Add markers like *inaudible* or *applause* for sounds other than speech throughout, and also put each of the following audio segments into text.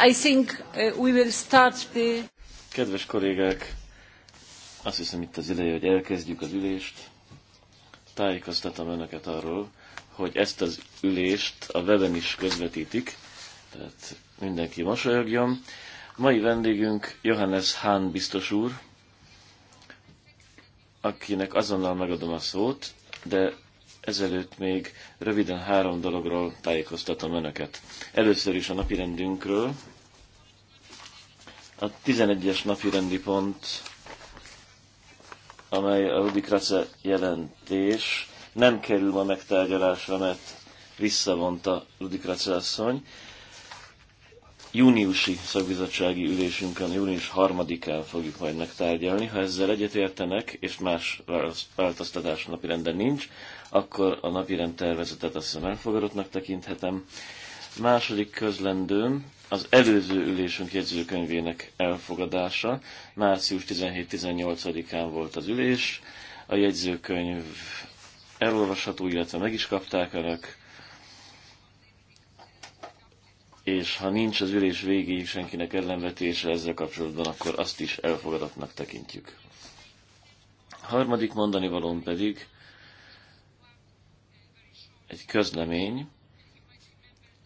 I think uh, we will start the... Kedves kollégák, azt hiszem itt az ideje, hogy elkezdjük az ülést. Tájékoztatom önöket arról, hogy ezt az ülést a weben is közvetítik, tehát mindenki mosolyogjon. Mai vendégünk Johannes Hahn biztos úr, akinek azonnal megadom a szót, de ezelőtt még röviden három dologról tájékoztatom Önöket. Először is a napirendünkről. A 11-es napirendi pont, amely a Rudi Krace jelentés, nem kerül ma megtárgyalásra, mert visszavonta Rudi Krace asszony. Júniusi szakbizottsági ülésünkön, június 3-án fogjuk majd megtárgyalni. Ha ezzel egyetértenek, és más változtatás napirenden nincs, akkor a rend tervezetet azt hiszem elfogadottnak tekinthetem. Második közlendőm az előző ülésünk jegyzőkönyvének elfogadása. Március 17-18-án volt az ülés. A jegyzőkönyv elolvasható, illetve meg is kapták önök. És ha nincs az ülés végéig senkinek ellenvetése ezzel kapcsolatban, akkor azt is elfogadatnak tekintjük. Harmadik mondani valón pedig egy közlemény.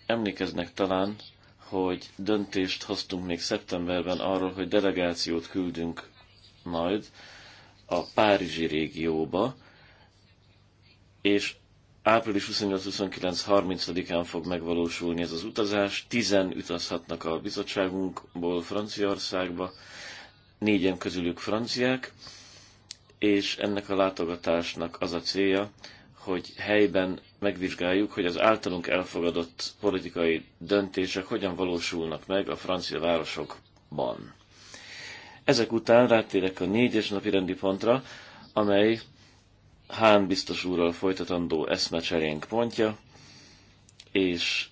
Emlékeznek talán, hogy döntést hoztunk még szeptemberben arról, hogy delegációt küldünk majd a Párizsi régióba, és április 28-29-30-án fog megvalósulni ez az utazás. Tizen utazhatnak a bizottságunkból Franciaországba, négyen közülük franciák, és ennek a látogatásnak az a célja, hogy helyben megvizsgáljuk, hogy az általunk elfogadott politikai döntések hogyan valósulnak meg a francia városokban. Ezek után rátérek a négyes napi rendi pontra, amely Hán biztos úrral folytatandó eszmecserénk pontja, és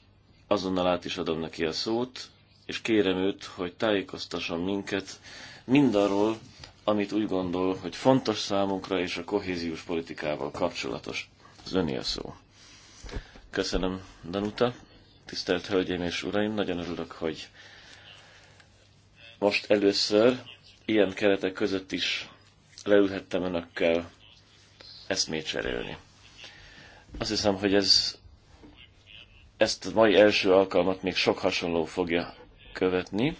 azonnal át is adom neki a szót, és kérem őt, hogy tájékoztasson minket mindarról, amit úgy gondol, hogy fontos számunkra és a kohéziós politikával kapcsolatos az öné a szó. Köszönöm, Danuta. Tisztelt Hölgyeim és Uraim, nagyon örülök, hogy most először ilyen keretek között is leülhettem önökkel eszmét cserélni. Azt hiszem, hogy ez, ezt a mai első alkalmat még sok hasonló fogja követni.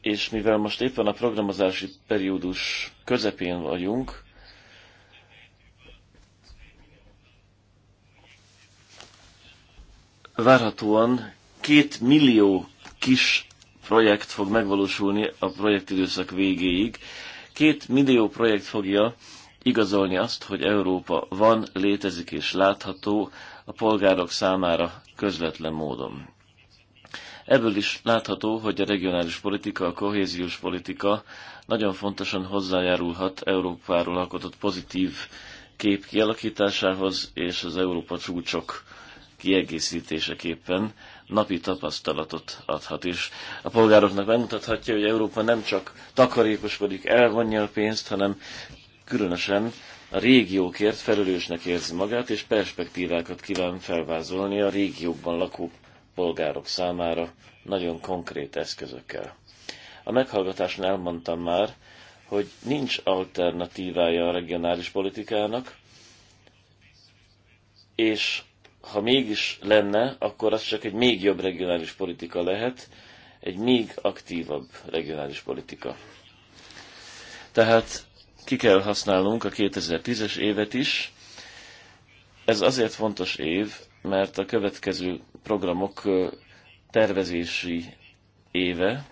És mivel most éppen a programozási periódus közepén vagyunk, várhatóan két millió kis projekt fog megvalósulni a projektidőszak végéig. Két millió projekt fogja igazolni azt, hogy Európa van, létezik és látható a polgárok számára közvetlen módon. Ebből is látható, hogy a regionális politika, a kohéziós politika nagyon fontosan hozzájárulhat Európáról alkotott pozitív kép kialakításához és az Európa csúcsok kiegészítéseképpen napi tapasztalatot adhat, és a polgároknak bemutathatja, hogy Európa nem csak takarékoskodik, elvonja a pénzt, hanem különösen a régiókért felelősnek érzi magát, és perspektívákat kíván felvázolni a régiókban lakó polgárok számára nagyon konkrét eszközökkel. A meghallgatáson elmondtam már, hogy nincs alternatívája a regionális politikának, és ha mégis lenne, akkor az csak egy még jobb regionális politika lehet, egy még aktívabb regionális politika. Tehát ki kell használnunk a 2010-es évet is. Ez azért fontos év, mert a következő programok tervezési éve,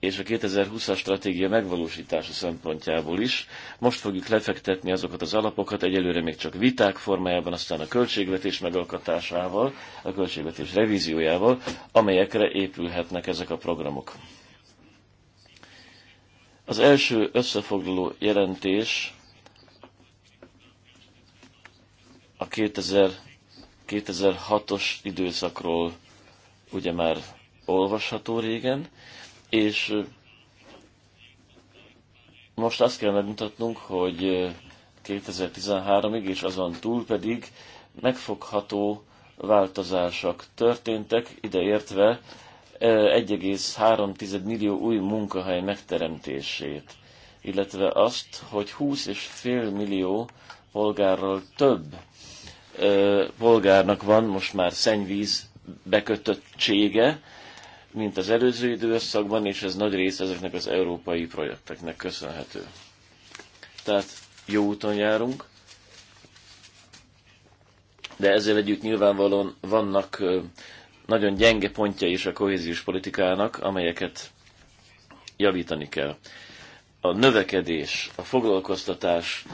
és a 2020-as stratégia megvalósítása szempontjából is. Most fogjuk lefektetni azokat az alapokat, egyelőre még csak viták formájában, aztán a költségvetés megalkotásával, a költségvetés revíziójával, amelyekre épülhetnek ezek a programok. Az első összefoglaló jelentés a 2000, 2006-os időszakról ugye már olvasható régen, és most azt kell megmutatnunk, hogy 2013-ig és azon túl pedig megfogható változások történtek, ideértve 1,3 millió új munkahely megteremtését, illetve azt, hogy 20,5 millió polgárról több polgárnak van most már szennyvíz bekötöttsége, mint az előző időszakban, és ez nagy része ezeknek az európai projekteknek köszönhető. Tehát jó úton járunk, de ezzel együtt nyilvánvalóan vannak nagyon gyenge pontja is a kohéziós politikának, amelyeket javítani kell. A növekedés, a foglalkoztatás,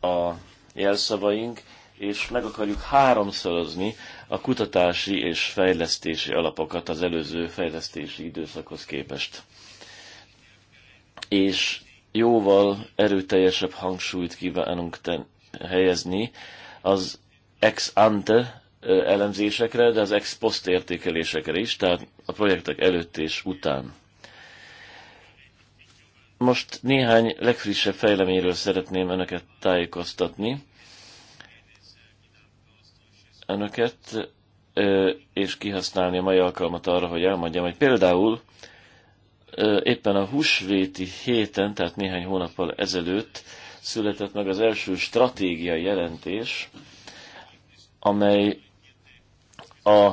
a, a jelszavaink, és meg akarjuk háromszorozni a kutatási és fejlesztési alapokat az előző fejlesztési időszakhoz képest. És jóval erőteljesebb hangsúlyt kívánunk ten, helyezni az ex ante elemzésekre, de az ex post értékelésekre is, tehát a projektek előtt és után. Most néhány legfrissebb fejleményről szeretném Önöket tájékoztatni önöket, és kihasználni a mai alkalmat arra, hogy elmondjam, hogy például éppen a húsvéti héten, tehát néhány hónappal ezelőtt született meg az első stratégiai jelentés, amely a,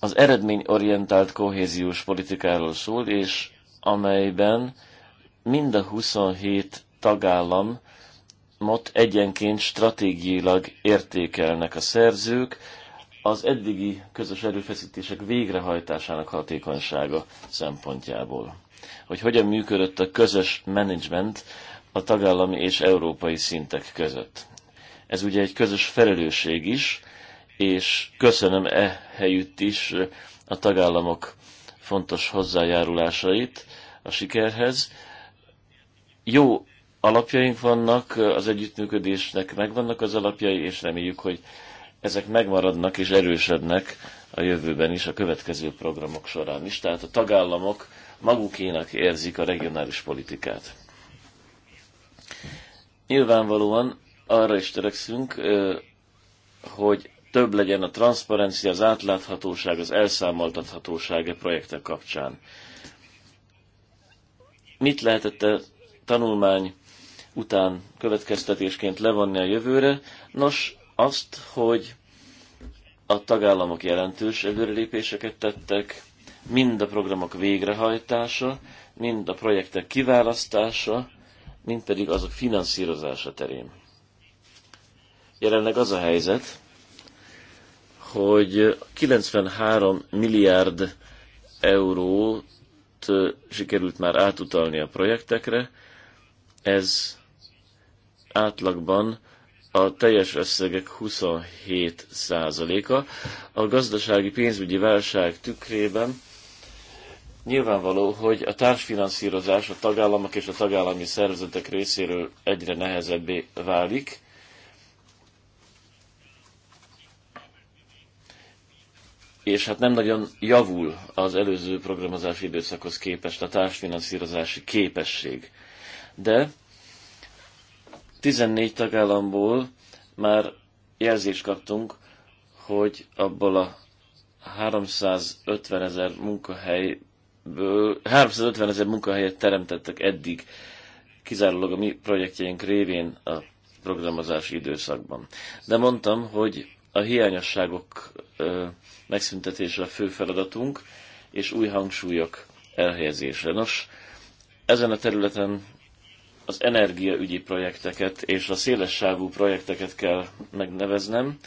az eredményorientált kohéziós politikáról szól, és amelyben mind a 27 tagállam programot egyenként stratégiailag értékelnek a szerzők, az eddigi közös erőfeszítések végrehajtásának hatékonysága szempontjából. Hogy hogyan működött a közös menedzsment a tagállami és európai szintek között. Ez ugye egy közös felelősség is, és köszönöm e helyütt is a tagállamok fontos hozzájárulásait a sikerhez. Jó alapjaink vannak, az együttműködésnek megvannak az alapjai, és reméljük, hogy ezek megmaradnak és erősödnek a jövőben is, a következő programok során is. Tehát a tagállamok magukénak érzik a regionális politikát. Nyilvánvalóan arra is törekszünk, hogy több legyen a transzparencia, az átláthatóság, az elszámoltathatóság a e projektek kapcsán. Mit lehetett a tanulmány után következtetésként levonni a jövőre. Nos, azt, hogy a tagállamok jelentős előrelépéseket tettek, mind a programok végrehajtása, mind a projektek kiválasztása, mind pedig azok finanszírozása terén. Jelenleg az a helyzet, hogy 93 milliárd eurót sikerült már átutalni a projektekre, ez átlagban a teljes összegek 27%-a. A gazdasági pénzügyi válság tükrében nyilvánvaló, hogy a társfinanszírozás a tagállamok és a tagállami szervezetek részéről egyre nehezebbé válik. És hát nem nagyon javul az előző programozási időszakhoz képest a társfinanszírozási képesség. De 14 tagállamból már jelzést kaptunk, hogy abból a 350 ezer munkahelyből, 350 ezer munkahelyet teremtettek eddig, kizárólag a mi projektjeink révén a programozási időszakban. De mondtam, hogy a hiányosságok ö, megszüntetése a fő feladatunk, és új hangsúlyok elhelyezése. Nos, ezen a területen az energiaügyi projekteket és a szélessávú projekteket kell megneveznem,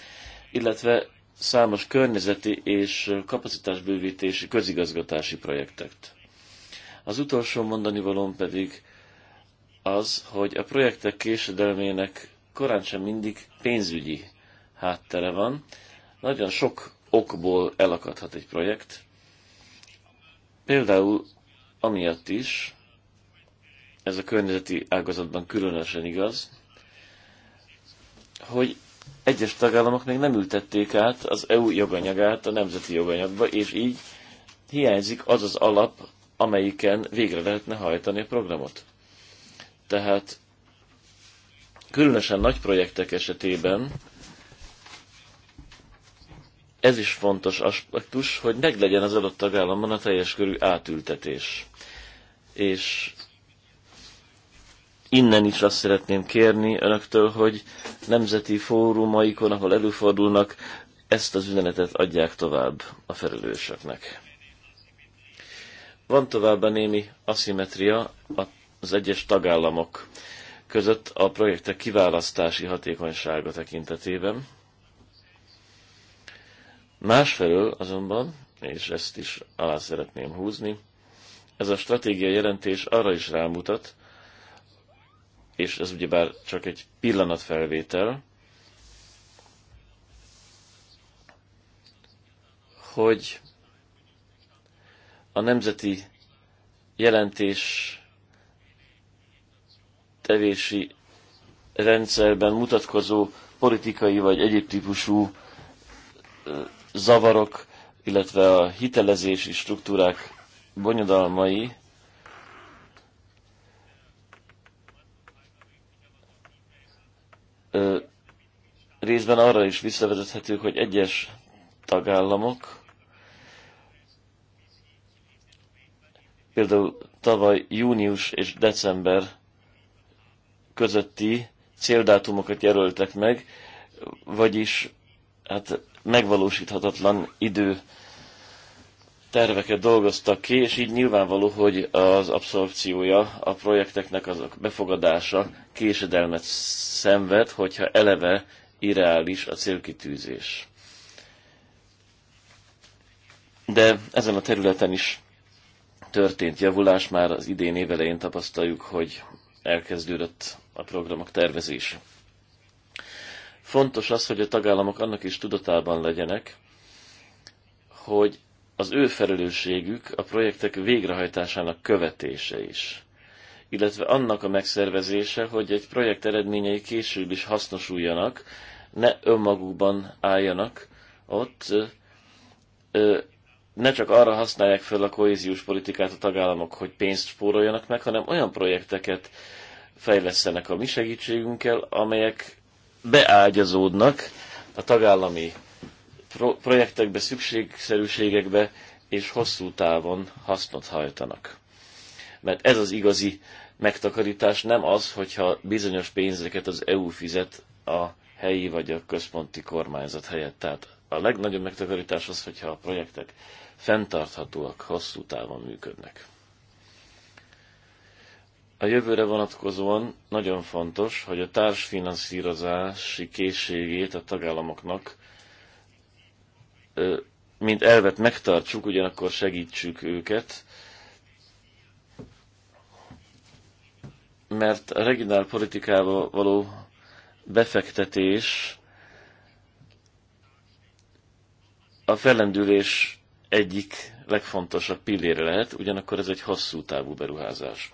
illetve számos környezeti és kapacitásbővítési közigazgatási projektet. Az utolsó mondani valóm pedig az, hogy a projektek késedelmének korán sem mindig pénzügyi háttere van. Nagyon sok okból elakadhat egy projekt. Például amiatt is, ez a környezeti ágazatban különösen igaz, hogy egyes tagállamok még nem ültették át az EU joganyagát a nemzeti joganyagba, és így hiányzik az az alap, amelyiken végre lehetne hajtani a programot. Tehát különösen nagy projektek esetében ez is fontos aspektus, hogy meglegyen az adott tagállamban a teljes körű átültetés. És innen is azt szeretném kérni önöktől, hogy nemzeti fórumaikon, ahol előfordulnak, ezt az üzenetet adják tovább a felelősöknek. Van továbbá némi aszimetria az egyes tagállamok között a projektek kiválasztási hatékonysága tekintetében. Másfelől azonban, és ezt is alá szeretném húzni, ez a stratégia jelentés arra is rámutat, és ez ugyebár csak egy pillanatfelvétel, hogy a nemzeti jelentés tevési rendszerben mutatkozó politikai vagy egyéb típusú zavarok, illetve a hitelezési struktúrák bonyodalmai ö, részben arra is visszavezethetők, hogy egyes tagállamok, például tavaly június és december közötti céldátumokat jelöltek meg, vagyis hát megvalósíthatatlan idő terveket dolgoztak ki, és így nyilvánvaló, hogy az abszorpciója a projekteknek azok befogadása késedelmet szenved, hogyha eleve irreális a célkitűzés. De ezen a területen is történt javulás, már az idén évelején tapasztaljuk, hogy elkezdődött a programok tervezése. Fontos az, hogy a tagállamok annak is tudatában legyenek, hogy az ő felelősségük a projektek végrehajtásának követése is, illetve annak a megszervezése, hogy egy projekt eredményei később is hasznosuljanak, ne önmagukban álljanak ott, ne csak arra használják fel a kohéziós politikát a tagállamok, hogy pénzt spóroljanak meg, hanem olyan projekteket fejlesztenek a mi segítségünkkel, amelyek beágyazódnak a tagállami pro- projektekbe, szükségszerűségekbe és hosszú távon hasznot hajtanak. Mert ez az igazi megtakarítás nem az, hogyha bizonyos pénzeket az EU fizet a helyi vagy a központi kormányzat helyett. Tehát a legnagyobb megtakarítás az, hogyha a projektek fenntarthatóak, hosszú távon működnek. A jövőre vonatkozóan nagyon fontos, hogy a társfinanszírozási készségét a tagállamoknak mint elvet megtartsuk, ugyanakkor segítsük őket, mert a regionál politikába való befektetés a fellendülés egyik legfontosabb pillére lehet, ugyanakkor ez egy hosszú távú beruházás.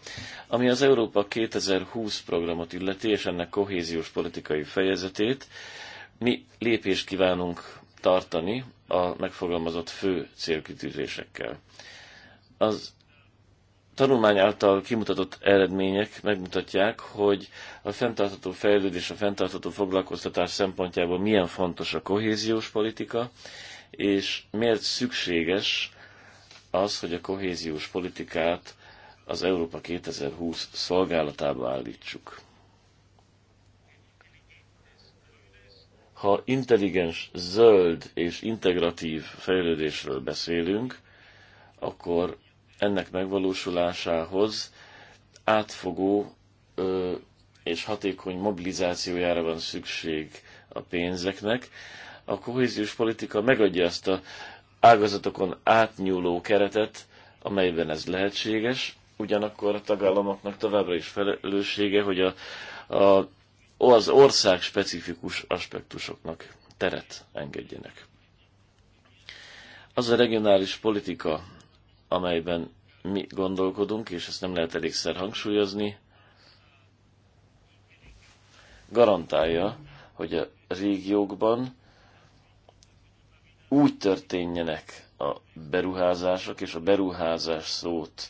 Ami az Európa 2020 programot illeti, és ennek kohéziós politikai fejezetét, mi lépést kívánunk tartani a megfogalmazott fő célkitűzésekkel. Az tanulmány által kimutatott eredmények megmutatják, hogy a fenntartható fejlődés, a fenntartható foglalkoztatás szempontjából milyen fontos a kohéziós politika, és miért szükséges az, hogy a kohéziós politikát az Európa 2020 szolgálatába állítsuk. ha intelligens, zöld és integratív fejlődésről beszélünk, akkor ennek megvalósulásához átfogó ö, és hatékony mobilizációjára van szükség a pénzeknek. A kohéziós politika megadja ezt a ágazatokon átnyúló keretet, amelyben ez lehetséges, ugyanakkor a tagállamoknak továbbra is felelőssége, hogy a, a az ország specifikus aspektusoknak teret engedjenek. Az a regionális politika, amelyben mi gondolkodunk, és ezt nem lehet elégszer hangsúlyozni, garantálja, hogy a régiókban úgy történjenek a beruházások, és a beruházás szót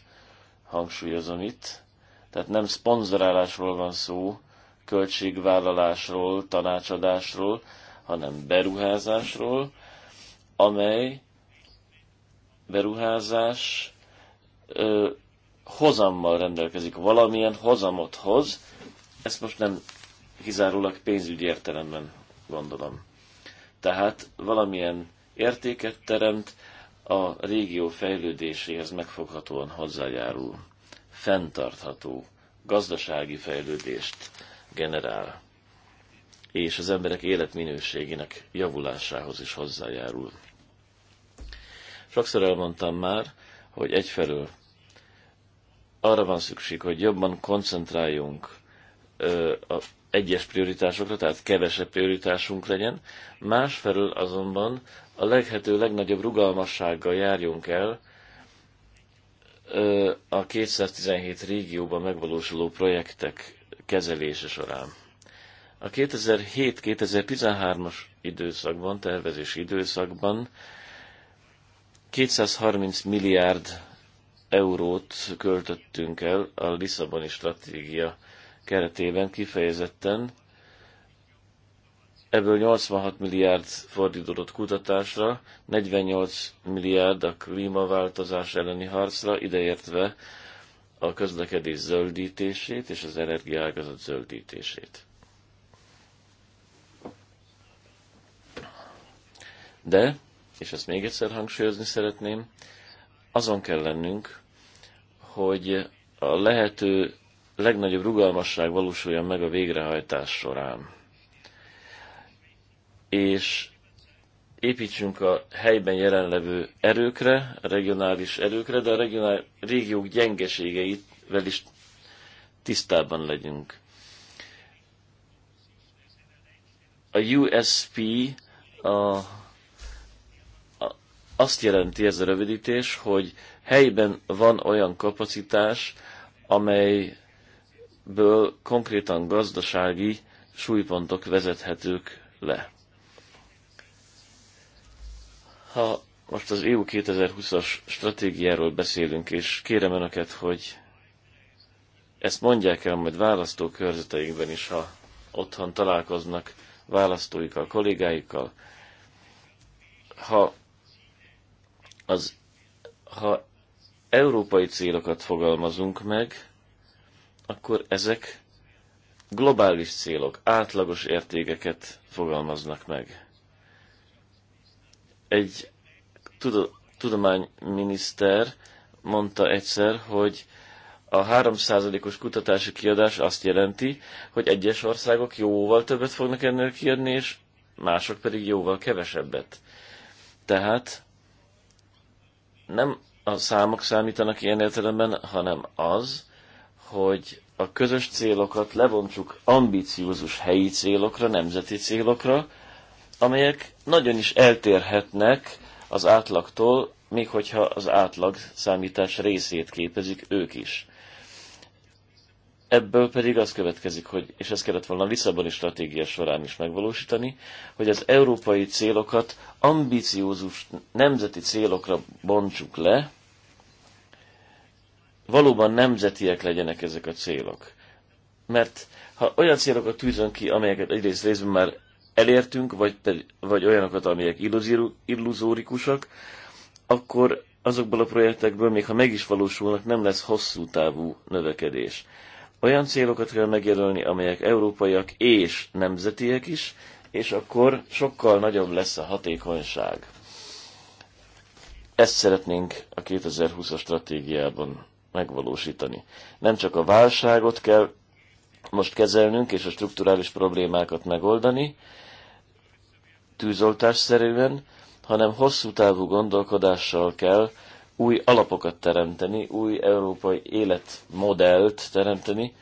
hangsúlyozom itt, tehát nem szponzorálásról van szó, költségvállalásról, tanácsadásról, hanem beruházásról, amely beruházás ö, hozammal rendelkezik, valamilyen hozamot hoz. Ezt most nem kizárólag pénzügyi értelemben gondolom. Tehát valamilyen értéket teremt, a régió fejlődéséhez megfoghatóan hozzájárul. Fenntartható gazdasági fejlődést generál, és az emberek életminőségének javulásához is hozzájárul. Sokszor elmondtam már, hogy egyfelől arra van szükség, hogy jobban koncentráljunk ö, a egyes prioritásokra, tehát kevesebb prioritásunk legyen, másfelől azonban a leghető legnagyobb rugalmassággal járjunk el ö, a 217 régióban megvalósuló projektek kezelése során. A 2007-2013-as időszakban, tervezési időszakban 230 milliárd eurót költöttünk el a Lisszaboni stratégia keretében kifejezetten. Ebből 86 milliárd fordítódott kutatásra, 48 milliárd a klímaváltozás elleni harcra, ideértve a közlekedés zöldítését és az energiágazat zöldítését. De, és ezt még egyszer hangsúlyozni szeretném, azon kell lennünk, hogy a lehető legnagyobb rugalmasság valósuljon meg a végrehajtás során. És építsünk a helyben jelenlevő erőkre, a regionális erőkre, de a regionál, régiók gyengeségeivel is tisztában legyünk. A USP a, a, azt jelenti ez a rövidítés, hogy helyben van olyan kapacitás, amelyből konkrétan gazdasági súlypontok vezethetők le ha most az EU 2020-as stratégiáról beszélünk, és kérem Önöket, hogy ezt mondják el majd körzeteikben is, ha otthon találkoznak választóikkal, kollégáikkal. Ha, az, ha európai célokat fogalmazunk meg, akkor ezek globális célok, átlagos értékeket fogalmaznak meg. Egy tudományminiszter mondta egyszer, hogy a 3%-os kutatási kiadás azt jelenti, hogy egyes országok jóval többet fognak ennél kiadni, és mások pedig jóval kevesebbet. Tehát nem a számok számítanak ilyen értelemben, hanem az, hogy a közös célokat lebontsuk ambiciózus helyi célokra, nemzeti célokra, amelyek nagyon is eltérhetnek az átlagtól, még hogyha az átlag számítás részét képezik ők is. Ebből pedig az következik, hogy, és ezt kellett volna a Lisszaboni stratégia során is megvalósítani, hogy az európai célokat ambiciózus nemzeti célokra bontsuk le, valóban nemzetiek legyenek ezek a célok. Mert ha olyan célokat tűzön ki, amelyeket egyrészt részben már elértünk, vagy, vagy olyanokat, amelyek illuzórikusak, akkor azokból a projektekből, még ha meg is valósulnak, nem lesz hosszú távú növekedés. Olyan célokat kell megjelölni, amelyek európaiak és nemzetiek is, és akkor sokkal nagyobb lesz a hatékonyság. Ezt szeretnénk a 2020-as stratégiában megvalósítani. Nem csak a válságot kell most kezelnünk és a strukturális problémákat megoldani, tűzoltásszerűen, hanem hosszú távú gondolkodással kell új alapokat teremteni, új európai életmodellt teremteni.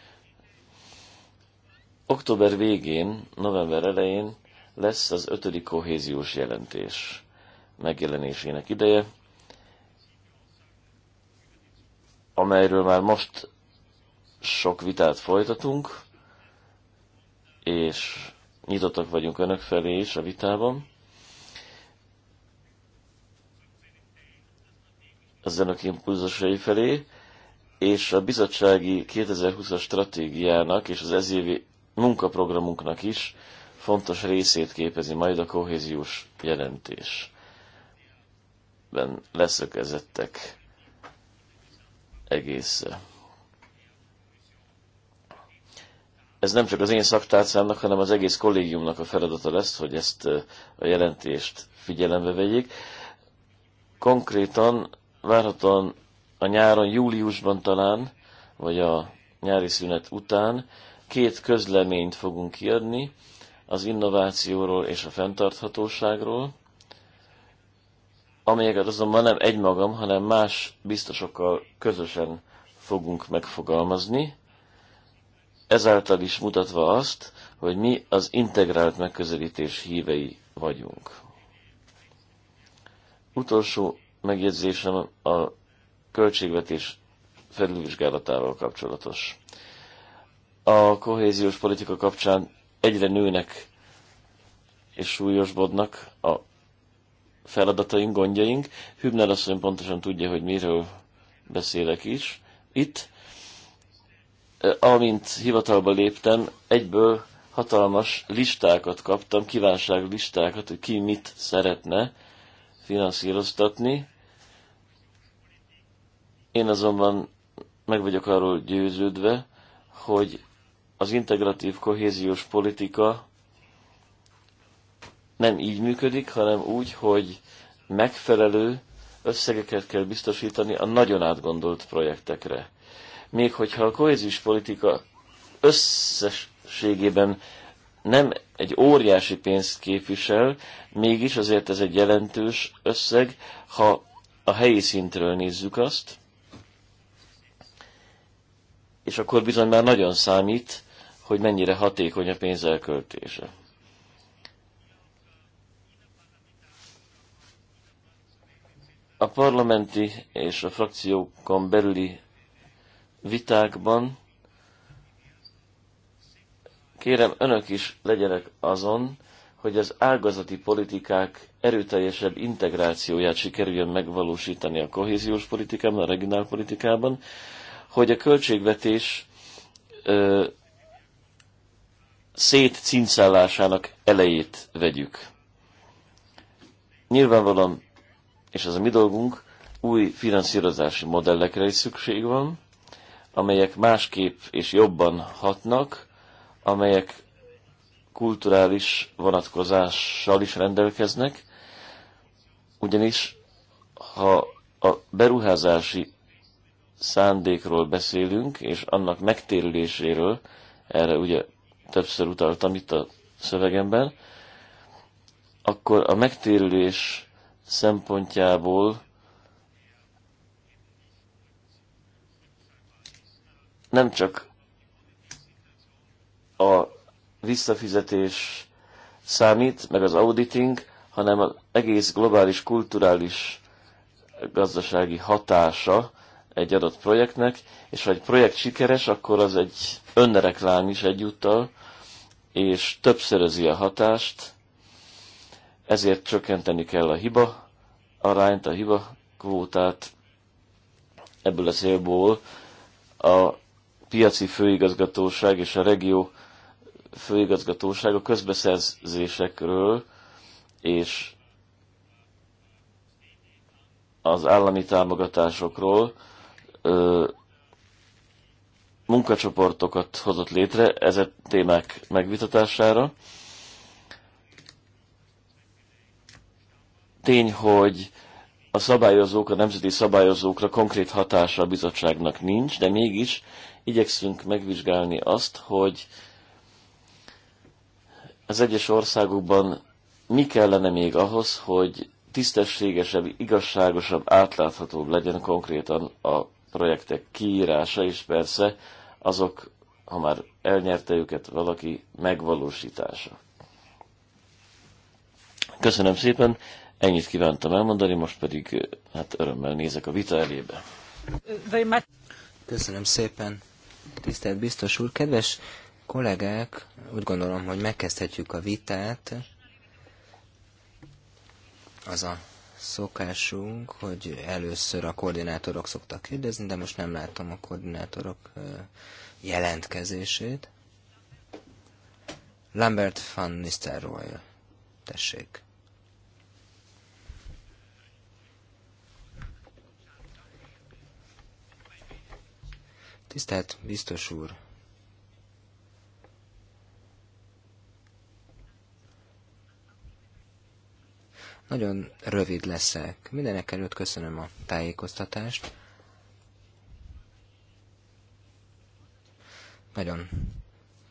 Október végén, november elején lesz az ötödik kohéziós jelentés megjelenésének ideje, amelyről már most sok vitát folytatunk, és nyitottak vagyunk önök felé is a vitában. Az önök impulzusai felé, és a bizottsági 2020-as stratégiának és az ezévi munkaprogramunknak is fontos részét képezi majd a kohéziós jelentésben leszökezettek egész. ez nem csak az én szaktárcámnak, hanem az egész kollégiumnak a feladata lesz, hogy ezt a jelentést figyelembe vegyék. Konkrétan várhatóan a nyáron, júliusban talán, vagy a nyári szünet után két közleményt fogunk kiadni az innovációról és a fenntarthatóságról, amelyeket azonban nem egymagam, hanem más biztosokkal közösen fogunk megfogalmazni ezáltal is mutatva azt, hogy mi az integrált megközelítés hívei vagyunk. Utolsó megjegyzésem a költségvetés felülvizsgálatával kapcsolatos. A kohéziós politika kapcsán egyre nőnek és súlyosbodnak a feladataink, gondjaink. Hübner asszony pontosan tudja, hogy miről beszélek is. Itt amint hivatalba léptem, egyből hatalmas listákat kaptam, kívánság listákat, hogy ki mit szeretne finanszíroztatni. Én azonban meg vagyok arról győződve, hogy az integratív kohéziós politika nem így működik, hanem úgy, hogy megfelelő összegeket kell biztosítani a nagyon átgondolt projektekre még hogyha a kohéziós politika összességében nem egy óriási pénzt képvisel, mégis azért ez egy jelentős összeg, ha a helyi szintről nézzük azt, és akkor bizony már nagyon számít, hogy mennyire hatékony a pénz elköltése. A parlamenti és a frakciókon belüli vitákban kérem önök is legyenek azon, hogy az ágazati politikák erőteljesebb integrációját sikerüljön megvalósítani a kohéziós politikában, a regionálpolitikában, hogy a költségvetés ö, cincálásának elejét vegyük. Nyilvánvalóan, és ez a mi dolgunk, új finanszírozási modellekre is szükség van, amelyek másképp és jobban hatnak, amelyek kulturális vonatkozással is rendelkeznek, ugyanis ha a beruházási szándékról beszélünk, és annak megtérüléséről, erre ugye többször utaltam itt a szövegemben, akkor a megtérülés szempontjából nem csak a visszafizetés számít, meg az auditing, hanem az egész globális kulturális gazdasági hatása egy adott projektnek, és ha egy projekt sikeres, akkor az egy önreklám is egyúttal, és többszörözi a hatást, ezért csökkenteni kell a hiba arányt, a hiba kvótát ebből a célból. A piaci főigazgatóság és a regió főigazgatóság a közbeszerzésekről és az állami támogatásokról ö, munkacsoportokat hozott létre ezek témák megvitatására. Tény, hogy a szabályozók, a nemzeti szabályozókra konkrét hatása a bizottságnak nincs, de mégis igyekszünk megvizsgálni azt, hogy az egyes országokban mi kellene még ahhoz, hogy tisztességesebb, igazságosabb, átláthatóbb legyen konkrétan a projektek kiírása, és persze azok, ha már elnyerte őket valaki, megvalósítása. Köszönöm szépen, ennyit kívántam elmondani, most pedig hát örömmel nézek a vita elébe. Köszönöm szépen. Tisztelt biztos úr, kedves kollégák, úgy gondolom, hogy megkezdhetjük a vitát. Az a szokásunk, hogy először a koordinátorok szoktak kérdezni, de most nem látom a koordinátorok jelentkezését. Lambert van Nistelrooy, tessék. Tisztelt biztos úr! Nagyon rövid leszek. Mindenek előtt köszönöm a tájékoztatást. Nagyon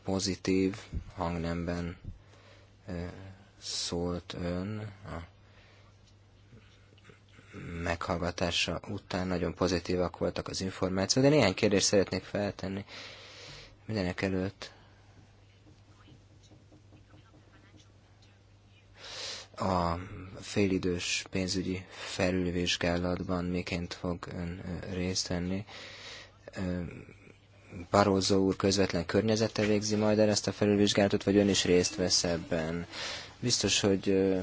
pozitív hangnemben szólt ön a meghallgatása után nagyon pozitívak voltak az információk, de néhány kérdést szeretnék feltenni mindenek előtt. A félidős pénzügyi felülvizsgálatban miként fog ön részt venni. Barózó úr közvetlen környezete végzi majd el ezt a felülvizsgálatot, vagy ön is részt vesz ebben? Biztos, hogy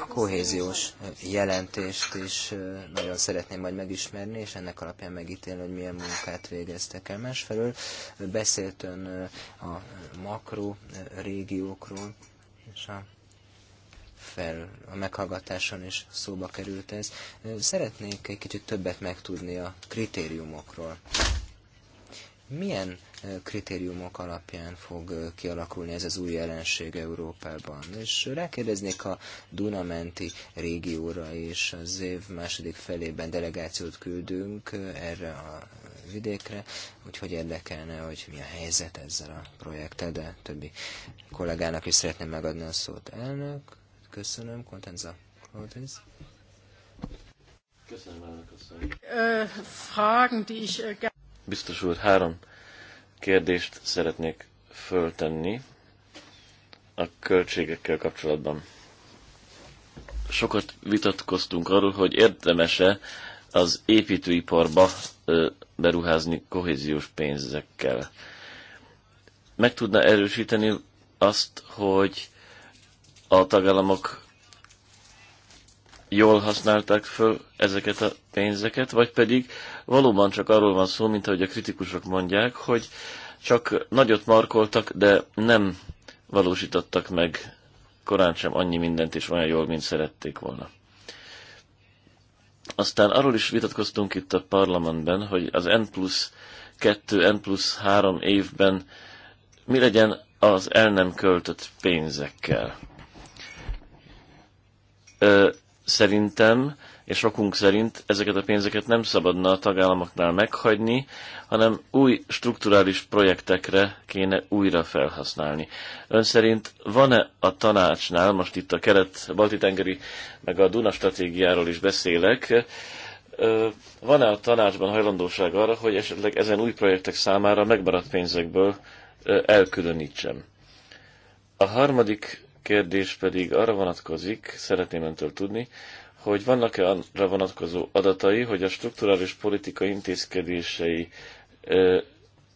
A kohéziós jelentést is nagyon szeretném majd megismerni, és ennek alapján megítélni, hogy milyen munkát végeztek el. Másfelől beszélt ön a makro régiókról, és a fel a meghallgatáson is szóba került ez. Szeretnék egy kicsit többet megtudni a kritériumokról. Milyen kritériumok alapján fog kialakulni ez az új jelenség Európában? És rákérdeznék a Dunamenti régióra és Az év második felében delegációt küldünk erre a vidékre, úgyhogy érdekelne, hogy mi a helyzet ezzel a projekttel, de többi kollégának is szeretném megadni a szót. Elnök, köszönöm, Kontenza Rodriguez. Köszönöm, elnök, köszönöm. Fragen, die ich Biztos úr, három kérdést szeretnék föltenni a költségekkel kapcsolatban. Sokat vitatkoztunk arról, hogy érdemese az építőiparba beruházni kohéziós pénzekkel. Meg tudna erősíteni azt, hogy a tagállamok jól használták föl ezeket a pénzeket, vagy pedig valóban csak arról van szó, mint ahogy a kritikusok mondják, hogy csak nagyot markoltak, de nem valósítottak meg korán sem annyi mindent is olyan jól, mint szerették volna. Aztán arról is vitatkoztunk itt a parlamentben, hogy az N plusz 2, N plusz 3 évben mi legyen az el nem költött pénzekkel szerintem és rokunk szerint ezeket a pénzeket nem szabadna a tagállamoknál meghagyni, hanem új strukturális projektekre kéne újra felhasználni. Ön szerint van-e a tanácsnál, most itt a kelet, balti tengeri, meg a Duna stratégiáról is beszélek, van-e a tanácsban hajlandóság arra, hogy esetleg ezen új projektek számára megmaradt pénzekből elkülönítsem? A harmadik kérdés pedig arra vonatkozik, szeretném öntől tudni, hogy vannak-e arra vonatkozó adatai, hogy a strukturális politika intézkedései ö,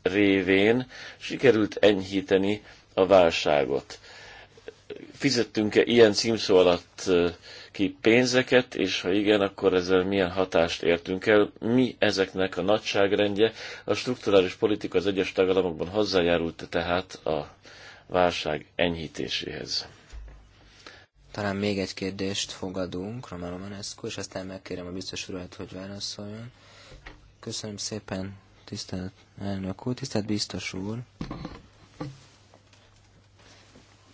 révén sikerült enyhíteni a válságot. Fizettünk-e ilyen címszó alatt ki pénzeket, és ha igen, akkor ezzel milyen hatást értünk el? Mi ezeknek a nagyságrendje? A strukturális politika az egyes tagállamokban hozzájárult tehát a válság enyhítéséhez. Talán még egy kérdést fogadunk, Román Romanescu, és aztán megkérem a biztos urat, hogy válaszoljon. Köszönöm szépen, tisztelt elnök úr, tisztelt biztos úr.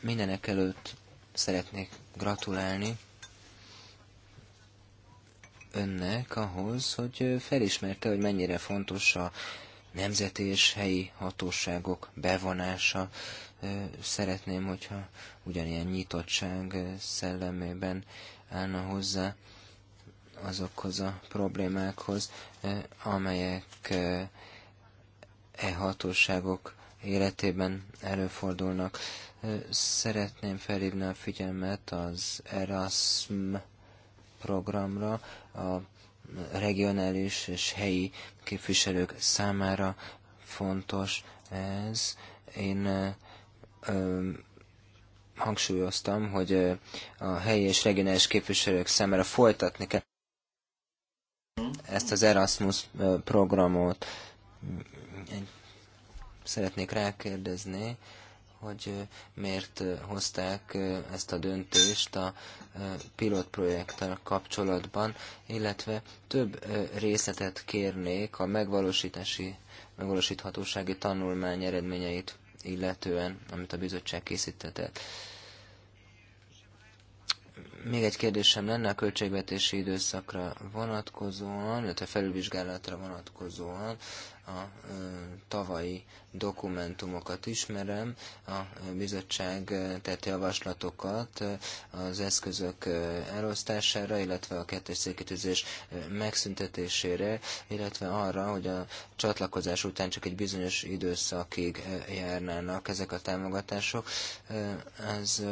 Mindenek előtt szeretnék gratulálni önnek ahhoz, hogy felismerte, hogy mennyire fontos a nemzeti és helyi hatóságok bevonása Szeretném, hogyha ugyanilyen nyitottság szellemében állna hozzá azokhoz a problémákhoz, amelyek e hatóságok életében előfordulnak. Szeretném felhívni a figyelmet az Erasm programra, a regionális és helyi képviselők számára fontos ez. Én hangsúlyoztam, hogy a helyi és regionális képviselők szemére folytatni kell ezt az Erasmus programot. Szeretnék rákérdezni, hogy miért hozták ezt a döntést a pilotprojekttel kapcsolatban, illetve több részletet kérnék a megvalósítási, megvalósíthatósági tanulmány eredményeit illetően, amit a bizottság készítetett. Még egy kérdésem lenne a költségvetési időszakra vonatkozóan, illetve felülvizsgálatra vonatkozóan a tavalyi dokumentumokat ismerem. A bizottság tett javaslatokat az eszközök elosztására, illetve a kettős székítőzés megszüntetésére, illetve arra, hogy a csatlakozás után csak egy bizonyos időszakig járnának ezek a támogatások. Ez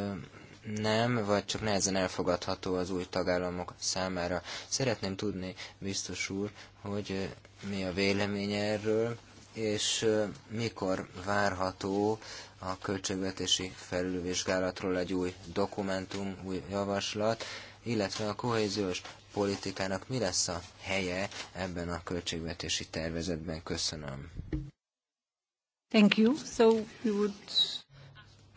nem, vagy csak nehezen elfogadható az új tagállamok számára. Szeretném tudni, biztos úr, hogy mi a véleménye erről, és mikor várható a költségvetési felülvizsgálatról egy új dokumentum, új javaslat, illetve a kohéziós politikának mi lesz a helye ebben a költségvetési tervezetben. Köszönöm. Thank you. So we would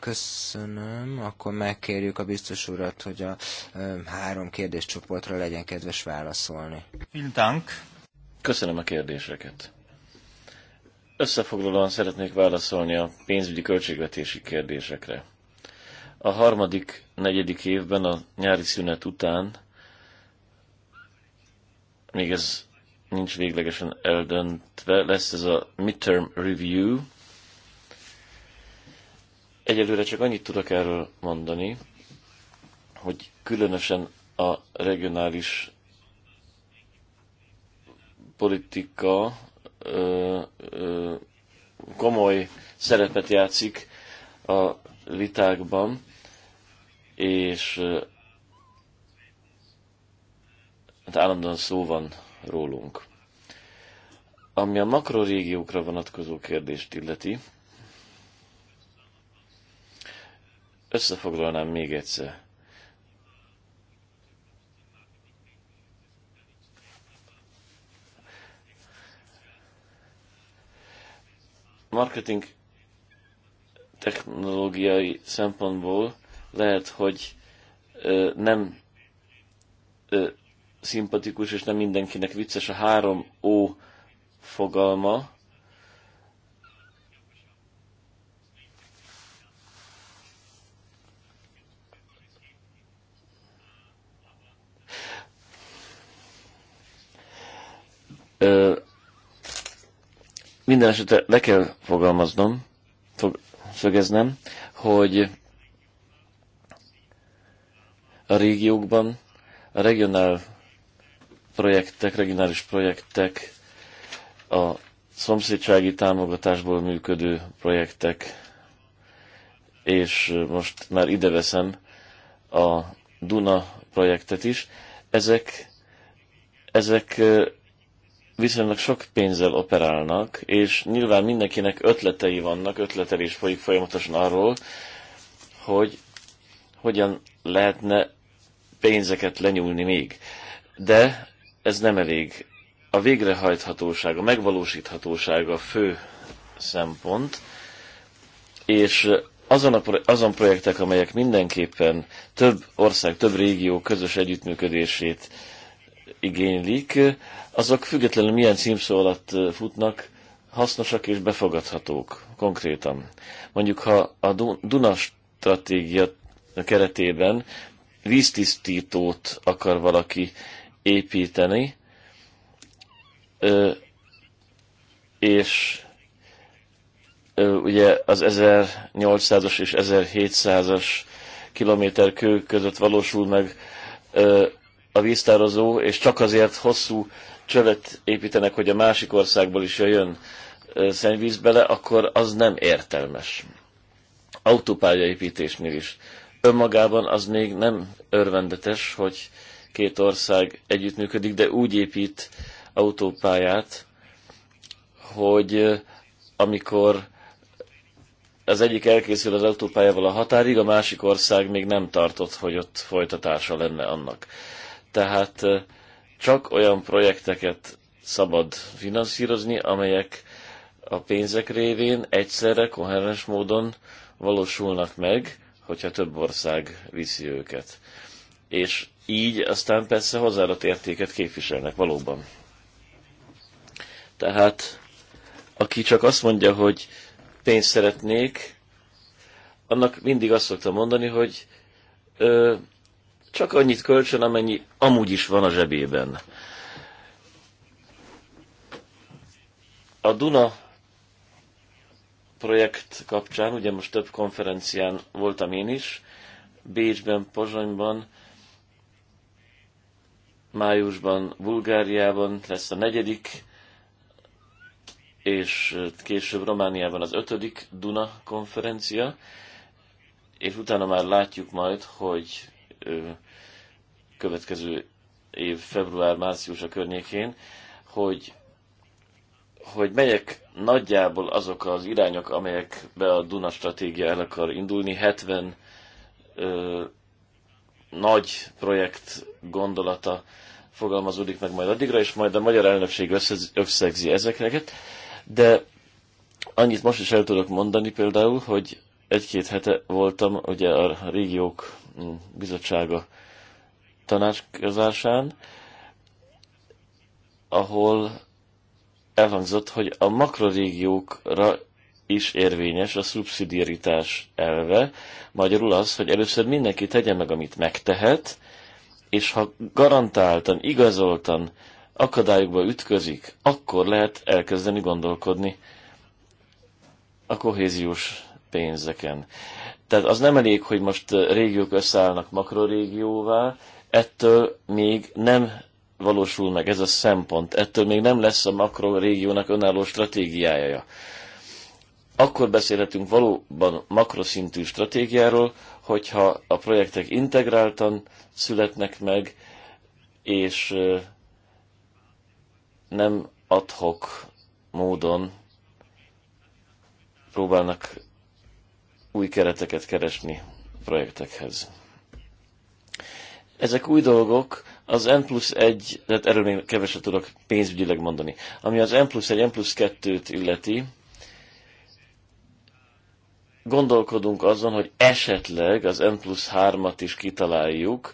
Köszönöm. Akkor megkérjük a biztos urat, hogy a három kérdéscsoportra legyen kedves válaszolni. Köszönöm a kérdéseket. Összefoglalóan szeretnék válaszolni a pénzügyi költségvetési kérdésekre. A harmadik, negyedik évben, a nyári szünet után, még ez nincs véglegesen eldöntve, lesz ez a midterm review, Egyelőre csak annyit tudok erről mondani, hogy különösen a regionális politika ö, ö, komoly szerepet játszik a vitákban, és hát állandóan szó van rólunk. Ami a makrorégiókra vonatkozó kérdést illeti, Összefoglalnám még egyszer. Marketing technológiai szempontból lehet, hogy ö, nem ö, szimpatikus, és nem mindenkinek vicces a három ó fogalma, Minden esetre le kell fogalmaznom, fog, szögeznem, hogy a régiókban a regionál projektek, regionális projektek, a szomszédsági támogatásból működő projektek, és most már ide veszem a Duna projektet is, ezek, ezek viszonylag sok pénzzel operálnak, és nyilván mindenkinek ötletei vannak, ötletelés folyik folyamatosan arról, hogy hogyan lehetne pénzeket lenyúlni még. De ez nem elég. A végrehajthatóság, a megvalósíthatóság a fő szempont, és azon, a, azon projektek, amelyek mindenképpen több ország, több régió közös együttműködését igénylik, azok függetlenül milyen címszó alatt futnak, hasznosak és befogadhatók konkrétan. Mondjuk, ha a Duna stratégia keretében víztisztítót akar valaki építeni, és ugye az 1800-as és 1700-as kilométer kő között valósul meg a víztározó, és csak azért hosszú csövet építenek, hogy a másik országból is jön szennyvíz bele, akkor az nem értelmes. Autópályaépítésnél is. Önmagában az még nem örvendetes, hogy két ország együttműködik, de úgy épít autópályát, hogy amikor az egyik elkészül az autópályával a határig, a másik ország még nem tartott, hogy ott folytatása lenne annak. Tehát csak olyan projekteket szabad finanszírozni, amelyek a pénzek révén egyszerre koherens módon valósulnak meg, hogyha több ország viszi őket. És így aztán persze hozzáadott értéket képviselnek valóban. Tehát aki csak azt mondja, hogy pénzt szeretnék, annak mindig azt szoktam mondani, hogy ö, csak annyit kölcsön, amennyi amúgy is van a zsebében. A Duna projekt kapcsán, ugye most több konferencián voltam én is, Bécsben, Pozsonyban, májusban Bulgáriában lesz a negyedik, és később Romániában az ötödik Duna konferencia, és utána már látjuk majd, hogy következő év február március a környékén, hogy, hogy melyek nagyjából azok az irányok, amelyekbe a Duna stratégia el akar indulni. 70 ö, nagy projekt gondolata fogalmazódik meg majd addigra, és majd a magyar elnökség összegzi ezeket. De annyit most is el tudok mondani például, hogy egy-két hete voltam ugye a régiók bizottsága tanácskozásán, ahol elhangzott, hogy a makrorégiókra is érvényes a szubszidiaritás elve. Magyarul az, hogy először mindenki tegye meg, amit megtehet, és ha garantáltan, igazoltan akadályokba ütközik, akkor lehet elkezdeni gondolkodni a kohéziós pénzeken. Tehát az nem elég, hogy most régiók összeállnak makrorégióvá, ettől még nem valósul meg ez a szempont, ettől még nem lesz a makrorégiónak önálló stratégiája. Akkor beszélhetünk valóban makroszintű stratégiáról, hogyha a projektek integráltan születnek meg, és nem adhok módon próbálnak új kereteket keresni projektekhez. Ezek új dolgok, az N plusz 1, tehát erről még keveset tudok pénzügyileg mondani. Ami az N plusz 1, N plusz 2-t illeti, gondolkodunk azon, hogy esetleg az N plusz 3-at is kitaláljuk.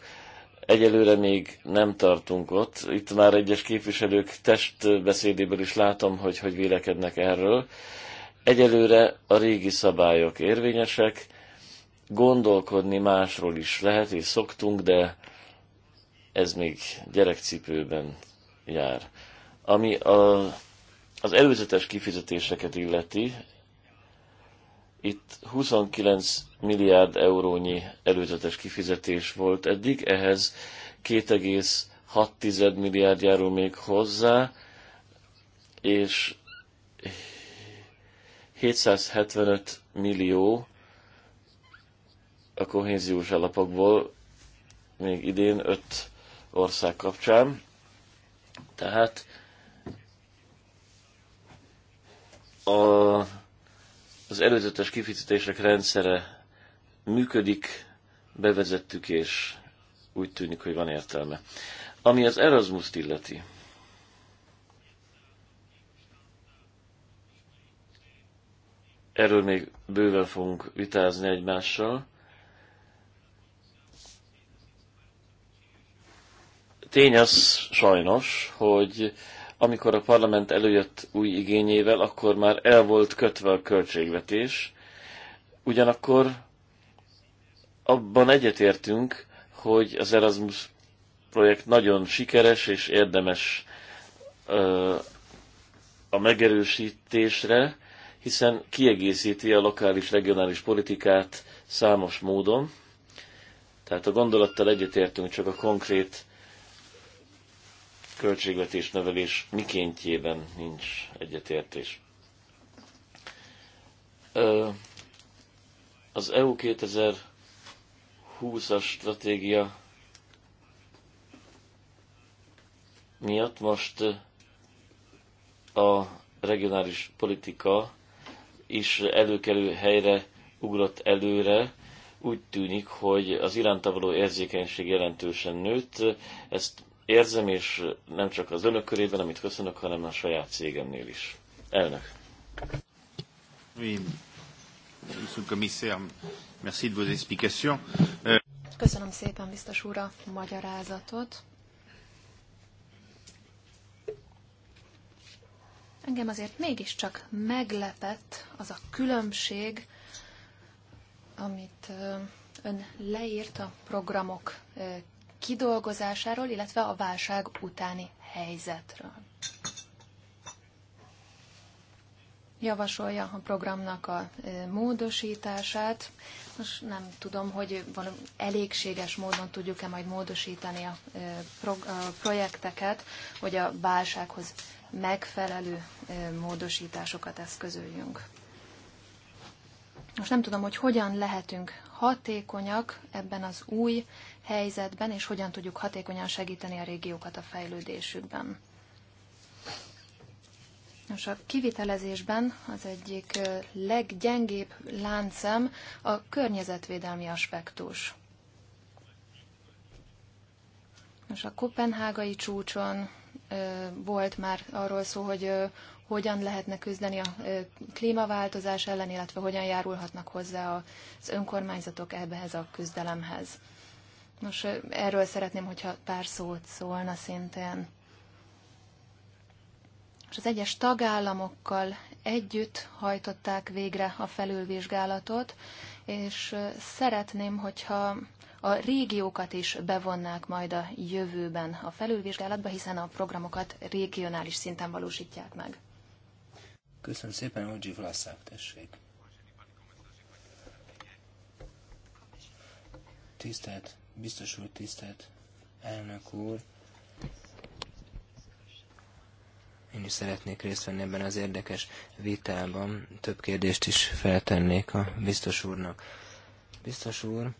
Egyelőre még nem tartunk ott. Itt már egyes képviselők testbeszédéből is látom, hogy hogy vélekednek erről. Egyelőre a régi szabályok érvényesek, gondolkodni másról is lehet, és szoktunk, de ez még gyerekcipőben jár. Ami a, az előzetes kifizetéseket illeti, itt 29 milliárd eurónyi előzetes kifizetés volt eddig, ehhez 2,6 milliárd járul még hozzá, és 775 millió a kohéziós alapokból még idén öt ország kapcsán. Tehát a, az előzetes kifizetések rendszere működik, bevezettük, és úgy tűnik, hogy van értelme. Ami az Erasmus-t illeti, erről még bőven fogunk vitázni egymással. Tény az sajnos, hogy amikor a parlament előjött új igényével, akkor már el volt kötve a költségvetés. Ugyanakkor abban egyetértünk, hogy az Erasmus projekt nagyon sikeres és érdemes a megerősítésre, hiszen kiegészíti a lokális regionális politikát számos módon. Tehát a gondolattal egyetértünk, csak a konkrét költségvetés növelés mikéntjében nincs egyetértés. Az EU 2020-as stratégia miatt most a regionális politika is előkelő helyre ugrott előre. Úgy tűnik, hogy az iránta való érzékenység jelentősen nőtt. Ezt érzem, és nem csak az önök körében, amit köszönök, hanem a saját cégemnél is. Elnök. Köszönöm szépen, biztos úr, a magyarázatot. Engem azért mégiscsak meglepett az a különbség, amit ön leírt a programok kidolgozásáról, illetve a válság utáni helyzetről. Javasolja a programnak a módosítását. Most nem tudom, hogy valami elégséges módon tudjuk-e majd módosítani a projekteket, hogy a válsághoz megfelelő módosításokat eszközöljünk. Most nem tudom, hogy hogyan lehetünk hatékonyak ebben az új helyzetben, és hogyan tudjuk hatékonyan segíteni a régiókat a fejlődésükben. Nos, a kivitelezésben az egyik leggyengébb láncem a környezetvédelmi aspektus. Most a kopenhágai csúcson volt már arról szó, hogy hogyan lehetne küzdeni a klímaváltozás ellen, illetve hogyan járulhatnak hozzá az önkormányzatok ebbehez a küzdelemhez. Nos, erről szeretném, hogyha pár szót szólna szintén. És az egyes tagállamokkal együtt hajtották végre a felülvizsgálatot, és szeretném, hogyha a régiókat is bevonnák majd a jövőben a felülvizsgálatba, hiszen a programokat regionális szinten valósítják meg. Köszönöm szépen, Ogyi Vlaszák, tessék. Tisztelt, biztos úr, tisztelt elnök úr. Én is szeretnék részt venni ebben az érdekes vitában. Több kérdést is feltennék a biztos úrnak. Biztos úr,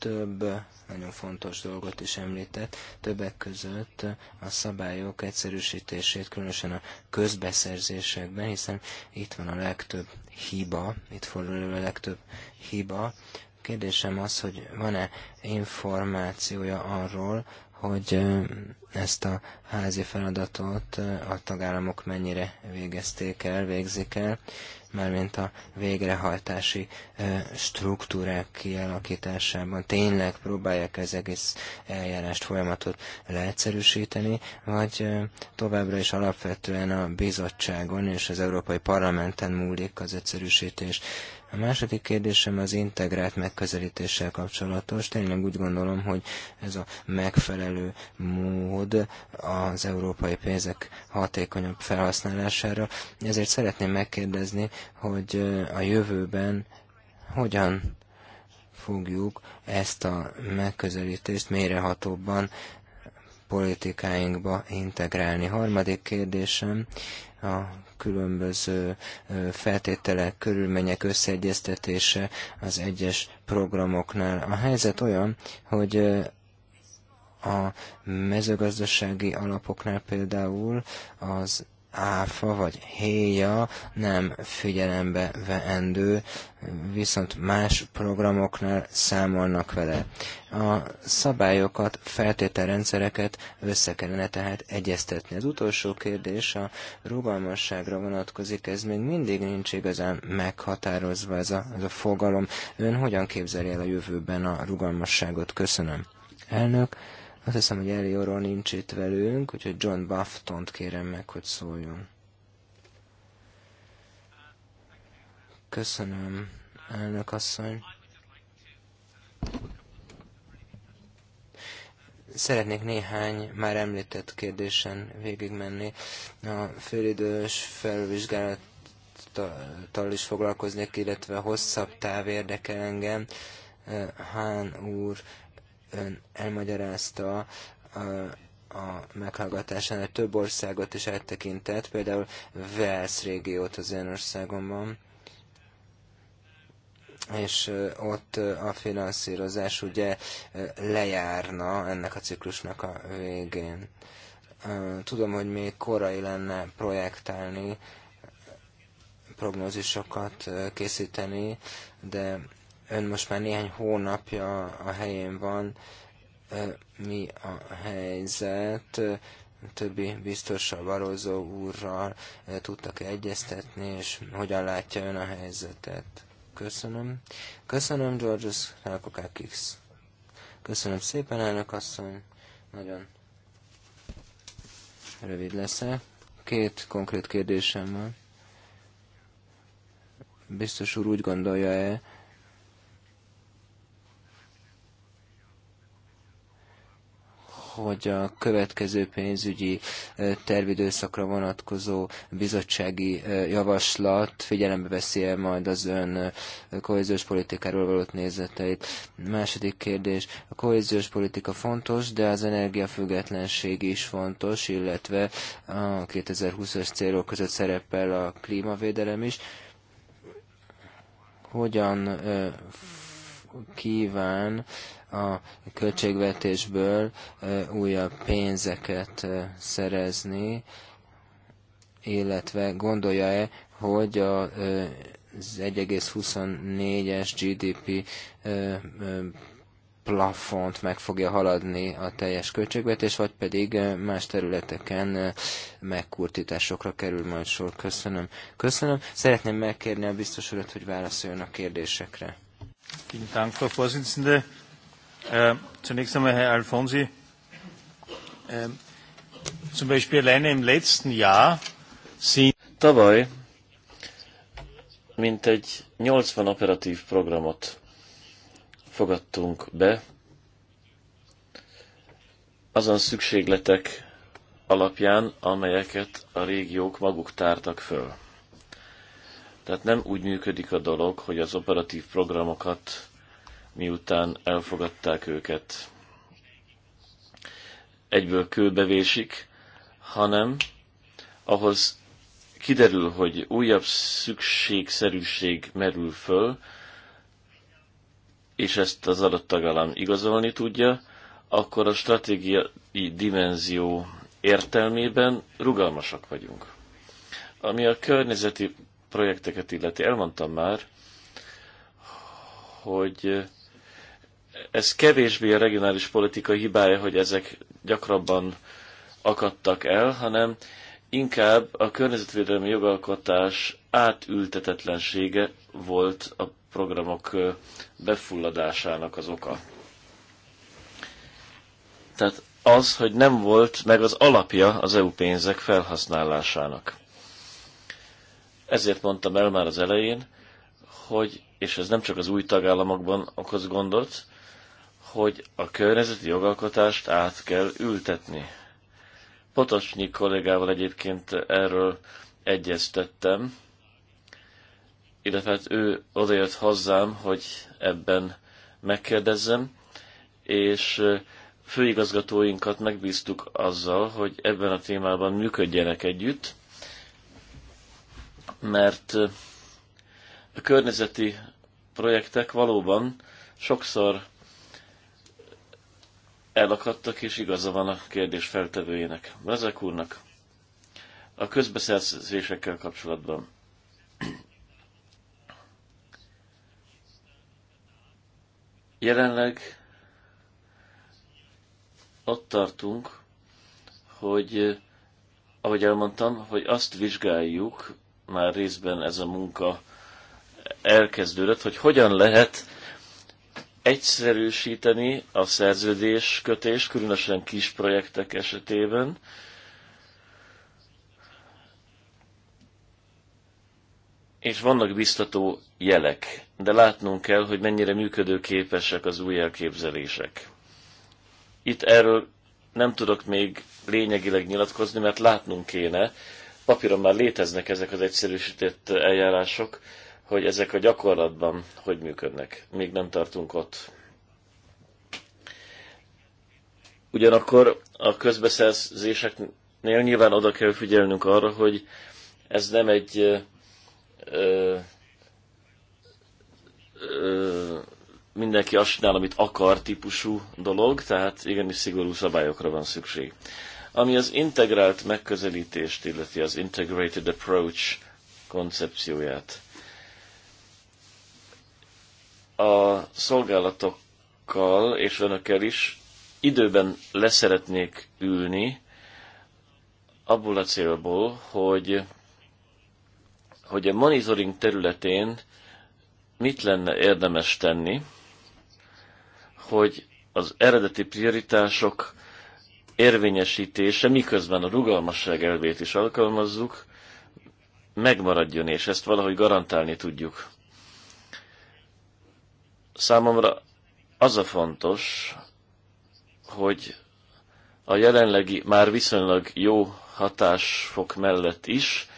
több nagyon fontos dolgot is említett, többek között a szabályok egyszerűsítését, különösen a közbeszerzésekben, hiszen itt van a legtöbb hiba, itt fordul elő a legtöbb hiba. Kérdésem az, hogy van-e információja arról, hogy ezt a házi feladatot a tagállamok mennyire végezték el, végzik el, mármint a végrehajtási struktúrák kialakításában tényleg próbálják az egész eljárást, folyamatot leegyszerűsíteni, vagy továbbra is alapvetően a bizottságon és az Európai Parlamenten múlik az egyszerűsítés a második kérdésem az integrált megközelítéssel kapcsolatos. Tényleg úgy gondolom, hogy ez a megfelelő mód az európai pénzek hatékonyabb felhasználására. Ezért szeretném megkérdezni, hogy a jövőben hogyan fogjuk ezt a megközelítést mélyrehatóbban politikáinkba integrálni. Harmadik kérdésem a különböző feltételek, körülmények összeegyeztetése az egyes programoknál. A helyzet olyan, hogy a mezőgazdasági alapoknál például az áfa vagy héja nem figyelembe veendő, viszont más programoknál számolnak vele. A szabályokat, feltételrendszereket össze kellene tehát egyeztetni. Az utolsó kérdés a rugalmasságra vonatkozik, ez még mindig nincs igazán meghatározva ez a, ez a fogalom. Ön hogyan képzeli el a jövőben a rugalmasságot? Köszönöm. Elnök. Azt hiszem, hogy Eliorról nincs itt velünk, úgyhogy John Buffton-t kérem meg, hogy szóljon. Köszönöm, elnök asszony. Szeretnék néhány már említett kérdésen végigmenni. A félidős felvizsgálattal is foglalkoznék, illetve hosszabb táv érdekel engem. Hán úr ön elmagyarázta a meghallgatásán, hogy több országot is áttekintett, például Wales régiót az én országomban, és ott a finanszírozás ugye lejárna ennek a ciklusnak a végén. Tudom, hogy még korai lenne projektálni, prognózisokat készíteni, de Ön most már néhány hónapja a helyén van. Mi a helyzet? többi biztossal, Barozó úrral tudtak -e egyeztetni, és hogyan látja ön a helyzetet? Köszönöm. Köszönöm, Georges Rákokákix. Köszönöm szépen, elnök asszony. Nagyon rövid -e. Két konkrét kérdésem van. Biztos úr úgy gondolja-e, hogy a következő pénzügyi tervidőszakra vonatkozó bizottsági javaslat figyelembe veszi e majd az ön kohéziós politikáról való nézeteit. Második kérdés. A kohéziós politika fontos, de az energiafüggetlenség is fontos, illetve a 2020-as célok között szerepel a klímavédelem is. Hogyan kíván a költségvetésből újabb pénzeket szerezni, illetve gondolja-e, hogy a az 1,24-es GDP plafont meg fogja haladni a teljes költségvetés, vagy pedig más területeken megkurtításokra kerül majd sor. Köszönöm. Köszönöm. Szeretném megkérni a biztos urat, hogy válaszoljon a kérdésekre. Äh, zunächst einmal, Herr Alfonsi, ähm, zum Beispiel alleine im letzten Jahr sind... Tavaly mintegy 80 operatív programot fogadtunk be, azon szükségletek alapján, amelyeket a régiók maguk tártak föl. Tehát nem úgy működik a dolog, hogy az operatív programokat miután elfogadták őket. Egyből kőbevésik, hanem ahhoz kiderül, hogy újabb szükségszerűség merül föl, és ezt az adott tagállam igazolni tudja, akkor a stratégiai dimenzió értelmében rugalmasak vagyunk. Ami a környezeti projekteket illeti, elmondtam már, hogy ez kevésbé a regionális politika hibája, hogy ezek gyakrabban akadtak el, hanem inkább a környezetvédelmi jogalkotás átültetetlensége volt a programok befulladásának az oka. Tehát az, hogy nem volt meg az alapja az EU pénzek felhasználásának. Ezért mondtam el már az elején, hogy, és ez nem csak az új tagállamokban okoz gondot, hogy a környezeti jogalkotást át kell ültetni. Potocsnyi kollégával egyébként erről egyeztettem, illetve hát ő odajött hozzám, hogy ebben megkérdezzem, és főigazgatóinkat megbíztuk azzal, hogy ebben a témában működjenek együtt, mert a környezeti projektek valóban sokszor elakadtak, és igaza van a kérdés feltevőjének, Vezek úrnak. A közbeszerzésekkel kapcsolatban. Jelenleg ott tartunk, hogy ahogy elmondtam, hogy azt vizsgáljuk, már részben ez a munka elkezdődött, hogy hogyan lehet egyszerűsíteni a szerződés kötés, különösen kis projektek esetében. És vannak biztató jelek, de látnunk kell, hogy mennyire működőképesek az új elképzelések. Itt erről nem tudok még lényegileg nyilatkozni, mert látnunk kéne, papíron már léteznek ezek az egyszerűsített eljárások, hogy ezek a gyakorlatban hogy működnek. Még nem tartunk ott. Ugyanakkor a közbeszerzéseknél nyilván oda kell figyelnünk arra, hogy ez nem egy ö, ö, mindenki azt csinál, amit akar típusú dolog, tehát igenis szigorú szabályokra van szükség. Ami az integrált megközelítést illeti, az integrated approach koncepcióját a szolgálatokkal és önökkel is időben leszeretnék ülni, abból a célból, hogy, hogy a monitoring területén mit lenne érdemes tenni, hogy az eredeti prioritások érvényesítése, miközben a rugalmasság elvét is alkalmazzuk, megmaradjon, és ezt valahogy garantálni tudjuk. Számomra az a fontos, hogy a jelenlegi már viszonylag jó hatásfok mellett is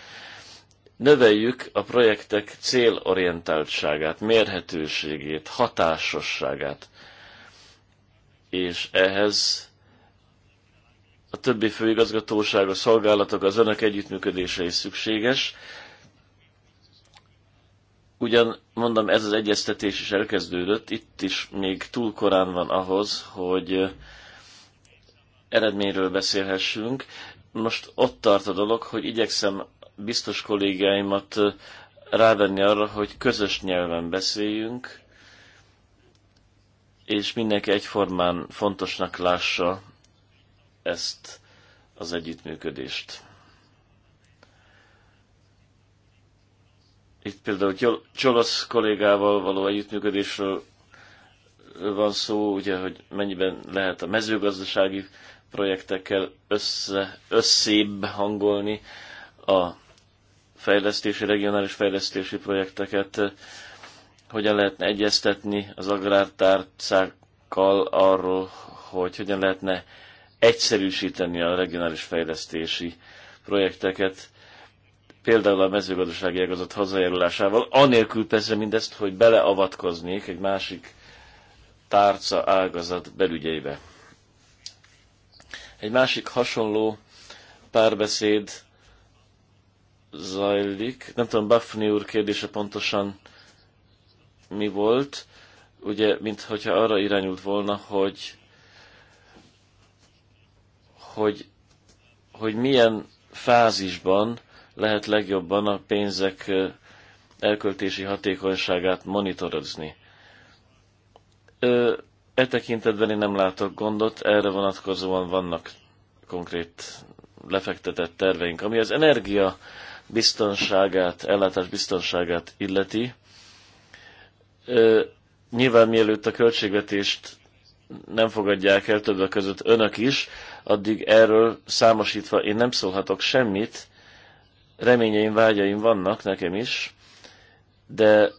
növeljük a projektek célorientáltságát, mérhetőségét, hatásosságát. És ehhez a többi főigazgatóság, a szolgálatok, az önök együttműködése is szükséges, Ugyan mondom, ez az egyeztetés is elkezdődött, itt is még túl korán van ahhoz, hogy eredményről beszélhessünk. Most ott tart a dolog, hogy igyekszem biztos kollégáimat rávenni arra, hogy közös nyelven beszéljünk, és mindenki egyformán fontosnak lássa ezt az együttműködést. Itt például Csolasz kollégával való együttműködésről van szó, ugye, hogy mennyiben lehet a mezőgazdasági projektekkel össze, összébb hangolni a fejlesztési, regionális fejlesztési projekteket, hogyan lehetne egyeztetni az agrártárcákkal arról, hogy hogyan lehetne egyszerűsíteni a regionális fejlesztési projekteket, például a mezőgazdasági ágazat hazajárulásával, anélkül persze mindezt, hogy beleavatkoznék egy másik tárca ágazat belügyeibe. Egy másik hasonló párbeszéd zajlik. Nem tudom, Buffni úr kérdése pontosan mi volt. Ugye, mintha arra irányult volna, hogy, hogy, hogy milyen fázisban lehet legjobban a pénzek elköltési hatékonyságát monitorozni. E tekintetben én nem látok gondot, erre vonatkozóan vannak konkrét lefektetett terveink. Ami az energia biztonságát, ellátás biztonságát illeti, nyilván mielőtt a költségvetést nem fogadják el többek között önök is, addig erről számosítva én nem szólhatok semmit, reményeim, vágyaim vannak nekem is, de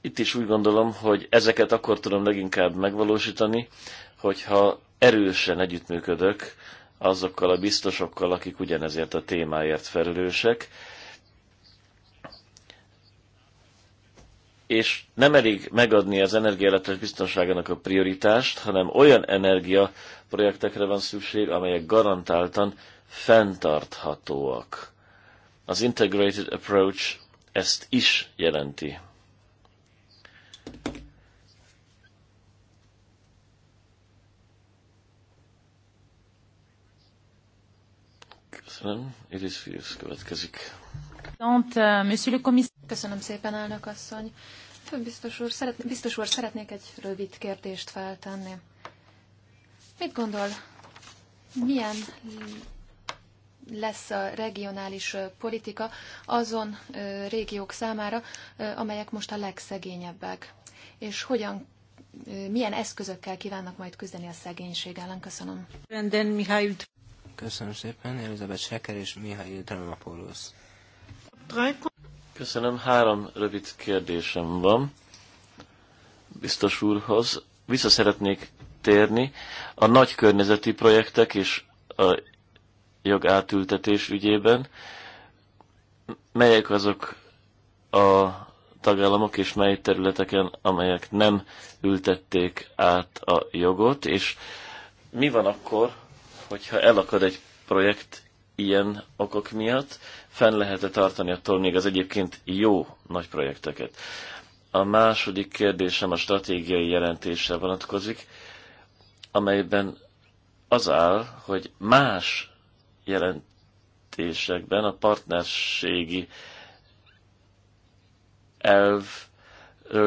itt is úgy gondolom, hogy ezeket akkor tudom leginkább megvalósítani, hogyha erősen együttműködök azokkal a biztosokkal, akik ugyanezért a témáért felelősek, és nem elég megadni az energiállátás biztonságának a prioritást, hanem olyan energiaprojektekre van szükség, amelyek garantáltan fenntarthatóak. Az integrated approach ezt is jelenti. Köszönöm. Iris Fius következik. Uh, Köszönöm szépen, elnök asszony. Biztos úr, szeret, biztos úr, szeretnék egy rövid kérdést feltenni. Mit gondol, milyen lesz a regionális politika azon régiók számára, amelyek most a legszegényebbek. És hogyan, milyen eszközökkel kívánnak majd küzdeni a szegénység ellen? Köszönöm. Köszönöm szépen, Elizabeth Seker és Mihály Dramapoulos. Köszönöm, három rövid kérdésem van biztos úrhoz. Vissza szeretnék térni a nagy környezeti projektek és a jogátültetés ügyében, melyek azok a tagállamok és mely területeken, amelyek nem ültették át a jogot, és mi van akkor, hogyha elakad egy projekt ilyen okok miatt, fenn lehet-e tartani attól még az egyébként jó nagy projekteket? A második kérdésem a stratégiai jelentéssel vonatkozik, amelyben az áll, hogy más jelentésekben a partnerségi elvről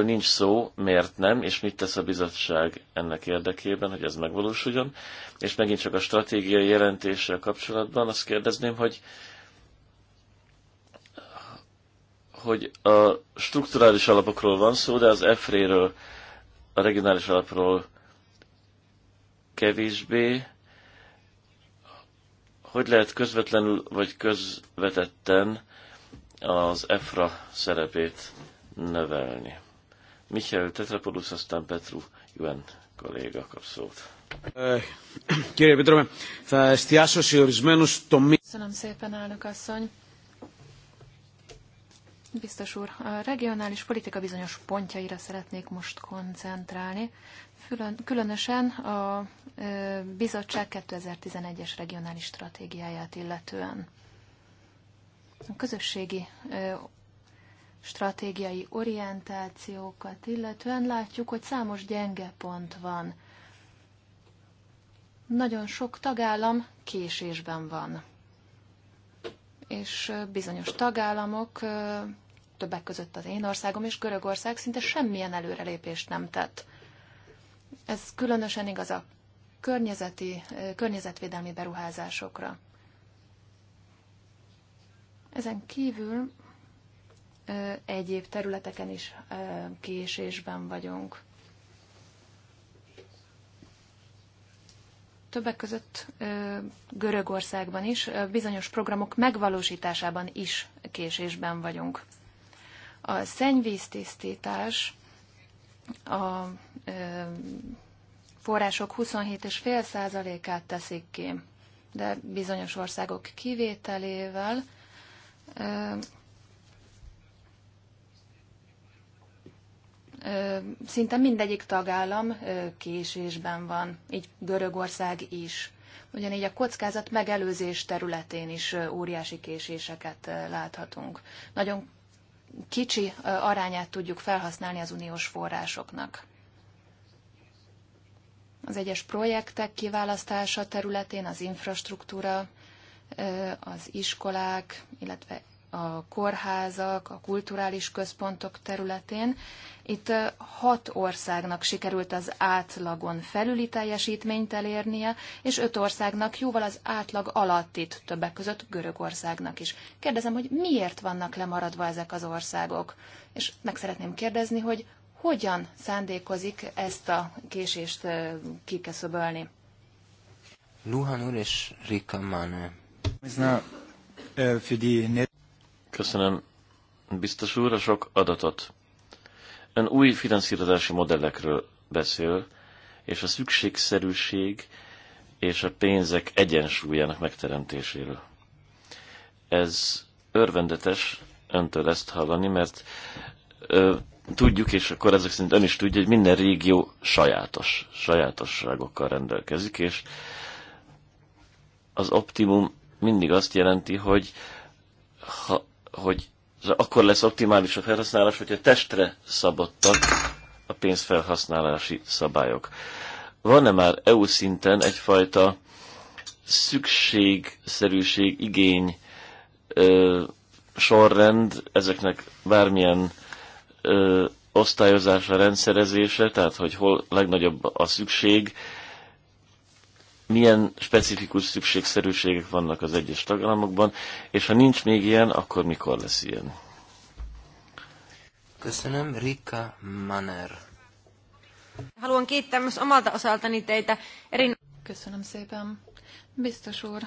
nincs szó, miért nem, és mit tesz a bizottság ennek érdekében, hogy ez megvalósuljon. És megint csak a stratégiai jelentéssel kapcsolatban azt kérdezném, hogy hogy a strukturális alapokról van szó, de az efre ről a regionális alapról kevésbé, hogy lehet közvetlenül vagy közvetetten az EFRA szerepét növelni? Michael Tetrapodus, aztán Petru Juan kolléga kap szót. Köszönöm szépen, elnök asszony. Biztos úr, a regionális politika bizonyos pontjaira szeretnék most koncentrálni, különösen a bizottság 2011-es regionális stratégiáját illetően. A közösségi stratégiai orientációkat illetően látjuk, hogy számos gyenge pont van. Nagyon sok tagállam késésben van, és bizonyos tagállamok többek között az én országom és Görögország szinte semmilyen előrelépést nem tett. Ez különösen igaz a környezeti, környezetvédelmi beruházásokra. Ezen kívül egyéb területeken is késésben vagyunk. Többek között Görögországban is, bizonyos programok megvalósításában is késésben vagyunk. A szennyvíztisztítás a források 27,5%-át teszik ki, de bizonyos országok kivételével szinte mindegyik tagállam késésben van, így Görögország is. Ugyanígy a kockázat megelőzés területén is óriási késéseket láthatunk. Nagyon kicsi arányát tudjuk felhasználni az uniós forrásoknak. Az egyes projektek kiválasztása területén az infrastruktúra, az iskolák, illetve a kórházak, a kulturális központok területén. Itt hat országnak sikerült az átlagon felüli teljesítményt elérnie, és öt országnak jóval az átlag alatt itt, többek között Görögországnak is. Kérdezem, hogy miért vannak lemaradva ezek az országok? És meg szeretném kérdezni, hogy hogyan szándékozik ezt a késést kikeszöbölni? Luhan úr és Rika Mann. Köszönöm, biztos úr, a sok adatot. Ön új finanszírozási modellekről beszél, és a szükségszerűség és a pénzek egyensúlyának megteremtéséről. Ez örvendetes öntől ezt hallani, mert ö, tudjuk, és akkor ezek szerint ön is tudja, hogy minden régió sajátos, sajátosságokkal rendelkezik, és az optimum mindig azt jelenti, hogy ha hogy akkor lesz optimális a felhasználás, hogyha testre szabottak a pénzfelhasználási szabályok. Van-e már EU szinten egyfajta szükségszerűség, igény, ö, sorrend ezeknek bármilyen ö, osztályozása, rendszerezése, tehát hogy hol legnagyobb a szükség milyen specifikus szükségszerűségek vannak az egyes tagállamokban, és ha nincs még ilyen, akkor mikor lesz ilyen? Köszönöm, Rika Maner. Haluan kiittää myös omalta osaltani teitä. Erin... Köszönöm szépen. Biztos úr,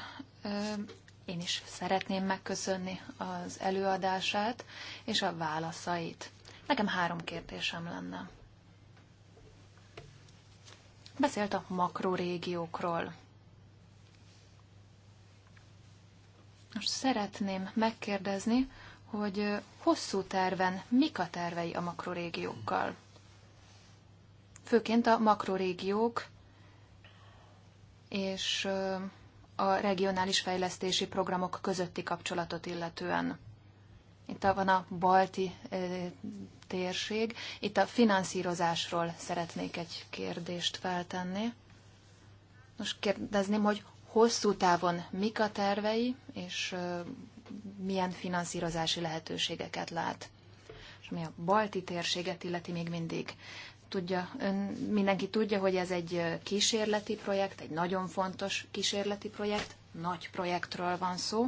én is szeretném megköszönni az előadását és a válaszait. Nekem három kérdésem lenne. Beszélt a makrorégiókról. Most szeretném megkérdezni, hogy hosszú terven mik a tervei a makrorégiókkal? Főként a makrorégiók és a regionális fejlesztési programok közötti kapcsolatot illetően. Itt van a balti térség. Itt a finanszírozásról szeretnék egy kérdést feltenni. Most kérdezném, hogy hosszú távon mik a tervei, és milyen finanszírozási lehetőségeket lát. És ami a balti térséget illeti még mindig. Tudja, ön, mindenki tudja, hogy ez egy kísérleti projekt, egy nagyon fontos kísérleti projekt, nagy projektről van szó,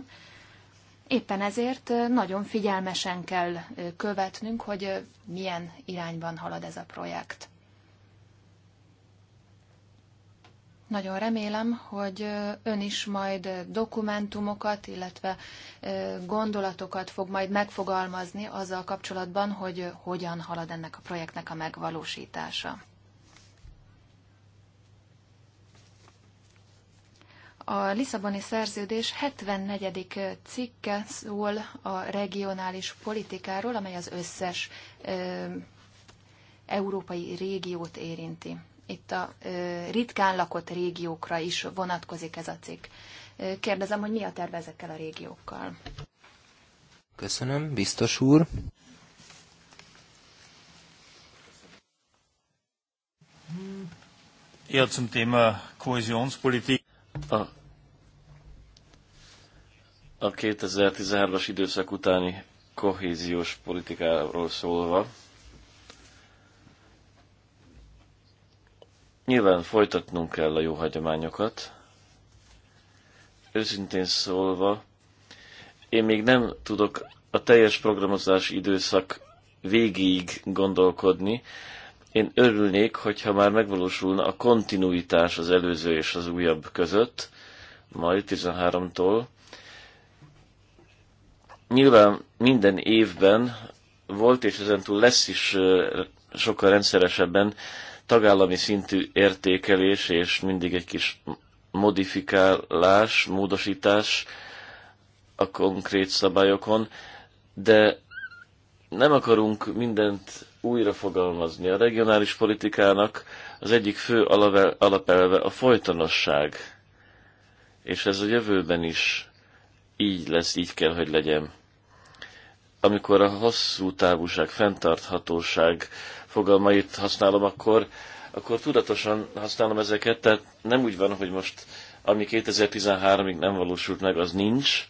Éppen ezért nagyon figyelmesen kell követnünk, hogy milyen irányban halad ez a projekt. Nagyon remélem, hogy ön is majd dokumentumokat, illetve gondolatokat fog majd megfogalmazni azzal kapcsolatban, hogy hogyan halad ennek a projektnek a megvalósítása. A Lisszaboni szerződés 74. cikke szól a regionális politikáról, amely az összes ö, európai régiót érinti. Itt a ö, ritkán lakott régiókra is vonatkozik ez a cikk. Kérdezem, hogy mi a terve ezekkel a régiókkal? Köszönöm, biztos úr. Ja, zum Thema Kohäsionspolitik. A a 2013-as időszak utáni kohéziós politikáról szólva. Nyilván folytatnunk kell a jó hagyományokat. Őszintén szólva, én még nem tudok a teljes programozás időszak végig gondolkodni. Én örülnék, hogyha már megvalósulna a kontinuitás az előző és az újabb között, majd 13-tól, Nyilván minden évben volt, és ezentúl lesz is sokkal rendszeresebben tagállami szintű értékelés, és mindig egy kis modifikálás, módosítás a konkrét szabályokon, de nem akarunk mindent újra fogalmazni. A regionális politikának az egyik fő alapelve a folytonosság, és ez a jövőben is így lesz, így kell, hogy legyen amikor a hosszú távúság, fenntarthatóság fogalmait használom, akkor, akkor tudatosan használom ezeket, tehát nem úgy van, hogy most ami 2013-ig nem valósult meg, az nincs,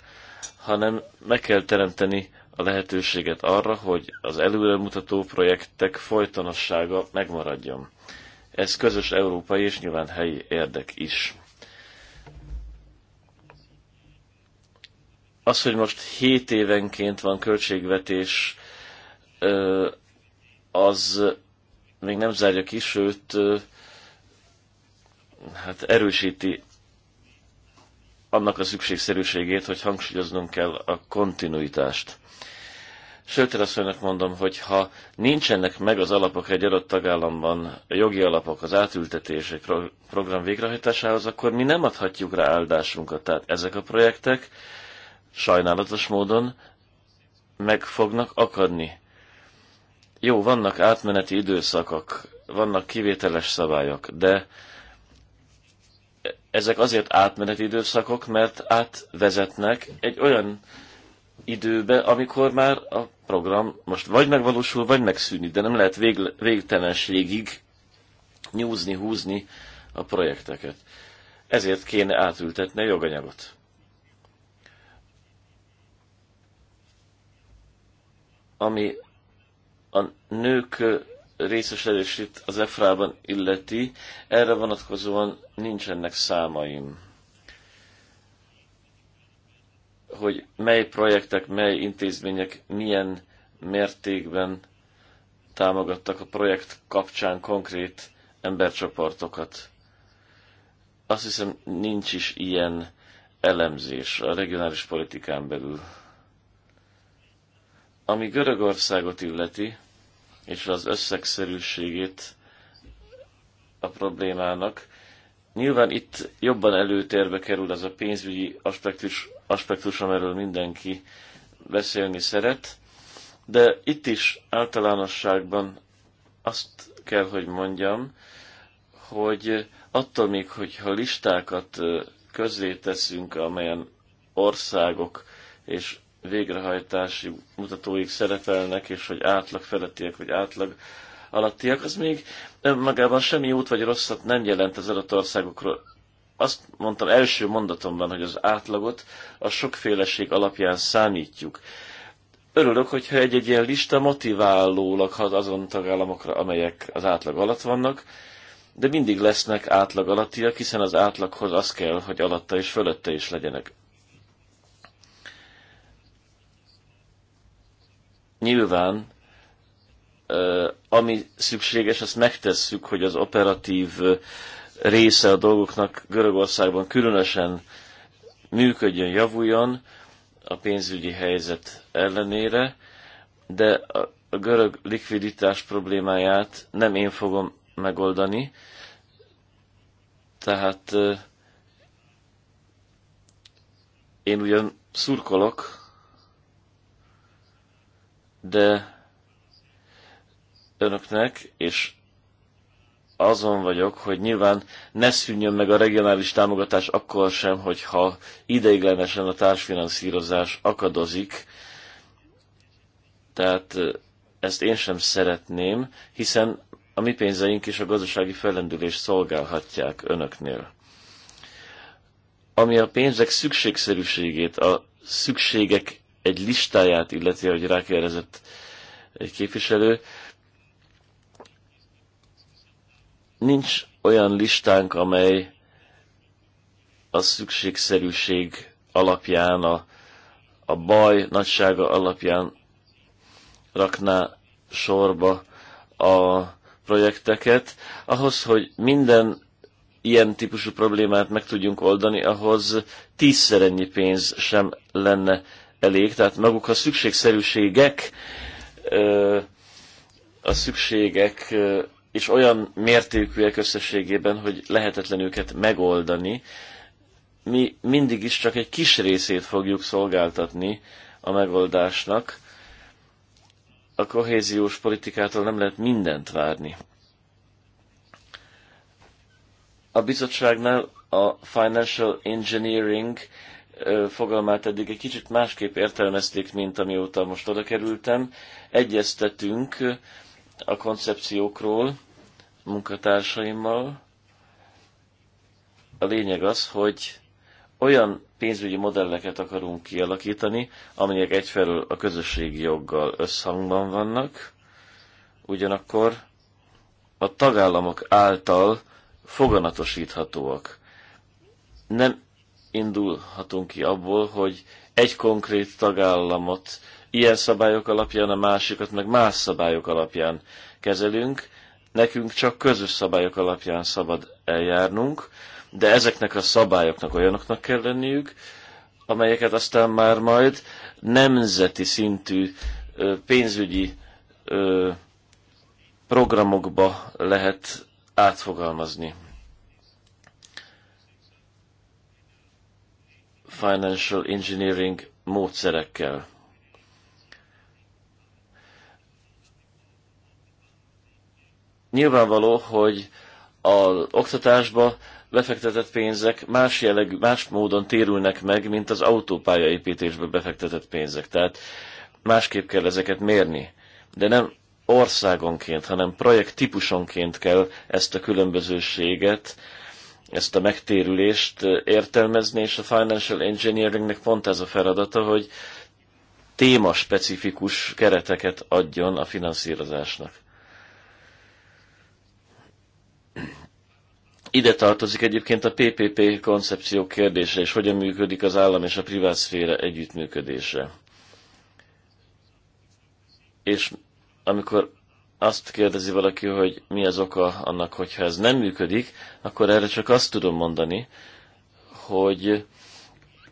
hanem meg kell teremteni a lehetőséget arra, hogy az előremutató projektek folytonossága megmaradjon. Ez közös európai és nyilván helyi érdek is. Az, hogy most 7 évenként van költségvetés, az még nem zárja ki, sőt, hát erősíti annak a szükségszerűségét, hogy hangsúlyoznunk kell a kontinuitást. Sőt, asszonynak mondom, hogy ha nincsenek meg az alapok egy adott tagállamban, a jogi alapok az átültetés egy program végrehajtásához, akkor mi nem adhatjuk rá áldásunkat. Tehát ezek a projektek sajnálatos módon meg fognak akadni. Jó, vannak átmeneti időszakok, vannak kivételes szabályok, de ezek azért átmeneti időszakok, mert átvezetnek egy olyan időbe, amikor már a program most vagy megvalósul, vagy megszűnik, de nem lehet vég, végtelenségig nyúzni, húzni a projekteket. Ezért kéne átültetni a joganyagot. ami a nők részesedését az Efrában illeti, erre vonatkozóan nincsenek számaim. Hogy mely projektek, mely intézmények milyen mértékben támogattak a projekt kapcsán konkrét embercsoportokat. Azt hiszem, nincs is ilyen elemzés a regionális politikán belül. Ami Görögországot illeti, és az összegszerűségét a problémának, nyilván itt jobban előtérbe kerül az a pénzügyi aspektus, aspektus amiről mindenki beszélni szeret, de itt is általánosságban azt kell, hogy mondjam, hogy attól még, hogyha listákat közzé teszünk, amelyen országok és végrehajtási mutatóik szerepelnek, és hogy átlag felettiek, vagy átlag alattiak, az még önmagában semmi jót vagy rosszat nem jelent az adott országokról. Azt mondtam első mondatomban, hogy az átlagot a sokféleség alapján számítjuk. Örülök, hogyha egy-egy ilyen lista motiválólag hat azon tagállamokra, amelyek az átlag alatt vannak, de mindig lesznek átlag alattiak, hiszen az átlaghoz az kell, hogy alatta és fölötte is legyenek. Nyilván, ami szükséges, azt megtesszük, hogy az operatív része a dolgoknak Görögországban különösen működjön, javuljon a pénzügyi helyzet ellenére, de a görög likviditás problémáját nem én fogom megoldani, tehát én ugyan szurkolok de önöknek, és azon vagyok, hogy nyilván ne szűnjön meg a regionális támogatás akkor sem, hogyha ideiglenesen a társfinanszírozás akadozik. Tehát ezt én sem szeretném, hiszen a mi pénzeink is a gazdasági fellendülést szolgálhatják önöknél. Ami a pénzek szükségszerűségét, a szükségek egy listáját illeti, hogy rákérdezett egy képviselő, nincs olyan listánk, amely a szükségszerűség alapján, a, a baj nagysága alapján rakná sorba a projekteket. Ahhoz, hogy minden ilyen típusú problémát meg tudjunk oldani, ahhoz tízszer ennyi pénz sem lenne elég, tehát maguk a szükségszerűségek, a szükségek és olyan mértékűek összességében, hogy lehetetlen őket megoldani. Mi mindig is csak egy kis részét fogjuk szolgáltatni a megoldásnak. A kohéziós politikától nem lehet mindent várni. A bizottságnál a financial engineering fogalmát eddig egy kicsit másképp értelmezték, mint amióta most oda kerültem. Egyeztetünk a koncepciókról munkatársaimmal. A lényeg az, hogy olyan pénzügyi modelleket akarunk kialakítani, amelyek egyfelől a közösségi joggal összhangban vannak, ugyanakkor a tagállamok által foganatosíthatóak. Nem indulhatunk ki abból, hogy egy konkrét tagállamot ilyen szabályok alapján, a másikat meg más szabályok alapján kezelünk. Nekünk csak közös szabályok alapján szabad eljárnunk, de ezeknek a szabályoknak olyanoknak kell lenniük, amelyeket aztán már majd nemzeti szintű pénzügyi programokba lehet átfogalmazni. financial engineering módszerekkel. Nyilvánvaló, hogy az oktatásba befektetett pénzek más jelleg, más módon térülnek meg, mint az autópályaépítésbe befektetett pénzek. Tehát másképp kell ezeket mérni. De nem országonként, hanem projekt típusonként kell ezt a különbözőséget ezt a megtérülést értelmezni, és a financial engineeringnek pont ez a feladata, hogy témaspecifikus kereteket adjon a finanszírozásnak. Ide tartozik egyébként a PPP koncepció kérdése, és hogyan működik az állam és a privát szféra együttműködése. És amikor azt kérdezi valaki, hogy mi az oka annak, hogyha ez nem működik, akkor erre csak azt tudom mondani, hogy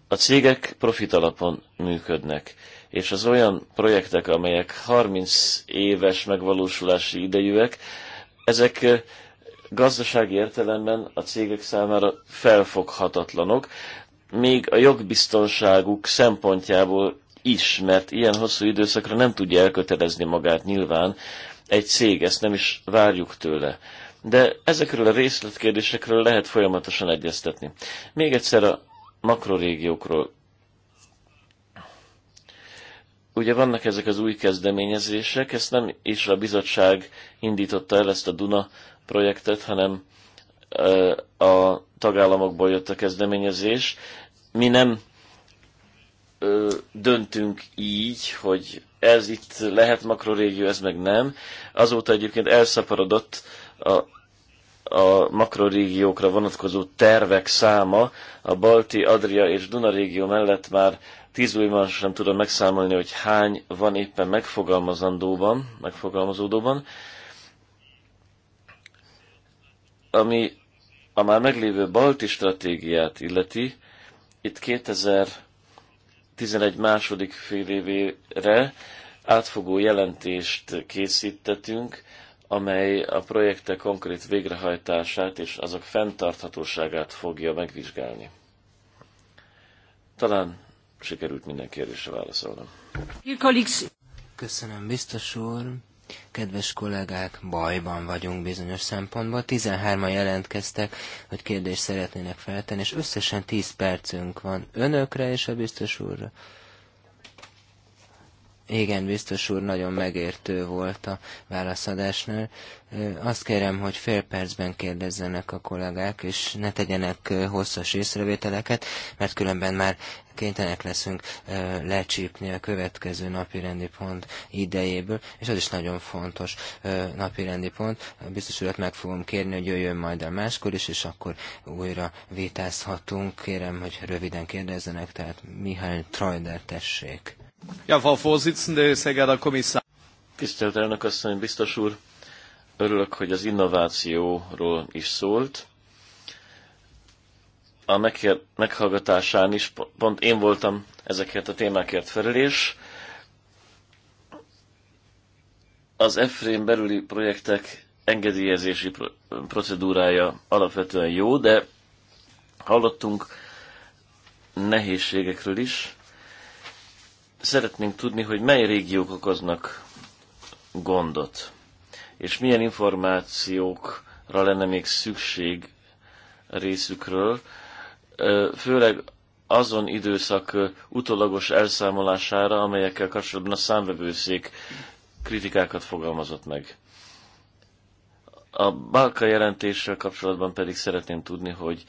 a cégek profit alapon működnek, és az olyan projektek, amelyek 30 éves megvalósulási idejűek, ezek eh, gazdasági értelemben a cégek számára felfoghatatlanok, még a jogbiztonságuk szempontjából is, mert ilyen hosszú időszakra nem tudja elkötelezni magát nyilván egy cég, ezt nem is várjuk tőle. De ezekről a részletkérdésekről lehet folyamatosan egyeztetni. Még egyszer a makrorégiókról. Ugye vannak ezek az új kezdeményezések, ezt nem is a bizottság indította el ezt a Duna projektet, hanem a tagállamokból jött a kezdeményezés. Mi nem döntünk így, hogy ez itt lehet makrorégió, ez meg nem. Azóta egyébként elszaporodott a, a makrorégiókra vonatkozó tervek száma. A Balti, Adria és Duna régió mellett már tíz újban sem tudom megszámolni, hogy hány van éppen megfogalmazandóban, megfogalmazódóban. Ami a már meglévő balti stratégiát illeti, itt 2000 11 második fél évére átfogó jelentést készítettünk, amely a projektek konkrét végrehajtását és azok fenntarthatóságát fogja megvizsgálni. Talán sikerült minden kérdésre válaszolnom. Köszönöm, biztos úr. Kedves kollégák, bajban vagyunk bizonyos szempontból. 13-an jelentkeztek, hogy kérdést szeretnének feltenni, és összesen 10 percünk van önökre és a biztos úrra. Igen, biztos úr, nagyon megértő volt a válaszadásnál. Azt kérem, hogy fél percben kérdezzenek a kollégák, és ne tegyenek hosszas észrevételeket, mert különben már kénytelenek leszünk lecsípni a következő napi rendi pont idejéből, és az is nagyon fontos napi rendi pont. Biztos urat meg fogom kérni, hogy jöjjön majd a máskor is, és akkor újra vitázhatunk. Kérem, hogy röviden kérdezzenek, tehát Mihály Trajder tessék. Ja, Frau Vorsitzende, sehr geehrter Kommissar. Tisztelt elnök asszony, biztos úr, örülök, hogy az innovációról is szólt. A meghallgatásán is pont én voltam ezekért a témákért felelés. Az EFRÉN belüli projektek engedélyezési procedúrája alapvetően jó, de hallottunk nehézségekről is Szeretnénk tudni, hogy mely régiók okoznak gondot, és milyen információkra lenne még szükség részükről, főleg azon időszak utolagos elszámolására, amelyekkel kapcsolatban a számvevőszék kritikákat fogalmazott meg. A Balka jelentéssel kapcsolatban pedig szeretném tudni, hogy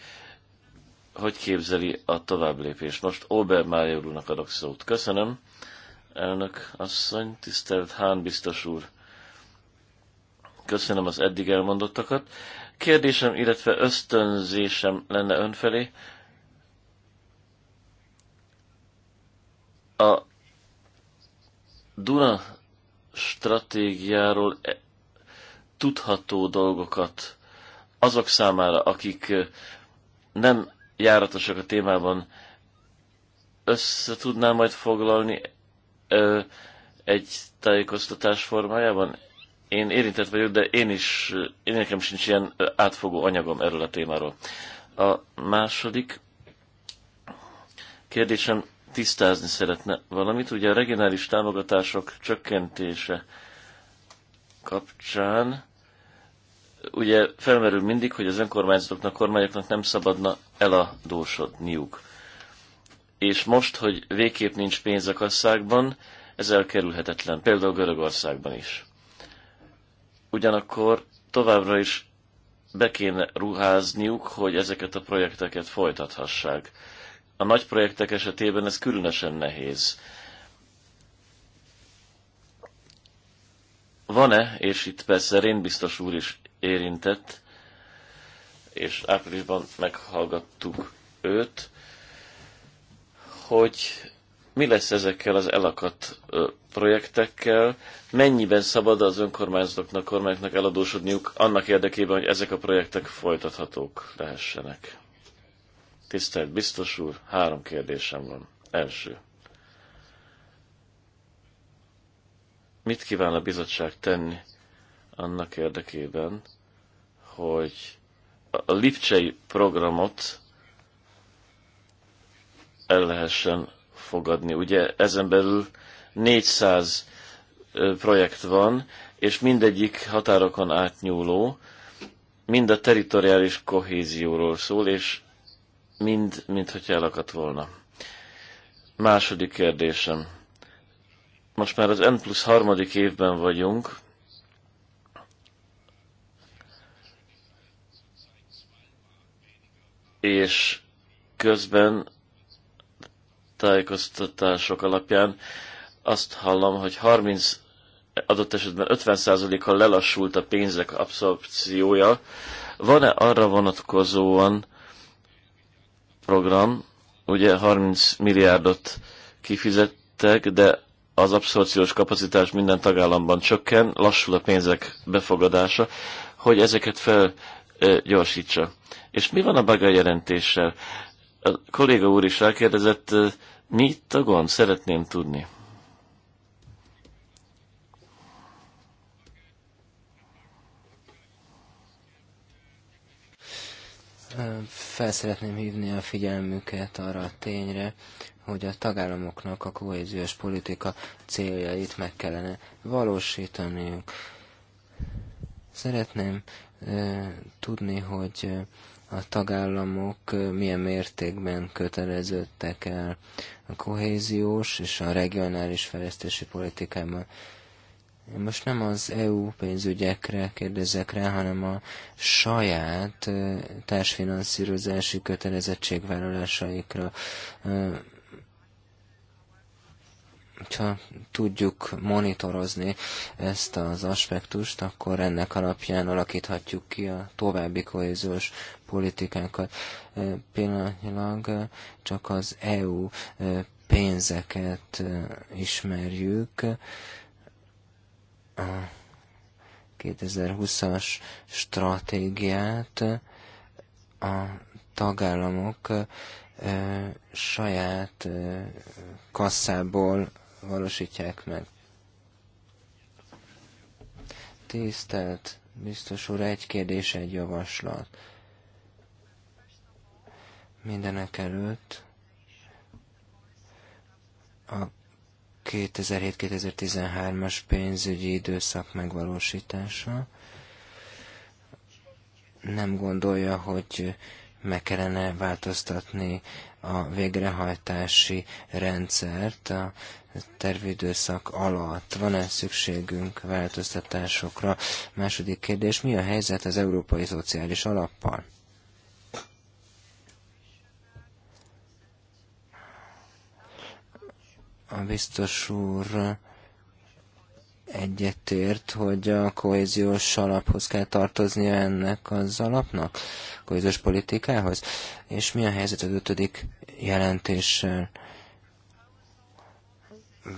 hogy képzeli a továbblépést? Most Obermájer úrnak adok szót. Köszönöm, elnök asszony, tisztelt Hán biztos úr. Köszönöm az eddig elmondottakat. Kérdésem, illetve ösztönzésem lenne önfelé. A Duna stratégiáról e- tudható dolgokat azok számára, akik nem járatosak a témában, össze tudnám majd foglalni ö, egy tájékoztatás formájában? Én érintett vagyok, de én is, én nekem sincs ilyen átfogó anyagom erről a témáról. A második kérdésem tisztázni szeretne valamit. Ugye a regionális támogatások csökkentése kapcsán ugye felmerül mindig, hogy az önkormányzatoknak, kormányoknak nem szabadna eladósodniuk. És most, hogy végképp nincs pénz a kasszákban, ez elkerülhetetlen, például Görögországban is. Ugyanakkor továbbra is be kéne ruházniuk, hogy ezeket a projekteket folytathassák. A nagy projektek esetében ez különösen nehéz. Van-e, és itt persze Rén biztos úr is érintett, és áprilisban meghallgattuk őt, hogy mi lesz ezekkel az elakadt projektekkel, mennyiben szabad az önkormányzatoknak, kormányoknak eladósodniuk annak érdekében, hogy ezek a projektek folytathatók lehessenek. Tisztelt biztos úr, három kérdésem van. Első. Mit kíván a bizottság tenni annak érdekében, hogy a Lipcsei programot el lehessen fogadni. Ugye ezen belül 400 projekt van, és mindegyik határokon átnyúló, mind a teritoriális kohézióról szól, és mind, mint hogy elakadt volna. Második kérdésem. Most már az N plusz harmadik évben vagyunk, és közben tájékoztatások alapján azt hallom, hogy 30, adott esetben 50%-kal lelassult a pénzek abszorpciója. Van-e arra vonatkozóan program, ugye 30 milliárdot kifizettek, de az abszorpciós kapacitás minden tagállamban csökken, lassul a pénzek befogadása, hogy ezeket fel gyorsítsa. És mi van a baga jelentéssel? A kolléga úr is elkérdezett, mi itt a gond? Szeretném tudni. Fel szeretném hívni a figyelmüket arra a tényre, hogy a tagállamoknak a kohéziós politika céljait meg kellene valósítaniuk. Szeretném tudni, hogy a tagállamok milyen mértékben köteleződtek el a kohéziós és a regionális fejlesztési politikában. Én most nem az EU pénzügyekre kérdezek rá, hanem a saját társfinanszírozási kötelezettségvállalásaikra ha tudjuk monitorozni ezt az aspektust, akkor ennek alapján alakíthatjuk ki a további kohéziós politikánkat. Pillanatnyilag csak az EU pénzeket ismerjük. A 2020-as stratégiát a tagállamok saját kasszából valósítják meg. Tisztelt biztos úr, egy kérdés, egy javaslat. Mindenek előtt a 2007-2013-as pénzügyi időszak megvalósítása. Nem gondolja, hogy meg kellene változtatni a végrehajtási rendszert a tervidőszak alatt? Van-e szükségünk változtatásokra? Második kérdés, mi a helyzet az Európai Szociális Alappal? A biztos úr egyetért, hogy a kohéziós alaphoz kell tartoznia ennek az alapnak, kohéziós politikához? És mi a helyzet az ötödik jelentéssel?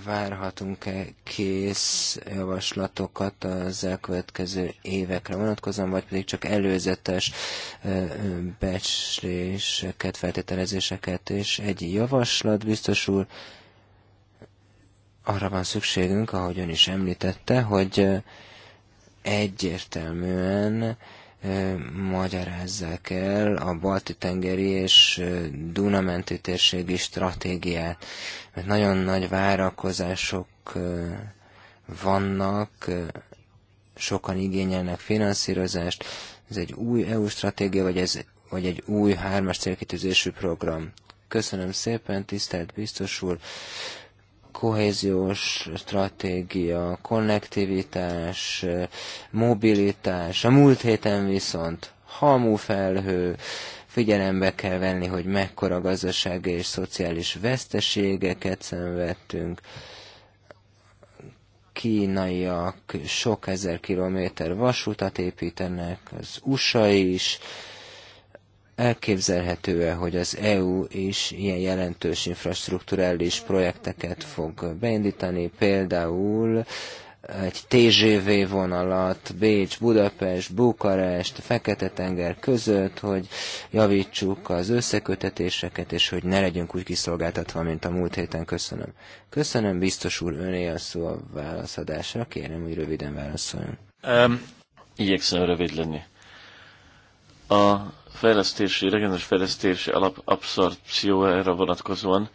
várhatunk-e kész javaslatokat az elkövetkező évekre vonatkozóan, vagy pedig csak előzetes becsléseket, feltételezéseket, és egy javaslat biztosul arra van szükségünk, ahogy ön is említette, hogy egyértelműen magyarázzák el a Balti-tengeri és Dunamenti térségi stratégiát, mert nagyon nagy várakozások vannak, sokan igényelnek finanszírozást, ez egy új EU stratégia, vagy, ez, vagy egy új hármas célkitűzésű program. Köszönöm szépen, tisztelt biztos úr! kohéziós stratégia, konnektivitás, mobilitás. A múlt héten viszont hamufelhő, figyelembe kell venni, hogy mekkora gazdasági és szociális veszteségeket szenvedtünk. Kínaiak sok ezer kilométer vasutat építenek, az USA is, elképzelhető-e, hogy az EU is ilyen jelentős infrastruktúrális projekteket fog beindítani, például egy TGV vonalat Bécs, Budapest, Bukarest, Fekete-tenger között, hogy javítsuk az összekötetéseket, és hogy ne legyünk úgy kiszolgáltatva, mint a múlt héten. Köszönöm. Köszönöm, biztos úr, öné a szó a válaszadásra. Kérem, hogy röviden válaszoljon. Um, igyekszem rövid lenni. A fejlesztési, regionális fejlesztési alap abszorpcióra vonatkozóan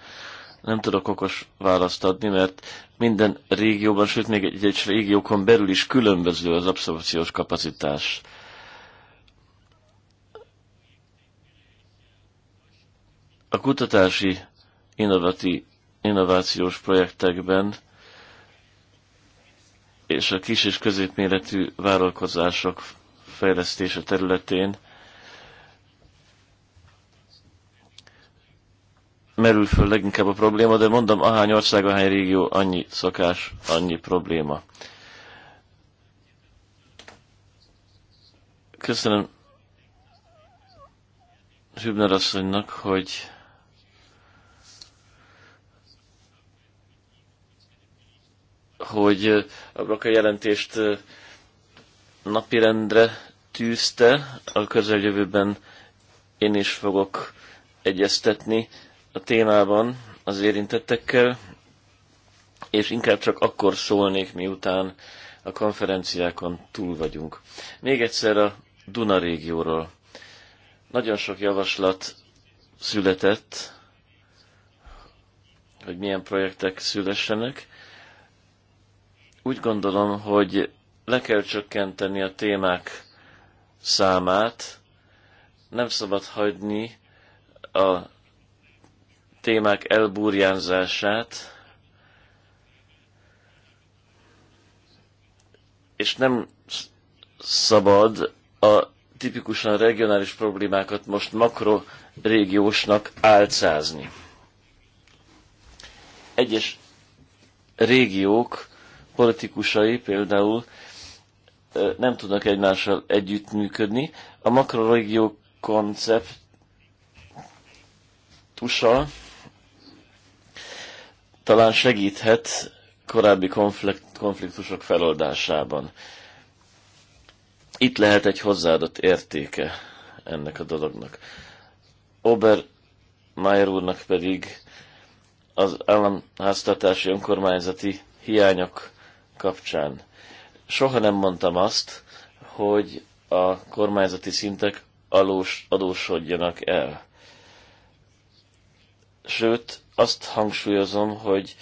nem tudok okos választ adni, mert minden régióban, sőt még egy, egy régiókon belül is különböző az abszorpciós kapacitás. A kutatási innovatív, innovációs projektekben és a kis és középméretű vállalkozások fejlesztése területén merül föl leginkább a probléma, de mondom, ahány ország, ahány régió, annyi szokás, annyi probléma. Köszönöm Hübner asszonynak, hogy hogy eh, a jelentést eh, napirendre tűzte, a közeljövőben én is fogok egyeztetni a témában az érintettekkel, és inkább csak akkor szólnék, miután a konferenciákon túl vagyunk. Még egyszer a Duna régióról. Nagyon sok javaslat született, hogy milyen projektek szülessenek. Úgy gondolom, hogy le kell csökkenteni a témák számát, nem szabad hagyni a témák elburjánzását, és nem szabad a tipikusan regionális problémákat most makrorégiósnak álcázni. Egyes régiók politikusai például nem tudnak egymással együttműködni. A makrorégió koncept tusa talán segíthet korábbi konflikt, konfliktusok feloldásában. Itt lehet egy hozzáadott értéke ennek a dolognak. Ober Mayer úrnak pedig az államháztartási önkormányzati hiányok kapcsán. Soha nem mondtam azt, hogy a kormányzati szintek alós, adósodjanak el. Sőt, azt hangsúlyozom, hogy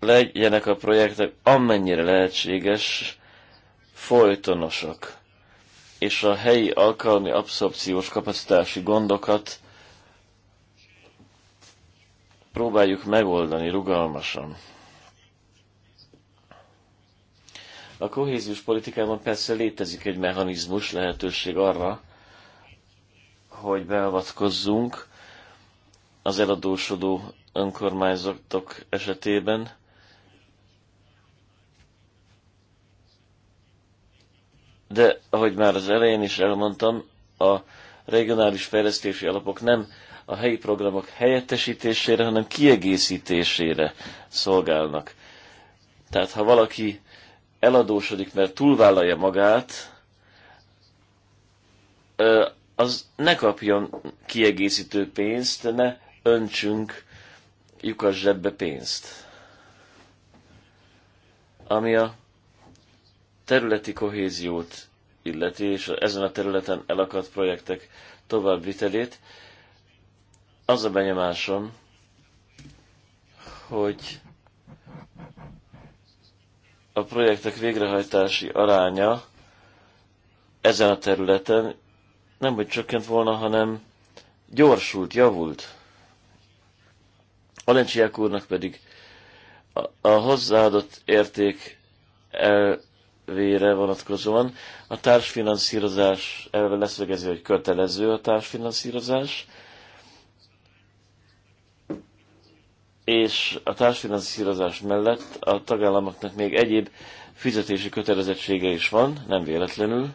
legyenek a projektek amennyire lehetséges, folytonosak, és a helyi alkalmi abszorpciós kapacitási gondokat próbáljuk megoldani rugalmasan. A kohéziós politikában persze létezik egy mechanizmus, lehetőség arra, hogy beavatkozzunk, az eladósodó önkormányzatok esetében. De, ahogy már az elején is elmondtam, a regionális fejlesztési alapok nem a helyi programok helyettesítésére, hanem kiegészítésére szolgálnak. Tehát ha valaki eladósodik, mert túlvállalja magát, az ne kapjon kiegészítő pénzt, ne öntsünk lyukas zsebbe pénzt. Ami a területi kohéziót illeti, és ezen a területen elakadt projektek továbbvitelét, az a benyomásom, hogy a projektek végrehajtási aránya ezen a területen nem hogy csökkent volna, hanem gyorsult, javult. Valenciák úrnak pedig a, a hozzáadott érték elvére vonatkozóan a társfinanszírozás elve leszögezi, hogy kötelező a társfinanszírozás, és a társfinanszírozás mellett a tagállamoknak még egyéb fizetési kötelezettsége is van, nem véletlenül.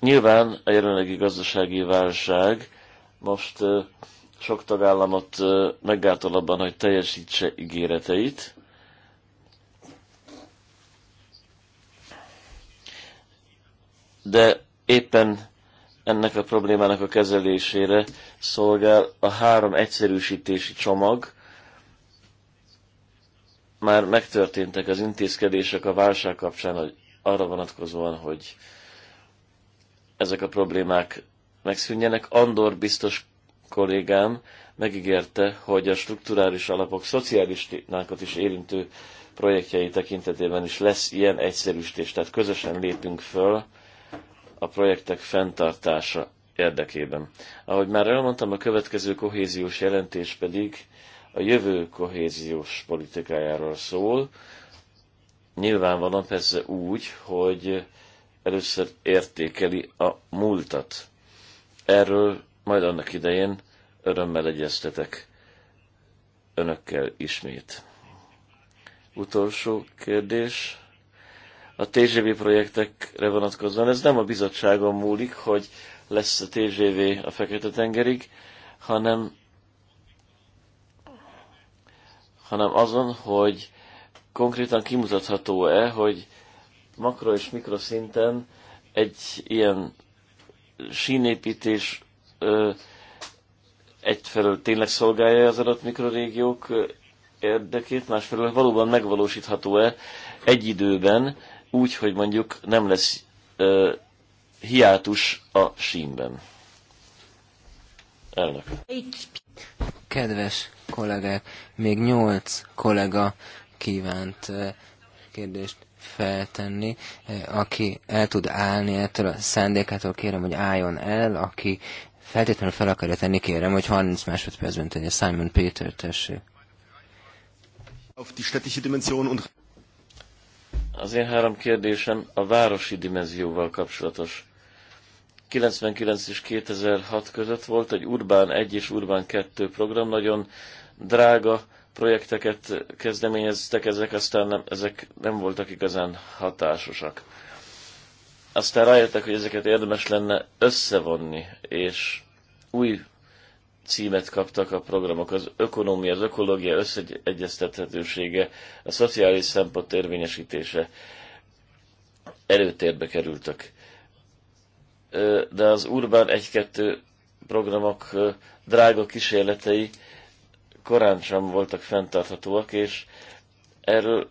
Nyilván a jelenlegi gazdasági válság most sok tagállamot meggátol abban, hogy teljesítse ígéreteit. De éppen ennek a problémának a kezelésére szolgál a három egyszerűsítési csomag. Már megtörténtek az intézkedések a válság kapcsán arra vonatkozóan, hogy ezek a problémák megszűnjenek. Andor biztos kollégám megígérte, hogy a strukturális alapok szocialistákat is érintő projektjei tekintetében is lesz ilyen egyszerűsítés, tehát közösen lépünk föl a projektek fenntartása érdekében. Ahogy már elmondtam, a következő kohéziós jelentés pedig a jövő kohéziós politikájáról szól. Nyilvánvalóan persze úgy, hogy először értékeli a múltat. Erről majd annak idején örömmel egyeztetek önökkel ismét. Utolsó kérdés. A TGV projektekre vonatkozóan ez nem a bizottságon múlik, hogy lesz a TGV a Fekete-tengerig, hanem, hanem azon, hogy konkrétan kimutatható-e, hogy makro és mikroszinten egy ilyen sínépítés ö, egyfelől tényleg szolgálja az adott mikrorégiók érdekét, másfelől valóban megvalósítható-e egy időben úgy, hogy mondjuk nem lesz ö, hiátus a sínben. Elnök. Kedves kollégák, még nyolc kollega kívánt kérdést feltenni. E, aki el tud állni ettől a szándékától, kérem, hogy álljon el. Aki feltétlenül fel akarja tenni, kérem, hogy 30 másodpercben a Simon Peter, tessék. Az én három kérdésem a városi dimenzióval kapcsolatos. 99 és 2006 között volt egy Urbán 1 és Urbán 2 program, nagyon drága projekteket kezdeményeztek, ezek aztán nem, ezek nem voltak igazán hatásosak. Aztán rájöttek, hogy ezeket érdemes lenne összevonni, és új címet kaptak a programok, az ökonomia, az ökológia összeegyeztethetősége, a szociális szempont érvényesítése előtérbe kerültek. De az Urbán 1-2 programok drága kísérletei korán sem voltak fenntarthatóak, és erről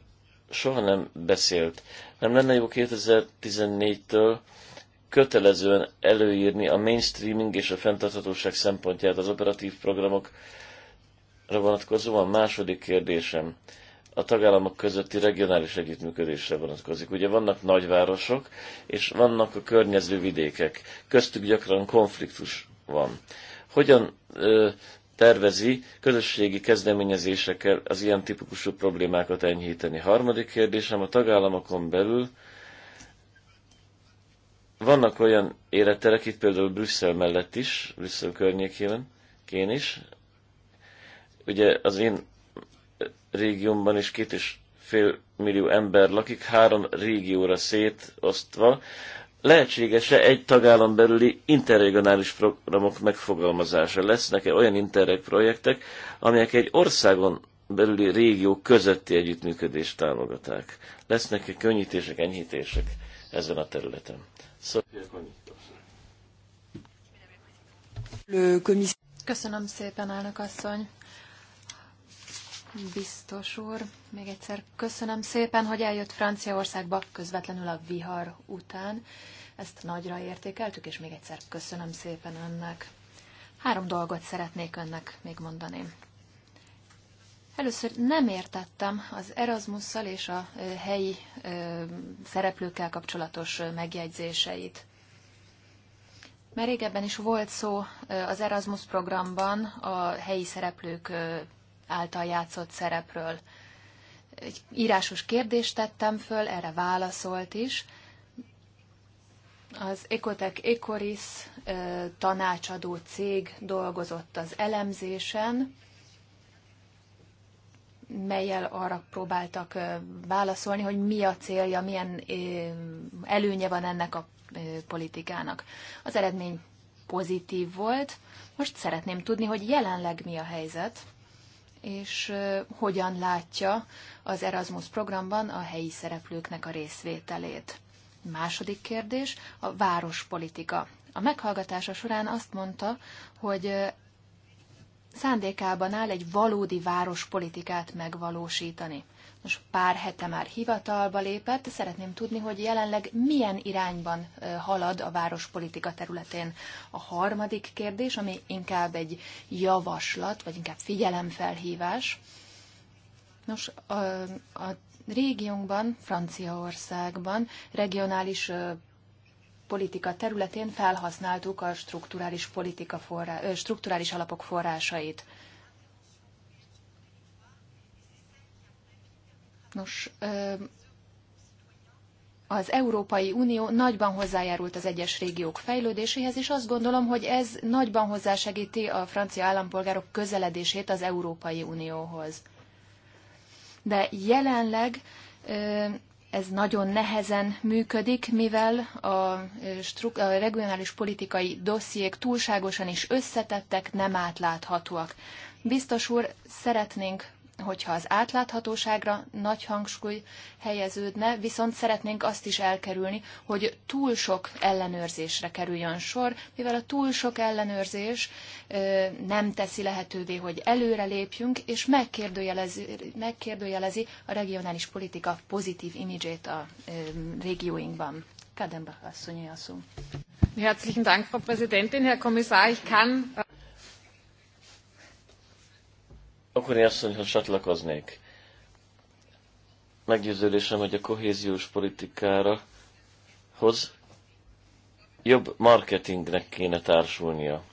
soha nem beszélt. Nem lenne jó 2014-től kötelezően előírni a mainstreaming és a fenntarthatóság szempontját az operatív programokra vonatkozóan? Második kérdésem a tagállamok közötti regionális együttműködésre vonatkozik. Ugye vannak nagyvárosok, és vannak a környező vidékek. Köztük gyakran konfliktus van. Hogyan ö, tervezi közösségi kezdeményezésekkel az ilyen típusú problémákat enyhíteni. Harmadik kérdésem, a tagállamokon belül vannak olyan életterek, itt például Brüsszel mellett is, Brüsszel környékében, én is. Ugye az én régiumban is két és fél millió ember lakik, három régióra szétosztva lehetséges-e egy tagállam belüli interregionális programok megfogalmazása? Lesznek-e olyan interreg projektek, amelyek egy országon belüli régió közötti együttműködést támogaták? Lesznek-e könnyítések, enyhítések ezen a területen? Köszönöm szépen, elnök asszony. Biztos úr, még egyszer köszönöm szépen, hogy eljött Franciaországba közvetlenül a vihar után. Ezt nagyra értékeltük, és még egyszer köszönöm szépen önnek. Három dolgot szeretnék önnek még mondani. Először nem értettem az Erasmusszal és a helyi szereplőkkel kapcsolatos megjegyzéseit. Már régebben is volt szó az Erasmus programban a helyi szereplők által játszott szerepről. Egy írásos kérdést tettem föl, erre válaszolt is. Az Ecotec Ecoris tanácsadó cég dolgozott az elemzésen, melyel arra próbáltak válaszolni, hogy mi a célja, milyen előnye van ennek a politikának. Az eredmény pozitív volt. Most szeretném tudni, hogy jelenleg mi a helyzet és hogyan látja az Erasmus programban a helyi szereplőknek a részvételét. Második kérdés, a várospolitika. A meghallgatása során azt mondta, hogy szándékában áll egy valódi várospolitikát megvalósítani. Most pár hete már hivatalba lépett, szeretném tudni, hogy jelenleg milyen irányban halad a várospolitika területén. A harmadik kérdés, ami inkább egy javaslat, vagy inkább figyelemfelhívás. Nos, a, a régiónkban, Franciaországban regionális politika területén felhasználtuk a strukturális, politika forrá, strukturális alapok forrásait. Nos, az Európai Unió nagyban hozzájárult az egyes régiók fejlődéséhez, és azt gondolom, hogy ez nagyban hozzásegíti a francia állampolgárok közeledését az Európai Unióhoz. De jelenleg ez nagyon nehezen működik, mivel a, stru- a regionális politikai dossziék túlságosan is összetettek, nem átláthatóak. Biztos úr, szeretnénk hogyha az átláthatóságra nagy hangsúly helyeződne, viszont szeretnénk azt is elkerülni, hogy túl sok ellenőrzésre kerüljön sor, mivel a túl sok ellenőrzés nem teszi lehetővé, hogy előre lépjünk, és megkérdőjelezi, megkérdőjelezi a regionális politika pozitív imidzsét a régióinkban. Kadenbach asszonyi asszony. Herzlichen Dank, Frau Präsidentin, Herr Kommissar, ich kann... Okoni asszonyhoz csatlakoznék. Meggyőződésem, hogy a kohéziós politikára hoz jobb marketingnek kéne társulnia.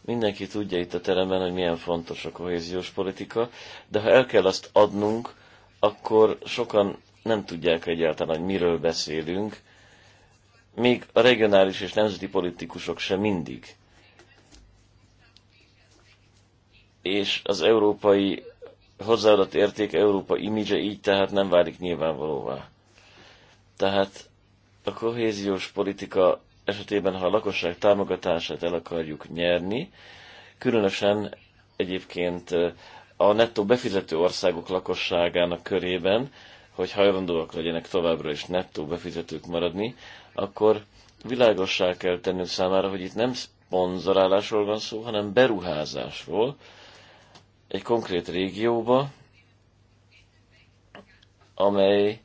Mindenki tudja itt a teremben, hogy milyen fontos a kohéziós politika, de ha el kell azt adnunk, akkor sokan nem tudják egyáltalán, hogy miről beszélünk, még a regionális és nemzeti politikusok sem mindig. és az európai hozzáadott érték, Európa imidzse így tehát nem válik nyilvánvalóvá. Tehát a kohéziós politika esetében, ha a lakosság támogatását el akarjuk nyerni, különösen egyébként eh, a nettó befizető országok lakosságának körében, hogy hajlandóak legyenek továbbra is nettó befizetők maradni, akkor világossá kell tennünk számára, hogy itt nem szponzorálásról van szó, hanem beruházásról, egy konkrét régióba, amelynek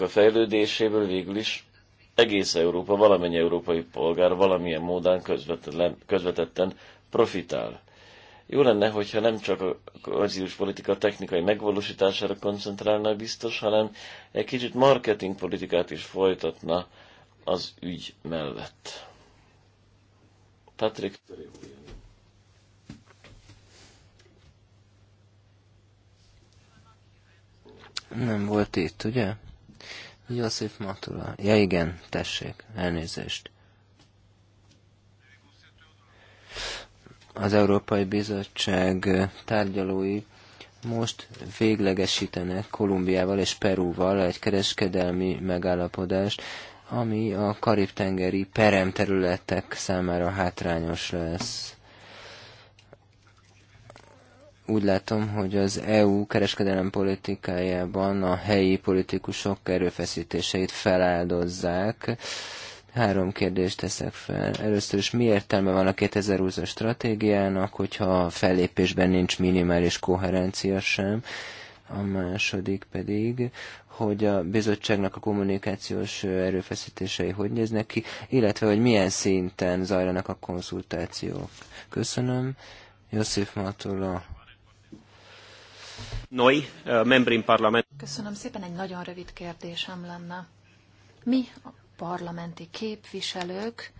a fejlődéséből végül is egész Európa, valamennyi európai polgár valamilyen módon közvetetten profitál. Jó lenne, hogyha nem csak a kohéziós politika technikai megvalósítására koncentrálna biztos, hanem egy kicsit marketing politikát is folytatna az ügy mellett. Patrick. nem volt itt, ugye? József Matula. Ja igen, tessék, elnézést. Az Európai Bizottság tárgyalói most véglegesítenek Kolumbiával és Perúval egy kereskedelmi megállapodást, ami a karib-tengeri peremterületek számára hátrányos lesz úgy látom, hogy az EU kereskedelem politikájában a helyi politikusok erőfeszítéseit feláldozzák. Három kérdést teszek fel. Először is mi értelme van a 2020-as stratégiának, hogyha a fellépésben nincs minimális koherencia sem? A második pedig, hogy a bizottságnak a kommunikációs erőfeszítései hogy néznek ki, illetve hogy milyen szinten zajlanak a konzultációk. Köszönöm. Josip Matula Noi, eh, membrin parlament. Köszönöm szépen, egy nagyon rövid kérdésem lenne. Mi a parlamenti képviselők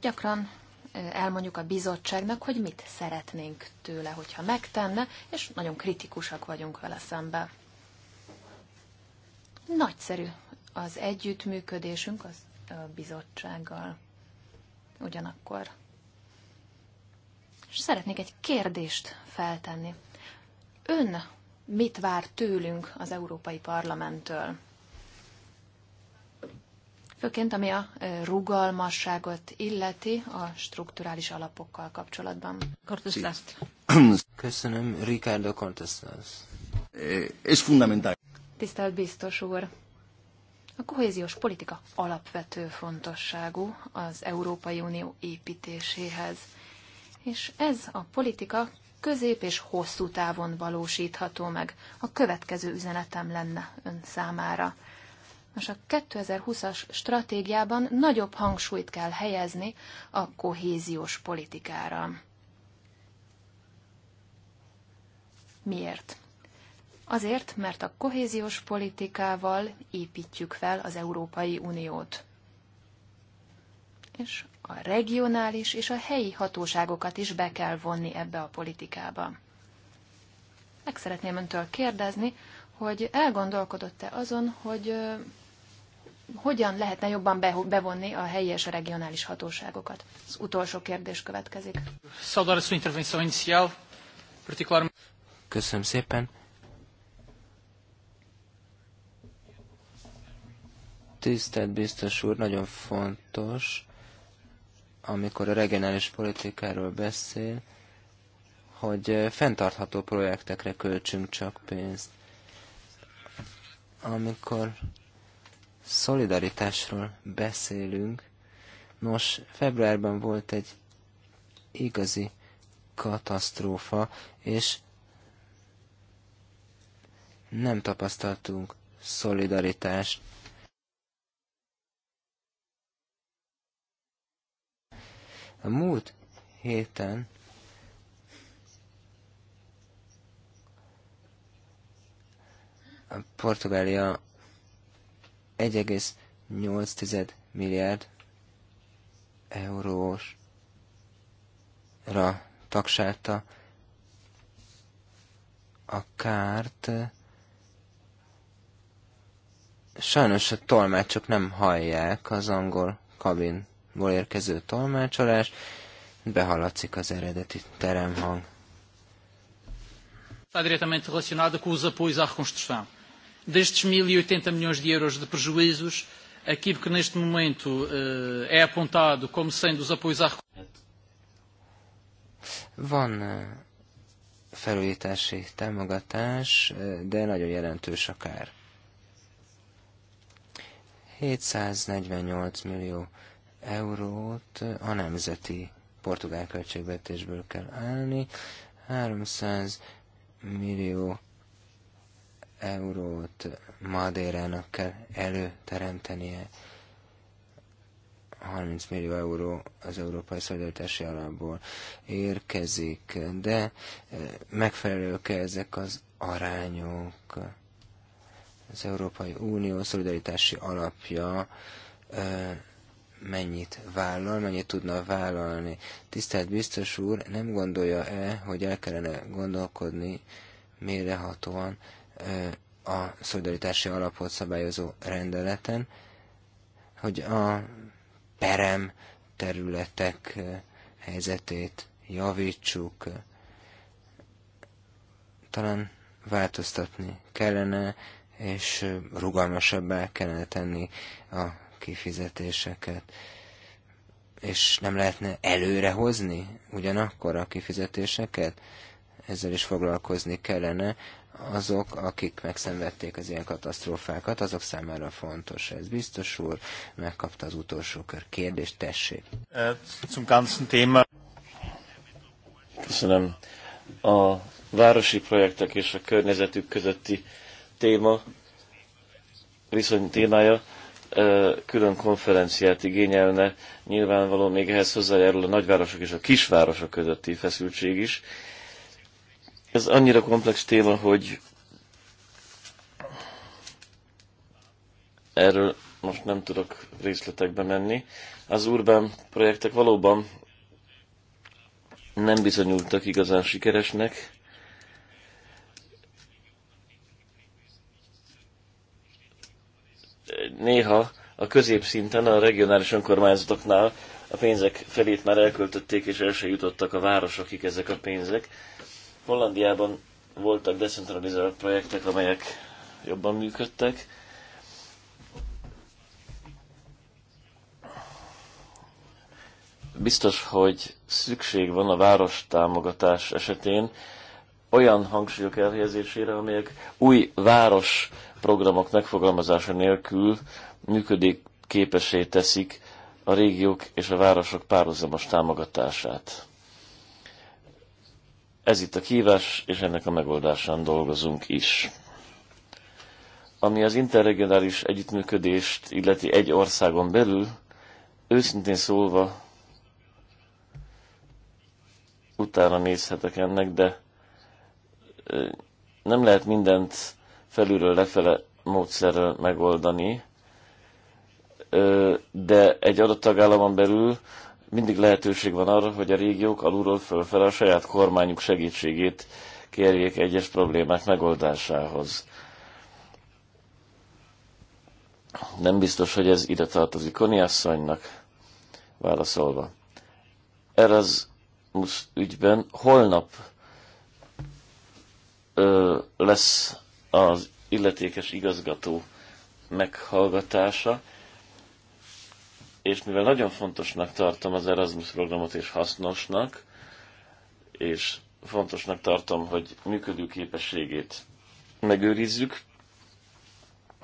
gyakran eh, elmondjuk a bizottságnak, hogy mit szeretnénk tőle, hogyha megtenne, és nagyon kritikusak vagyunk vele szemben. Nagyszerű az együttműködésünk az a bizottsággal. Ugyanakkor. És szeretnék egy kérdést feltenni. Ön mit vár tőlünk az Európai Parlamenttől? Főként ami a rugalmasságot illeti a strukturális alapokkal kapcsolatban. *clears throat* Köszönöm, Ricardo Cortes Ez eh, fundamentális. Tisztelt biztos úr! A kohéziós politika alapvető fontosságú az Európai Unió építéséhez. És ez a politika közép és hosszú távon valósítható meg. A következő üzenetem lenne ön számára. Most a 2020-as stratégiában nagyobb hangsúlyt kell helyezni a kohéziós politikára. Miért? Azért, mert a kohéziós politikával építjük fel az Európai Uniót. És a regionális és a helyi hatóságokat is be kell vonni ebbe a politikába. Meg szeretném öntől kérdezni, hogy elgondolkodott-e azon, hogy hogyan lehetne jobban bevonni a helyi és a regionális hatóságokat? Az utolsó kérdés következik. Köszönöm szépen. Tisztelt biztos úr, nagyon fontos, amikor a regionális politikáról beszél, hogy fenntartható projektekre költsünk csak pénzt. Amikor szolidaritásról beszélünk, nos, februárban volt egy igazi katasztrófa, és nem tapasztaltunk szolidaritást A múlt héten a Portugália 1,8 milliárd eurósra tagsálta a kárt. Sajnos a tolmácsok nem hallják az angol kabin ból érkező tolmácsolás, behaladszik az eredeti teremhang. Está diretamente relacionada com os apoios à reconstrução. Destes 1.080 e milhões de euros de prejuízos, aquilo que neste momento uh, é apontado como sendo os apoios à Van eh, felújítási támogatás, eh, de nagyon jelentős akár. 748 millió eurót a nemzeti portugál költségvetésből kell állni. 300 millió eurót Madérának kell előteremtenie. 30 millió euró az Európai Szolidaritási Alapból érkezik, de megfelelők -e ezek az arányok? Az Európai Unió Szolidaritási Alapja e, mennyit vállal, mennyit tudna vállalni. Tisztelt biztos úr, nem gondolja-e, hogy el kellene gondolkodni mérehatóan e, a szolidaritási alapot szabályozó rendeleten, hogy a perem területek e, helyzetét javítsuk, talán változtatni kellene, és e, rugalmasabbá kellene tenni a kifizetéseket. És nem lehetne előrehozni ugyanakkor a kifizetéseket? Ezzel is foglalkozni kellene. Azok, akik megszenvedték az ilyen katasztrófákat, azok számára fontos ez. Biztos úr, megkapta az utolsó kör kérdést, tessék. Eh, zum ganzen Thema. Köszönöm. A városi projektek és a környezetük közötti téma viszony témája külön konferenciát igényelne, nyilvánvalóan még ehhez hozzájárul a nagyvárosok és a kisvárosok közötti feszültség is. Ez annyira komplex téma, hogy erről most nem tudok részletekbe menni. Az urbán projektek valóban nem bizonyultak igazán sikeresnek, néha a középszinten, a regionális önkormányzatoknál a pénzek felét már elköltötték, és el se jutottak a városokig ezek a pénzek. Hollandiában voltak decentralizált projektek, amelyek jobban működtek. Biztos, hogy szükség van a város támogatás esetén olyan hangsúlyok elhelyezésére, amelyek új város programok megfogalmazása nélkül működik képesé teszik a régiók és a városok párhuzamos támogatását. Ez itt a kívás, és ennek a megoldásán dolgozunk is. Ami az interregionális együttműködést illeti egy országon belül, őszintén szólva utána nézhetek ennek, de nem lehet mindent felülről lefele módszerrel megoldani, de egy adott tagállamon belül mindig lehetőség van arra, hogy a régiók alulról fölfele a saját kormányuk segítségét kérjék egyes problémák megoldásához. Nem biztos, hogy ez ide tartozik Koni asszonynak válaszolva. Erasmus ügyben holnap ö, lesz az illetékes igazgató meghallgatása, és mivel nagyon fontosnak tartom az Erasmus programot és hasznosnak, és fontosnak tartom, hogy működő képességét megőrizzük,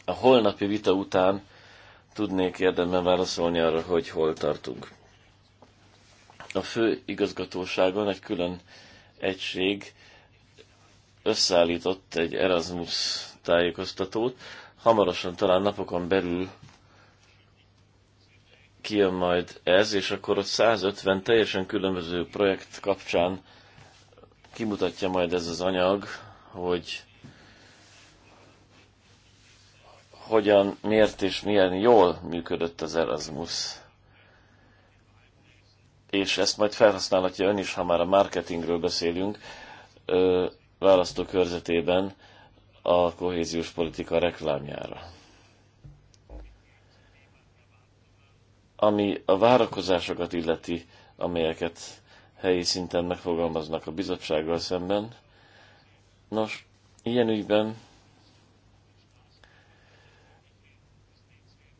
a holnapi vita után tudnék érdemben válaszolni arra, hogy hol tartunk. A fő igazgatóságon egy külön egység összeállított egy Erasmus tájékoztatót. Hamarosan, talán napokon belül kijön majd ez, és akkor ott 150 teljesen különböző projekt kapcsán kimutatja majd ez az anyag, hogy hogyan, miért és milyen jól működött az Erasmus. És ezt majd felhasználhatja ön is, ha már a marketingről beszélünk, választókörzetében a kohéziós politika reklámjára. Ami a várakozásokat illeti, amelyeket helyi szinten megfogalmaznak a bizottsággal szemben, nos, ilyen ügyben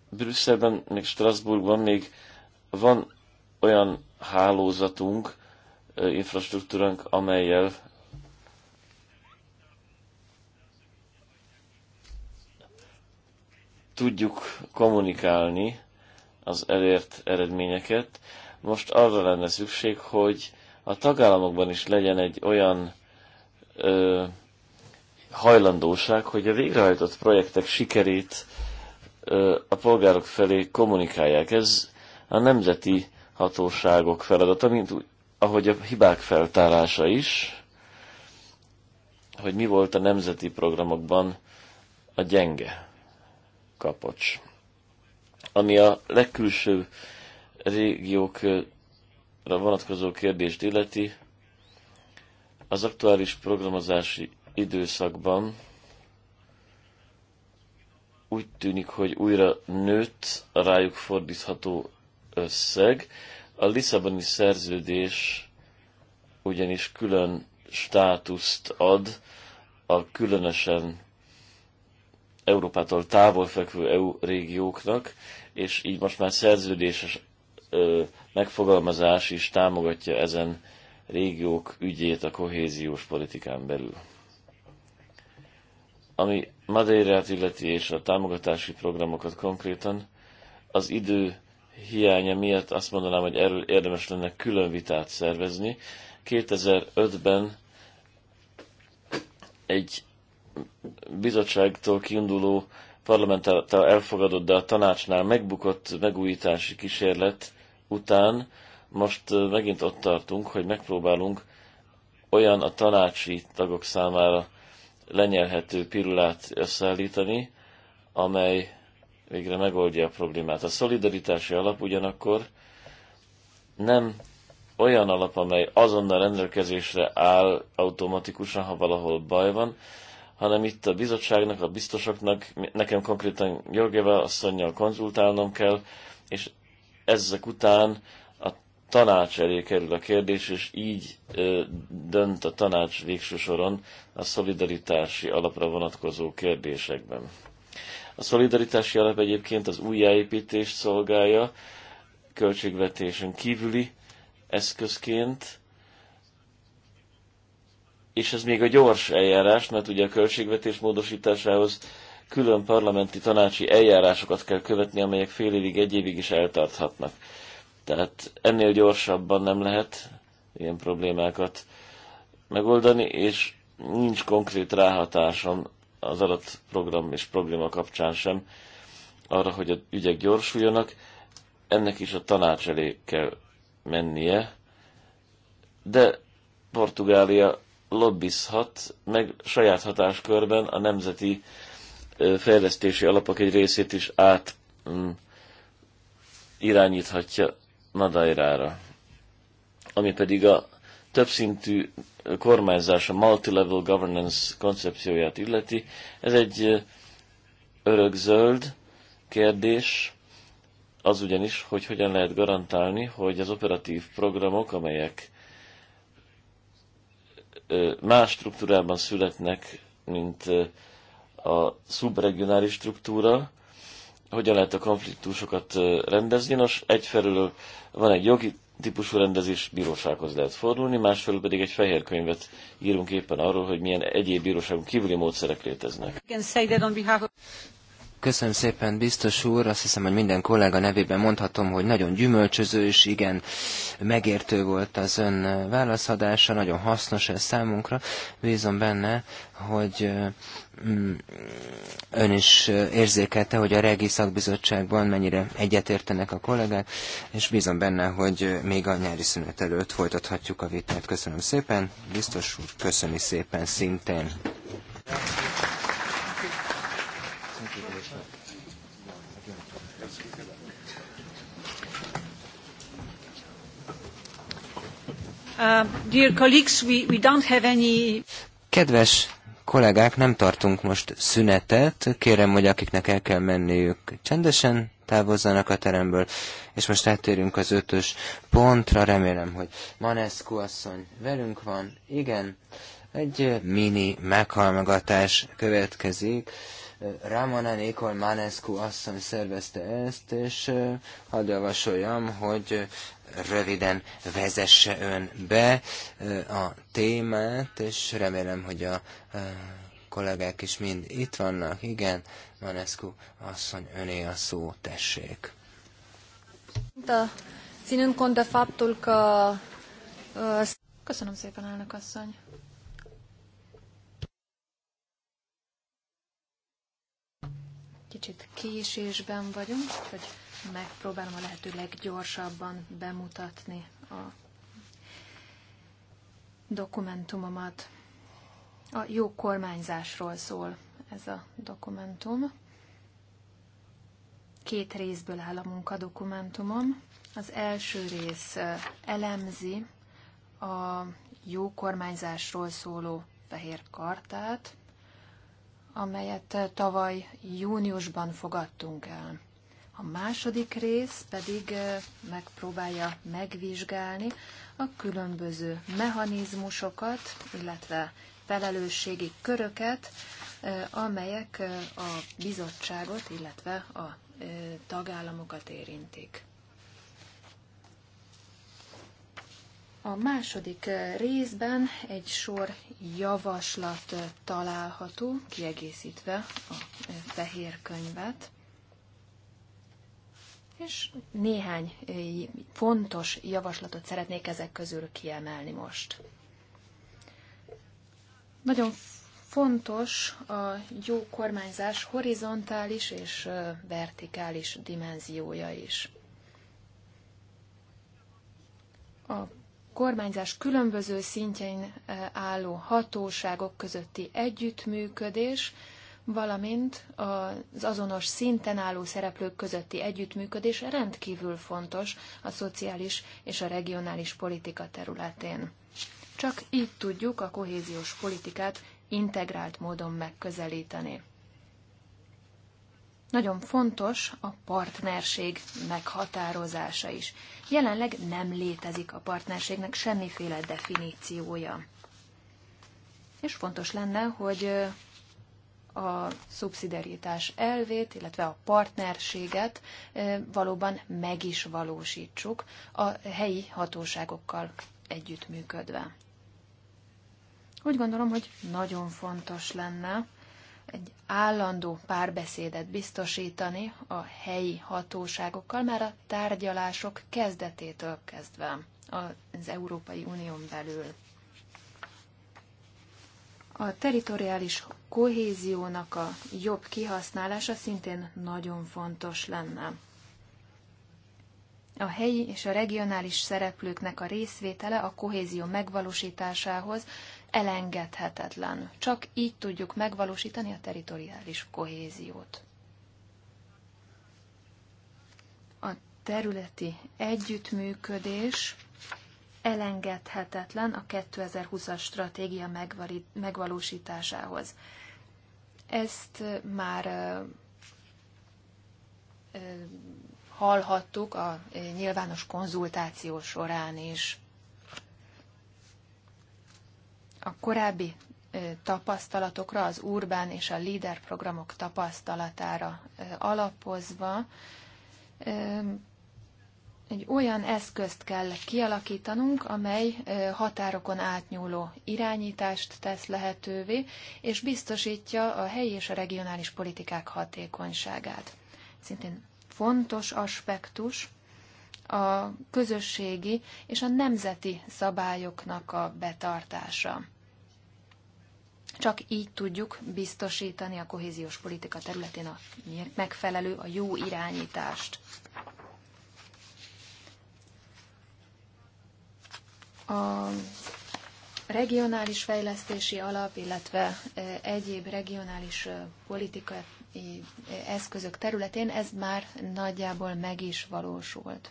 Brüsszelben, még Strasbourgban még van olyan hálózatunk, infrastruktúránk, amelyel tudjuk kommunikálni az elért eredményeket. Most arra lenne szükség, hogy a tagállamokban is legyen egy olyan ö, hajlandóság, hogy a végrehajtott projektek sikerét ö, a polgárok felé kommunikálják. Ez a nemzeti hatóságok feladata, mint úgy, ahogy a hibák feltárása is, hogy mi volt a nemzeti programokban a gyenge kapocs. Ami a legkülső régiókra vonatkozó kérdést illeti, az aktuális programozási időszakban úgy tűnik, hogy újra nőtt a rájuk fordítható összeg. A Lisszaboni szerződés ugyanis külön státuszt ad a különösen Európától távol fekvő EU régióknak, és így most már szerződéses ö, megfogalmazás is támogatja ezen régiók ügyét a kohéziós politikán belül. Ami Madeirát illeti és a támogatási programokat konkrétan, az idő hiánya miatt azt mondanám, hogy erről érdemes lenne külön vitát szervezni. 2005-ben egy bizottságtól kiinduló parlamenttel elfogadott, de a tanácsnál megbukott megújítási kísérlet után most megint ott tartunk, hogy megpróbálunk olyan a tanácsi tagok számára lenyelhető pirulát összeállítani, amely végre megoldja a problémát. A szolidaritási alap ugyanakkor nem olyan alap, amely azonnal rendelkezésre áll automatikusan, ha valahol baj van, hanem itt a bizottságnak, a biztosoknak, nekem konkrétan Jorgeva asszonynal konzultálnom kell, és ezek után a tanács elé kerül a kérdés, és így ö, dönt a tanács végső soron a szolidaritási alapra vonatkozó kérdésekben. A szolidaritási alap egyébként az újjáépítést szolgálja, költségvetésen kívüli eszközként, és ez még a gyors eljárás, mert ugye a költségvetés módosításához külön parlamenti tanácsi eljárásokat kell követni, amelyek fél évig, egy évig is eltarthatnak. Tehát ennél gyorsabban nem lehet ilyen problémákat megoldani, és nincs konkrét ráhatásom az adott program és probléma kapcsán sem arra, hogy a ügyek gyorsuljanak. Ennek is a tanács elé kell mennie, de Portugália lobbizhat, meg saját hatáskörben a nemzeti fejlesztési alapok egy részét is át mm, irányíthatja Madairára. Ami pedig a többszintű kormányzás, a multilevel governance koncepcióját illeti, ez egy örökzöld kérdés, az ugyanis, hogy hogyan lehet garantálni, hogy az operatív programok, amelyek más struktúrában születnek, mint a szubregionális struktúra, hogyan lehet a konfliktusokat rendezni. Nos, egyfelől van egy jogi típusú rendezés, bírósághoz lehet fordulni, másfelől pedig egy fehér könyvet írunk éppen arról, hogy milyen egyéb bíróságon kívüli módszerek léteznek. Köszönöm szépen, biztos úr. Azt hiszem, hogy minden kollega nevében mondhatom, hogy nagyon gyümölcsöző és igen megértő volt az ön válaszadása, nagyon hasznos ez számunkra. Bízom benne, hogy mm, ön is érzékelte, hogy a Regi Szakbizottságban mennyire egyetértenek a kollégák, és bízom benne, hogy még a nyári szünet előtt folytathatjuk a vitát. Köszönöm szépen, biztos úr, köszöni szépen szintén. Köszönöm. Uh, dear colleagues, we, we don't have any... Kedves kollégák, nem tartunk most szünetet. Kérem, hogy akiknek el kell menniük, csendesen távozzanak a teremből, és most áttérünk az ötös pontra. Remélem, hogy Manescu asszony velünk van. Igen, egy mini meghallgatás következik. Ramona Nicole Manescu asszony szervezte ezt, és uh, hadd javasoljam, hogy röviden vezesse ön be a témát, és remélem, hogy a kollégák is mind itt vannak. Igen, Manescu asszony, öné a szó, tessék. de Köszönöm szépen, elnök asszony. Kicsit késésben vagyunk, hogy megpróbálom a lehető leggyorsabban bemutatni a dokumentumomat. A jó kormányzásról szól ez a dokumentum. Két részből áll a munkadokumentumom. Az első rész elemzi a jó kormányzásról szóló fehér kartát, amelyet tavaly júniusban fogadtunk el. A második rész pedig megpróbálja megvizsgálni a különböző mechanizmusokat, illetve felelősségi köröket, amelyek a bizottságot, illetve a tagállamokat érintik. A második részben egy sor javaslat található, kiegészítve a fehér könyvet és néhány fontos javaslatot szeretnék ezek közül kiemelni most. Nagyon fontos a jó kormányzás horizontális és vertikális dimenziója is. A kormányzás különböző szintjein álló hatóságok közötti együttműködés, valamint az azonos szinten álló szereplők közötti együttműködés rendkívül fontos a szociális és a regionális politika területén. Csak így tudjuk a kohéziós politikát integrált módon megközelíteni. Nagyon fontos a partnerség meghatározása is. Jelenleg nem létezik a partnerségnek semmiféle definíciója. És fontos lenne, hogy a szubszidiaritás elvét, illetve a partnerséget valóban meg is valósítsuk a helyi hatóságokkal együttműködve. Úgy gondolom, hogy nagyon fontos lenne egy állandó párbeszédet biztosítani a helyi hatóságokkal már a tárgyalások kezdetétől kezdve az Európai Unión belül. A teritoriális kohéziónak a jobb kihasználása szintén nagyon fontos lenne. A helyi és a regionális szereplőknek a részvétele a kohézió megvalósításához elengedhetetlen. Csak így tudjuk megvalósítani a teritoriális kohéziót. A területi együttműködés elengedhetetlen a 2020-as stratégia megvalósításához. Ezt már hallhattuk a nyilvános konzultáció során is. A korábbi tapasztalatokra, az urbán és a Leader programok tapasztalatára alapozva egy olyan eszközt kell kialakítanunk, amely határokon átnyúló irányítást tesz lehetővé, és biztosítja a helyi és a regionális politikák hatékonyságát. Szintén fontos aspektus a közösségi és a nemzeti szabályoknak a betartása. Csak így tudjuk biztosítani a kohéziós politika területén a megfelelő, a jó irányítást. a regionális fejlesztési alap, illetve egyéb regionális politikai eszközök területén ez már nagyjából meg is valósult.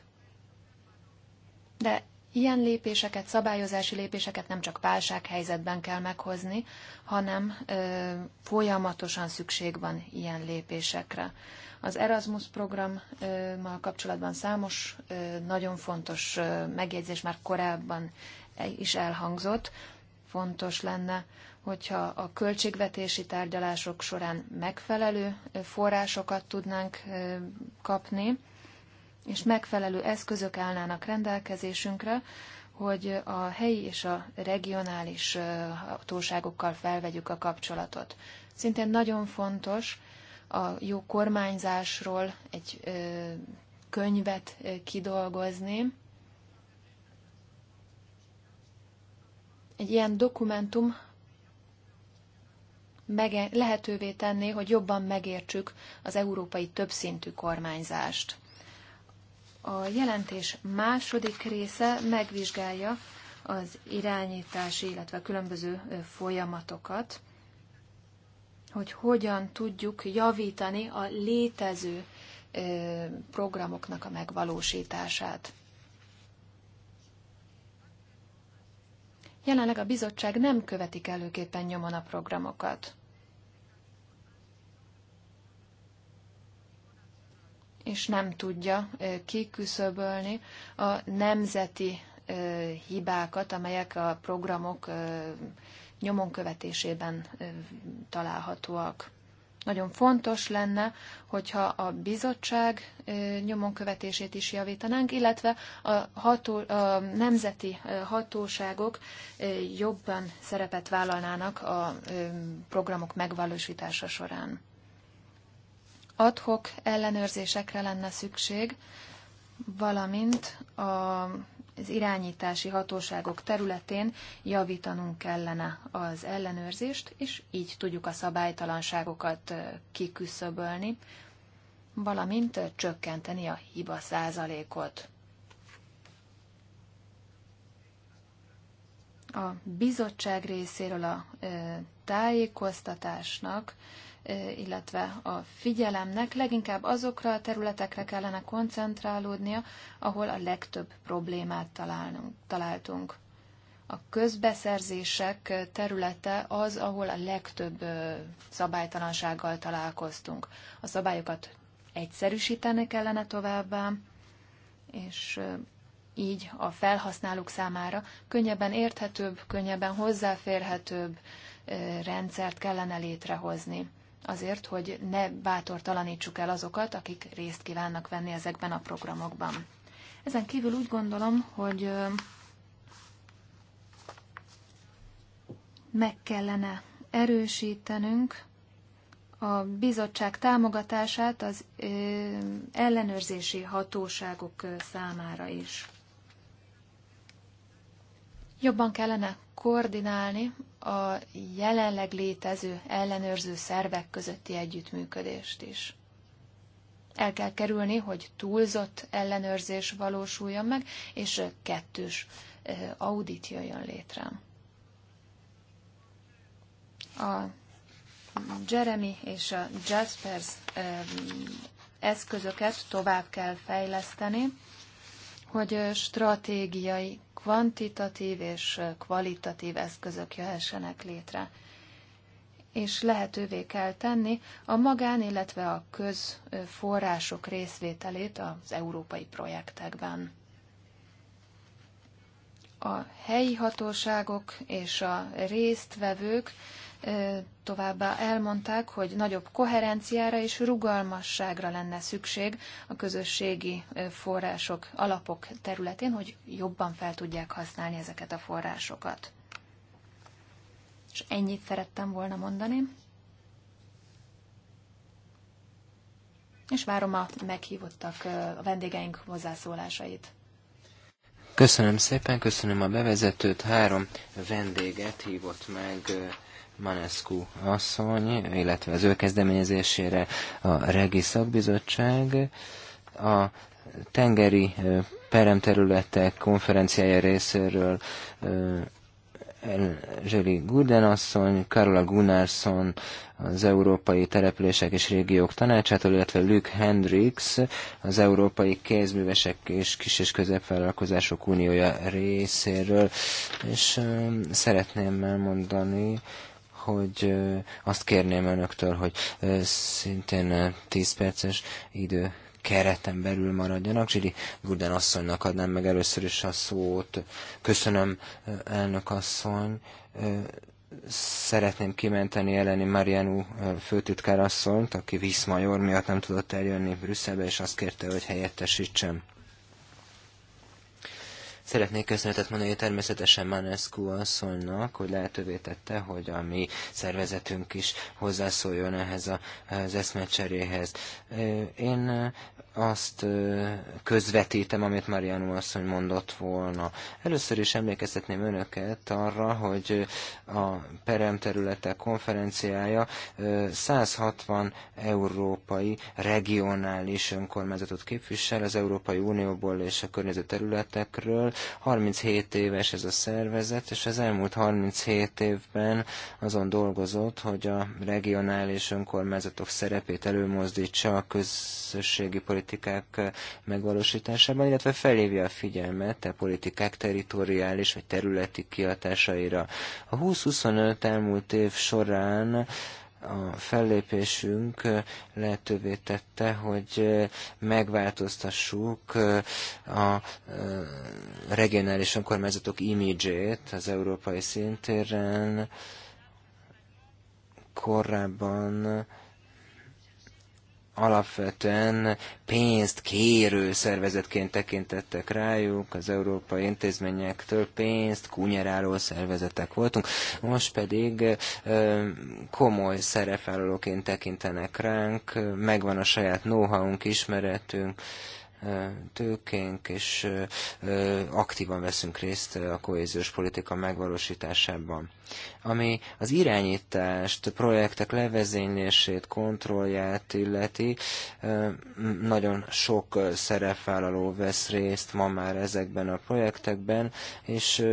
De ilyen lépéseket, szabályozási lépéseket nem csak válsághelyzetben kell meghozni, hanem ö, folyamatosan szükség van ilyen lépésekre. Az Erasmus programmal kapcsolatban számos nagyon fontos megjegyzés már korábban e, is elhangzott. Fontos lenne, hogyha a költségvetési tárgyalások során megfelelő forrásokat tudnánk kapni, és megfelelő eszközök állnának rendelkezésünkre, hogy a helyi és a regionális hatóságokkal felvegyük a kapcsolatot. Szintén nagyon fontos, a jó kormányzásról egy könyvet kidolgozni. Egy ilyen dokumentum mege- lehetővé tenné, hogy jobban megértsük az európai többszintű kormányzást. A jelentés második része megvizsgálja az irányítási, illetve különböző folyamatokat hogy hogyan tudjuk javítani a létező programoknak a megvalósítását. Jelenleg a bizottság nem követik előképpen nyomon a programokat. és nem tudja kiküszöbölni a nemzeti hibákat, amelyek a programok nyomon követésében találhatóak. Nagyon fontos lenne, hogyha a bizottság nyomon követését is javítanánk, illetve a, ható, a nemzeti hatóságok jobban szerepet vállalnának a programok megvalósítása során. Adhok ellenőrzésekre lenne szükség, valamint a az irányítási hatóságok területén javítanunk kellene az ellenőrzést, és így tudjuk a szabálytalanságokat kiküszöbölni, valamint csökkenteni a hiba százalékot. A bizottság részéről a tájékoztatásnak illetve a figyelemnek leginkább azokra a területekre kellene koncentrálódnia, ahol a legtöbb problémát találunk, találtunk. A közbeszerzések területe az, ahol a legtöbb szabálytalansággal találkoztunk. A szabályokat egyszerűsíteni kellene továbbá, és így a felhasználók számára könnyebben érthetőbb, könnyebben hozzáférhetőbb rendszert kellene létrehozni azért, hogy ne bátortalanítsuk el azokat, akik részt kívánnak venni ezekben a programokban. Ezen kívül úgy gondolom, hogy meg kellene erősítenünk a bizottság támogatását az ellenőrzési hatóságok számára is. Jobban kellene koordinálni a jelenleg létező ellenőrző szervek közötti együttműködést is. El kell kerülni, hogy túlzott ellenőrzés valósuljon meg, és kettős audit jöjjön létre. A Jeremy és a Jaspers eszközöket tovább kell fejleszteni, hogy stratégiai kvantitatív és kvalitatív eszközök jöhessenek létre. És lehetővé kell tenni a magán, illetve a közforrások részvételét az európai projektekben. A helyi hatóságok és a résztvevők Továbbá elmondták, hogy nagyobb koherenciára és rugalmasságra lenne szükség a közösségi források, alapok területén, hogy jobban fel tudják használni ezeket a forrásokat. És ennyit szerettem volna mondani. És várom a meghívottak, a vendégeink hozzászólásait. Köszönöm szépen, köszönöm a bevezetőt. Három vendéget hívott meg Manescu asszony, illetve az ő kezdeményezésére a Regi Szakbizottság a tengeri peremterületek konferenciája részéről Zsöli Gurden asszony, Karola Gunnarsson az Európai Települések és Régiók Tanácsától, illetve Luke Hendricks az Európai Kézművesek és Kis- és Középvállalkozások Uniója részéről. És szeretném elmondani, hogy azt kérném önöktől, hogy szintén 10 perces idő kereten belül maradjanak. Zsiri Gurden asszonynak adnám meg először is a szót. Köszönöm, elnök asszony szeretném kimenteni elleni Marianu főtitkár asszonyt, aki Viszmajor miatt nem tudott eljönni Brüsszelbe, és azt kérte, hogy helyettesítsem. Szeretnék köszönetet mondani természetesen Manescu asszonynak, hogy lehetővé tette, hogy a mi szervezetünk is hozzászóljon ehhez a, az eszmecseréhez. Én azt közvetítem, amit Marianu asszony mondott volna. Először is emlékeztetném önöket arra, hogy a Perem területe konferenciája 160 európai regionális önkormányzatot képvisel az Európai Unióból és a környező területekről. 37 éves ez a szervezet, és az elmúlt 37 évben azon dolgozott, hogy a regionális önkormányzatok szerepét előmozdítsa a közösségi politikában politikák eh, megvalósításában, illetve felhívja a figyelmet a e politikák teritoriális vagy területi kiatásaira. A 20-25 elmúlt év során a fellépésünk eh, lehetővé tette, hogy eh, megváltoztassuk a regionális önkormányzatok imidzsét az európai szintéren. Korábban alapvetően pénzt kérő szervezetként tekintettek rájuk, az európai intézményektől pénzt kunyeráló szervezetek voltunk, most pedig komoly szerepvállalóként tekintenek ránk, megvan a saját know-how-unk, ismeretünk, tőkénk, és aktívan veszünk részt a kohéziós politika megvalósításában. Ami az irányítást, projektek levezénylését, kontrollját illeti, nagyon sok szerepvállaló vesz részt ma már ezekben a projektekben, és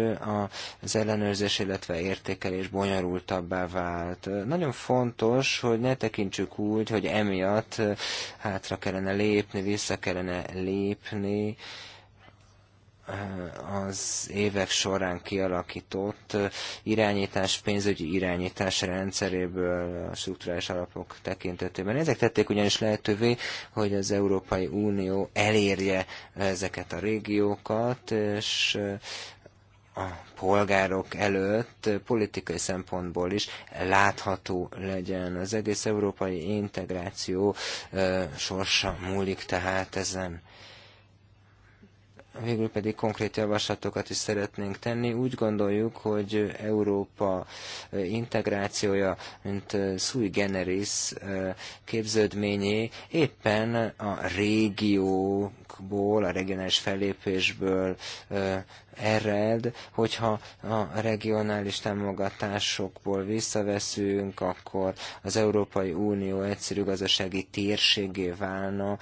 az ellenőrzés, illetve értékelés bonyolultabbá vált. Nagyon fontos, hogy ne tekintsük úgy, hogy emiatt hátra kellene lépni, vissza kellene lépni, az évek során kialakított irányítás, pénzügyi irányítás rendszeréből a struktúrális alapok tekintetében. Ezek tették ugyanis lehetővé, hogy az Európai Unió elérje ezeket a régiókat, és a polgárok előtt politikai szempontból is látható legyen. Az egész európai integráció sorsa múlik tehát ezen végül pedig konkrét javaslatokat is szeretnénk tenni. Úgy gondoljuk, hogy Európa integrációja, mint sui generis képződményé éppen a régiókból, a regionális fellépésből ered, hogyha a regionális támogatásokból visszaveszünk, akkor az Európai Unió egyszerű gazdasági térségé válna,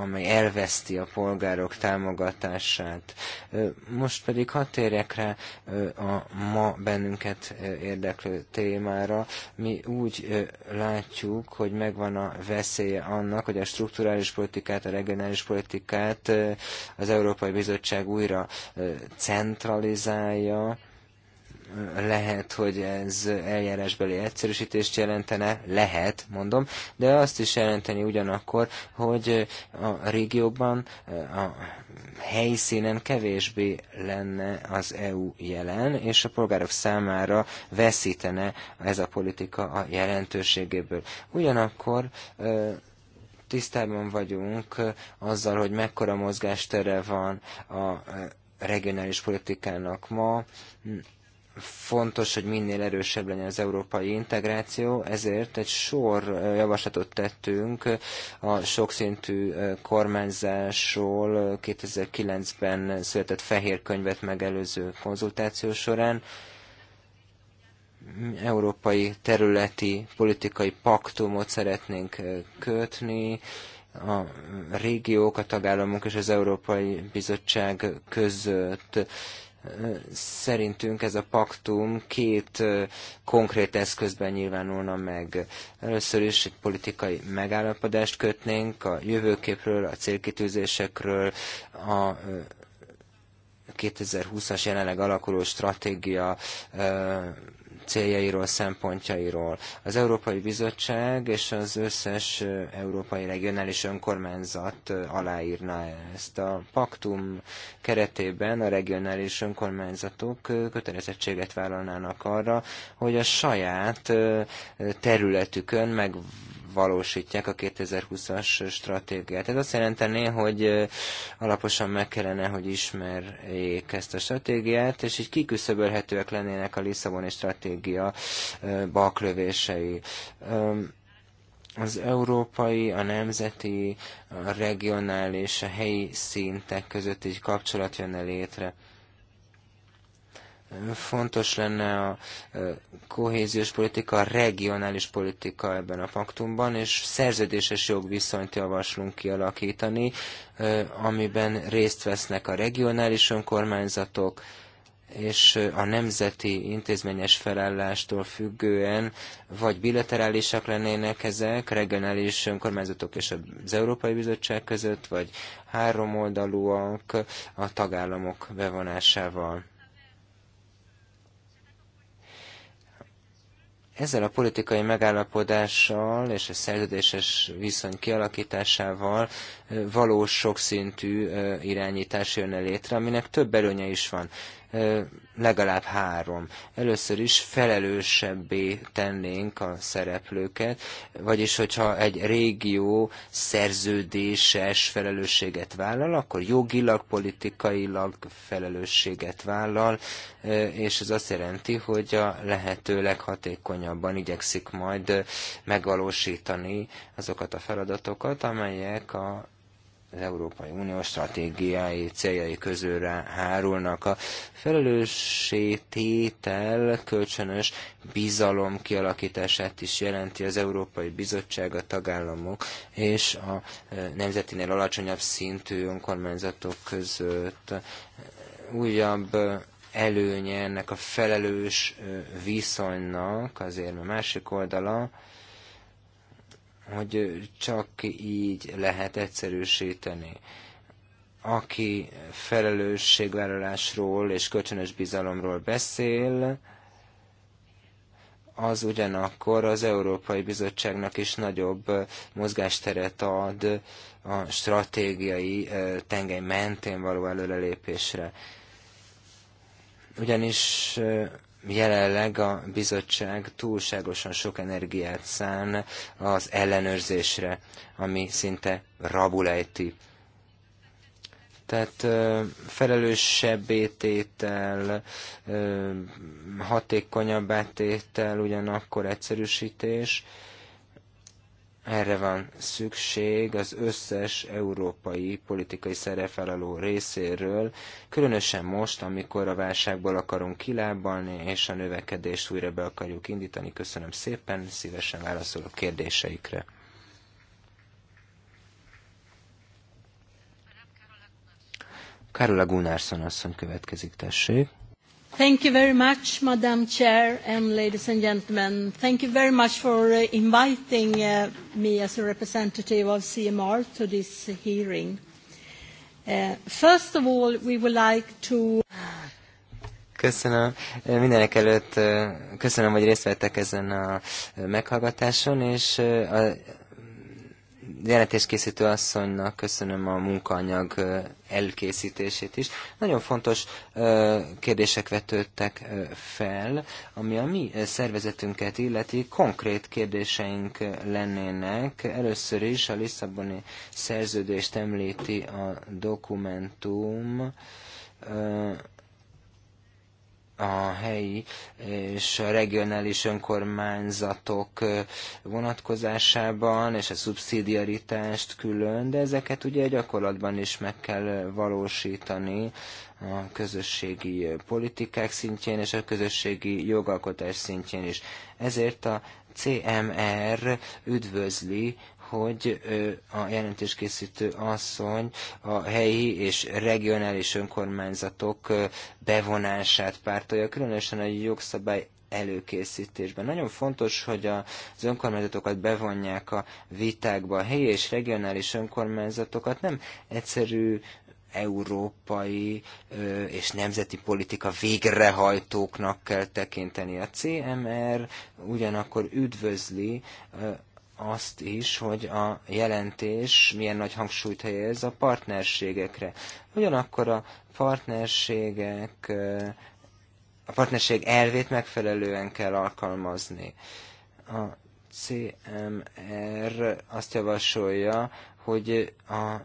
amely elveszti a polgárok támogatását. Most pedig hadd térjek rá a ma bennünket érdeklő témára. Mi úgy látjuk, hogy megvan a veszélye annak, hogy a strukturális politikát, a regionális politikát az Európai Bizottság újra centralizálja, lehet, hogy ez eljárásbeli egyszerűsítést jelentene, lehet, mondom, de azt is jelenteni ugyanakkor, hogy a régióban, a helyszínen kevésbé lenne az EU jelen, és a polgárok számára veszítene ez a politika a jelentőségéből. Ugyanakkor tisztában vagyunk azzal, hogy mekkora mozgástere van a regionális politikának ma. Fontos, hogy minél erősebb legyen az európai integráció, ezért egy sor javaslatot tettünk a sokszintű kormányzásról 2009-ben született fehér könyvet megelőző konzultáció során európai területi politikai paktumot szeretnénk kötni, a régiók, a tagállamok és az Európai Bizottság között. Szerintünk ez a paktum két konkrét eszközben nyilvánulna meg. Először is egy politikai megállapodást kötnénk a jövőképről, a célkitűzésekről, a 2020-as jelenleg alakuló stratégia céljairól, szempontjairól. Az Európai Bizottság és az összes európai regionális önkormányzat aláírna ezt. A paktum keretében a regionális önkormányzatok kötelezettséget vállalnának arra, hogy a saját területükön meg valósítják a 2020-as stratégiát. Ez azt jelenteni, hogy alaposan meg kellene, hogy ismerjék ezt a stratégiát, és így kiküszöbölhetőek lennének a Lisszaboni stratégia baklövései az európai, a nemzeti, a regionális, a helyi szintek között egy kapcsolat jönne létre fontos lenne a kohéziós politika, a regionális politika ebben a faktumban, és szerződéses jogviszonyt javaslunk kialakítani, amiben részt vesznek a regionális önkormányzatok, és a nemzeti intézményes felállástól függően vagy bilaterálisak lennének ezek, regionális önkormányzatok és az Európai Bizottság között, vagy oldalúak a tagállamok bevonásával. Ezzel a politikai megállapodással és a szerződéses viszony kialakításával valós sokszintű irányítás jönne létre, aminek több előnye is van legalább három. Először is felelősebbé tennénk a szereplőket, vagyis hogyha egy régió szerződéses felelősséget vállal, akkor jogilag, politikailag felelősséget vállal, és ez azt jelenti, hogy a lehető leghatékonyabban igyekszik majd megvalósítani azokat a feladatokat, amelyek a az Európai Unió stratégiái céljai közőre hárulnak. A felelősségtétel kölcsönös bizalom kialakítását is jelenti az Európai Bizottság, a tagállamok és a e, nemzetinél alacsonyabb szintű önkormányzatok között. Újabb e, előnye ennek a felelős e, viszonynak, azért a másik oldala, hogy csak így lehet egyszerűsíteni. Aki felelősségvállalásról és kölcsönös bizalomról beszél, az ugyanakkor az Európai Bizottságnak is nagyobb mozgásteret ad a stratégiai tengely mentén való előrelépésre. Ugyanis jelenleg a bizottság túlságosan sok energiát szán az ellenőrzésre, ami szinte rabulejti. Tehát felelősebb étel, hatékonyabb étel, ugyanakkor egyszerűsítés, erre van szükség az összes európai politikai szerepvállaló részéről, különösen most, amikor a válságból akarunk kilábalni, és a növekedést újra be akarjuk indítani. Köszönöm szépen, szívesen válaszolok kérdéseikre. Karola Gunnarsson asszony következik, tessék. Thank you very much, Madam Chair and ladies and gentlemen. Thank you very much for uh, inviting uh, me as a representative of CMR to this hearing. Uh, first of all, we would like to... Köszönöm. Mindenek előtt köszönöm, hogy részt vettek ezen a meghallgatáson, és a jelentéskészítő asszonynak köszönöm a munkaanyag elkészítését is. Nagyon fontos kérdések vetődtek fel, ami a mi szervezetünket illeti konkrét kérdéseink lennének. Először is a Lisszaboni szerződést említi a dokumentum, a helyi és a regionális önkormányzatok vonatkozásában, és a szubszidiaritást külön, de ezeket ugye gyakorlatban is meg kell valósítani a közösségi politikák szintjén és a közösségi jogalkotás szintjén is. Ezért a CMR üdvözli hogy a jelentéskészítő asszony a helyi és regionális önkormányzatok bevonását pártolja, különösen a jogszabály előkészítésben. Nagyon fontos, hogy az önkormányzatokat bevonják a vitákba. A helyi és regionális önkormányzatokat nem egyszerű európai ö, és nemzeti politika végrehajtóknak kell tekinteni. A CMR ugyanakkor üdvözli ö, azt is, hogy a jelentés milyen nagy hangsúlyt helyez a partnerségekre. Ugyanakkor a partnerségek, a partnerség elvét megfelelően kell alkalmazni. A CMR azt javasolja, hogy a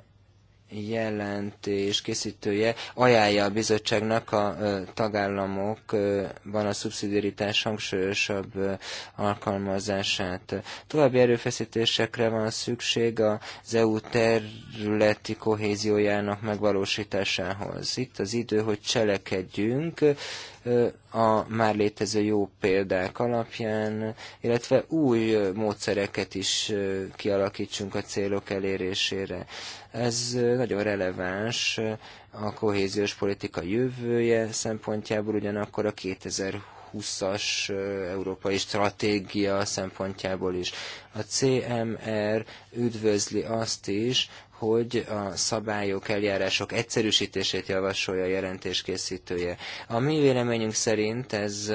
jelentés készítője ajánlja a bizottságnak a tagállamokban a szubszidiaritás hangsúlyosabb alkalmazását. További erőfeszítésekre van szükség az EU területi kohéziójának megvalósításához. Itt az idő, hogy cselekedjünk, a már létező jó példák alapján, illetve új módszereket is kialakítsunk a célok elérésére. Ez nagyon releváns a kohéziós politika jövője szempontjából, ugyanakkor a 2020-as európai stratégia szempontjából is. A CMR üdvözli azt is, hogy a szabályok, eljárások egyszerűsítését javasolja a jelentés készítője. A mi véleményünk szerint ez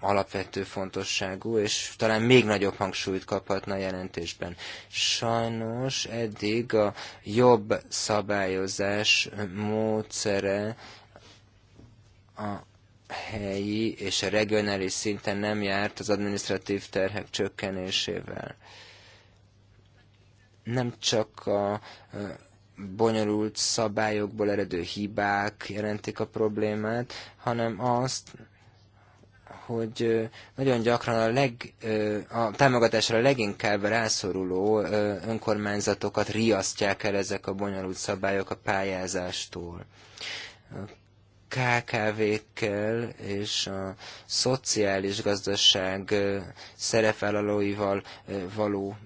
alapvető fontosságú, és talán még nagyobb hangsúlyt kaphatna a jelentésben. Sajnos eddig a jobb szabályozás módszere a helyi és a regionális szinten nem járt az administratív terhek csökkenésével nem csak a bonyolult szabályokból eredő hibák jelentik a problémát, hanem azt, hogy nagyon gyakran a, leg, a támogatásra leginkább rászoruló önkormányzatokat riasztják el ezek a bonyolult szabályok a pályázástól. KKV-kkel és a szociális gazdaság szerepvállalóival való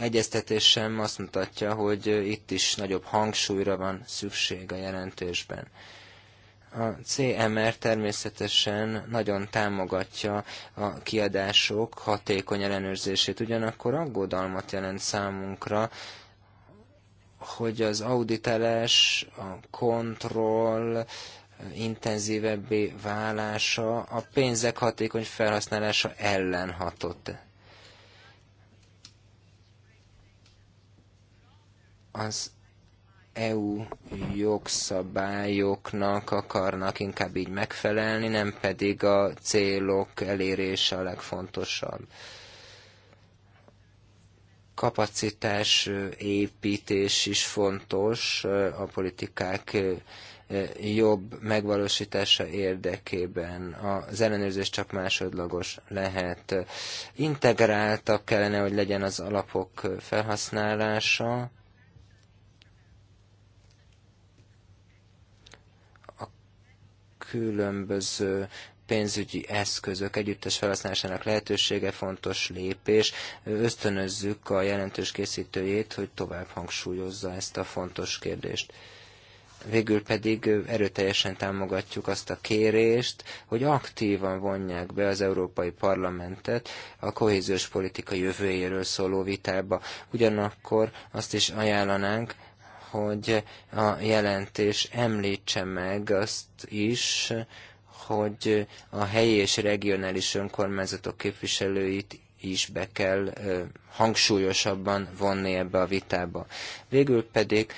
egyeztetés sem azt mutatja, hogy itt is nagyobb hangsúlyra van szükség a jelentésben. A CMR természetesen nagyon támogatja a kiadások hatékony ellenőrzését, ugyanakkor aggodalmat jelent számunkra, hogy az auditálás, a kontroll intenzívebbé válása a pénzek hatékony felhasználása ellen hatott. az EU jogszabályoknak akarnak inkább így megfelelni, nem pedig a célok elérése a legfontosabb. Kapacitás építés is fontos a politikák jobb megvalósítása érdekében. Az ellenőrzés csak másodlagos lehet. Integráltak kellene, hogy legyen az alapok felhasználása, különböző pénzügyi eszközök együttes felhasználásának lehetősége fontos lépés. Ösztönözzük a jelentős készítőjét, hogy tovább hangsúlyozza ezt a fontos kérdést. Végül pedig erőteljesen támogatjuk azt a kérést, hogy aktívan vonják be az Európai Parlamentet a kohéziós politika jövőjéről szóló vitába. Ugyanakkor azt is ajánlanánk, hogy a jelentés említse meg azt is, hogy a helyi és regionális önkormányzatok képviselőit is be kell hangsúlyosabban vonni ebbe a vitába. Végül pedig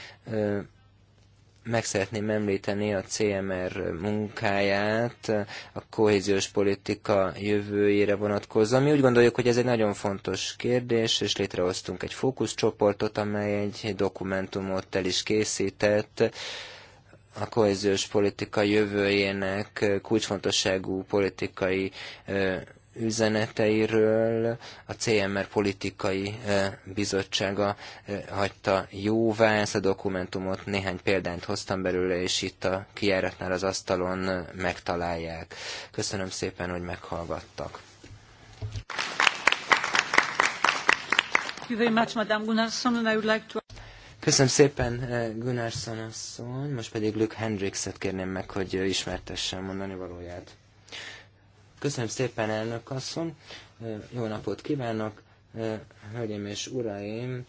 meg szeretném említeni a CMR munkáját, a kohéziós politika jövőjére vonatkozóan. Mi úgy gondoljuk, hogy ez egy nagyon fontos kérdés, és létrehoztunk egy fókuszcsoportot, amely egy dokumentumot el is készített, a kohéziós politika jövőjének kulcsfontosságú politikai üzeneteiről a CMR politikai eh, bizottsága eh, hagyta jóvá ezt a dokumentumot, néhány példányt hoztam belőle, és itt a kiáratnál az asztalon eh, megtalálják. Köszönöm szépen, hogy meghallgattak. Köszönöm szépen, Gunnarsson asszony. Most pedig Luke Hendrixet kérném meg, hogy ismertessen mondani valóját. Köszönöm szépen, elnök asszony. Jó napot kívánok, hölgyeim és uraim.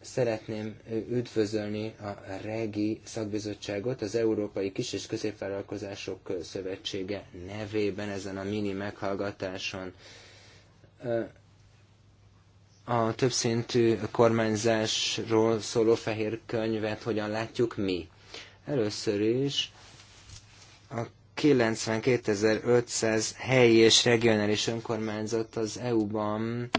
Szeretném üdvözölni a REGI szakbizottságot, az Európai Kis- és Középvállalkozások Szövetsége nevében ezen a mini meghallgatáson a többszintű kormányzásról szóló fehér könyvet hogyan látjuk mi. Először is a 92.500 helyi és regionális önkormányzat az EU-ban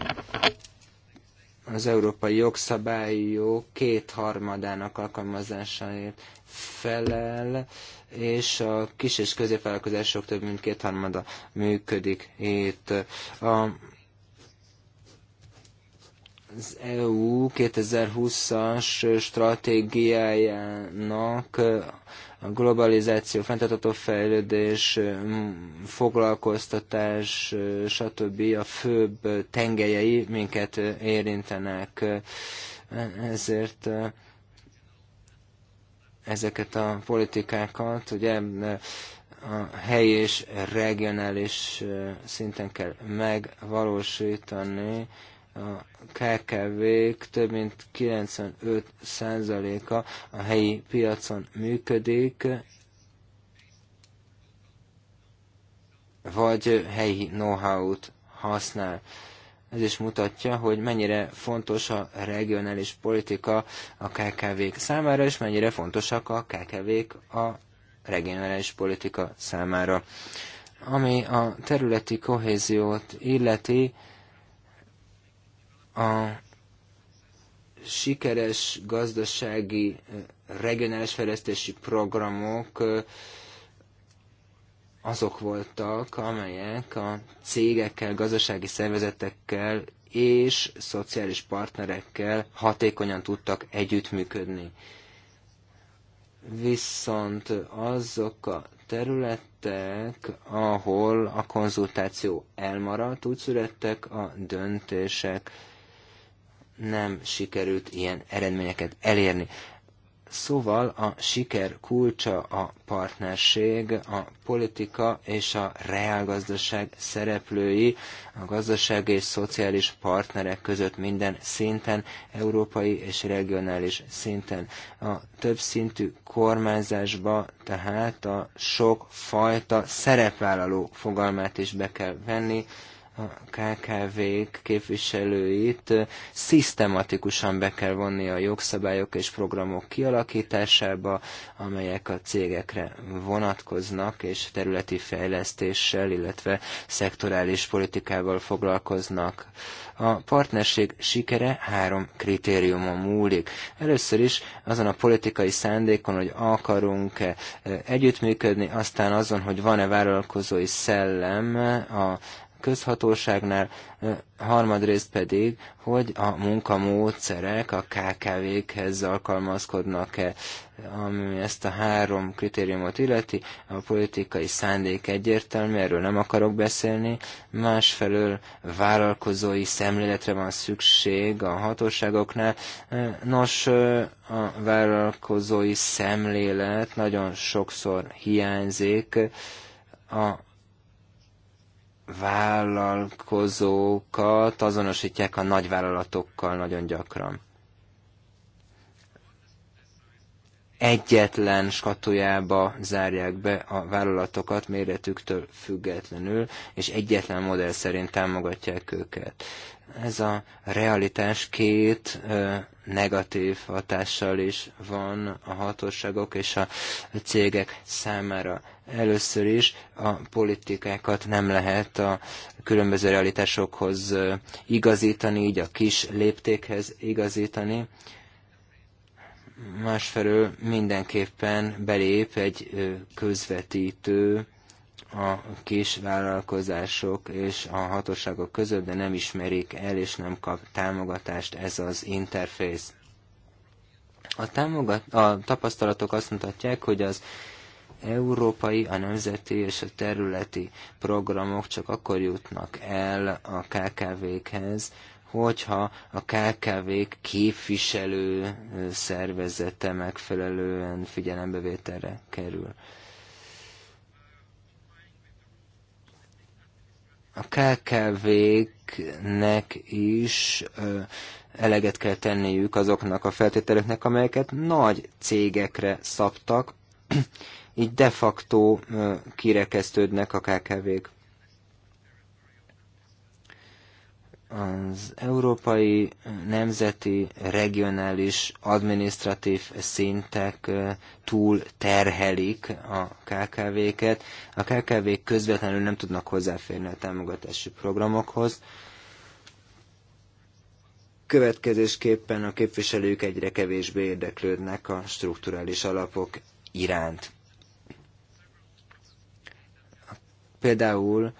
az európai jogszabályok kétharmadának alkalmazásáért felel, és a kis és középvállalkozások több mint kétharmada működik itt. A az EU 2020-as stratégiájának a globalizáció, fenntartható fejlődés, mm, foglalkoztatás, stb. a főbb tengelyei minket érintenek. Ezért eh, ezeket a politikákat ugye eh, a helyi és regionális eh, szinten kell megvalósítani, a KKV-k több mint 95%-a a helyi piacon működik, vagy helyi know-how-t használ. Ez is mutatja, hogy mennyire fontos a regionális politika a KKV-k számára, és mennyire fontosak a KKV-k a regionális politika számára. Ami a területi kohéziót illeti, a sikeres gazdasági regionális fejlesztési programok azok voltak, amelyek a cégekkel, gazdasági szervezetekkel és szociális partnerekkel hatékonyan tudtak együttműködni. Viszont azok a területek, ahol a konzultáció elmaradt, úgy születtek a döntések, nem sikerült ilyen eredményeket elérni. Szóval a siker kulcsa a partnerség, a politika és a reálgazdaság szereplői, a gazdaság és szociális partnerek között minden szinten, európai és regionális szinten. A többszintű kormányzásba tehát a sok fajta szerepvállaló fogalmát is be kell venni, a KKV-k képviselőit szisztematikusan be kell vonni a jogszabályok és programok kialakításába, amelyek a cégekre vonatkoznak, és területi fejlesztéssel, illetve szektorális politikával foglalkoznak. A partnerség sikere három kritériumon múlik. Először is azon a politikai szándékon, hogy akarunk-e e, együttműködni, aztán azon, hogy van-e vállalkozói szellem a közhatóságnál, harmadrészt pedig, hogy a munkamódszerek a KKV-khez alkalmazkodnak-e, ami ezt a három kritériumot illeti, a politikai szándék egyértelmű, erről nem akarok beszélni, másfelől vállalkozói szemléletre van szükség a hatóságoknál. Nos, a vállalkozói szemlélet nagyon sokszor hiányzik, a vállalkozókat azonosítják a nagyvállalatokkal nagyon gyakran. Egyetlen skatujába zárják be a vállalatokat méretüktől függetlenül, és egyetlen modell szerint támogatják őket. Ez a realitás két ö, negatív hatással is van a hatóságok és a cégek számára Először is a politikákat nem lehet a különböző realitásokhoz igazítani, így a kis léptékhez igazítani. Másfelől mindenképpen belép egy közvetítő, a kis vállalkozások és a hatóságok között, de nem ismerik el és nem kap támogatást ez az interfész. A, támogat, a tapasztalatok azt mutatják, hogy az európai, a nemzeti és a területi programok csak akkor jutnak el a KKV-khez, hogyha a KKV-k képviselő szervezete megfelelően figyelembevételre kerül. A KKV-knek is eleget kell tenniük azoknak a feltételeknek, amelyeket nagy cégekre szabtak, így de facto kirekesztődnek a KKV-k. Az európai nemzeti regionális adminisztratív szintek túl terhelik a KKV-ket. A KKV-k közvetlenül nem tudnak hozzáférni a támogatási programokhoz. Következésképpen a képviselők egyre kevésbé érdeklődnek a strukturális alapok iránt Például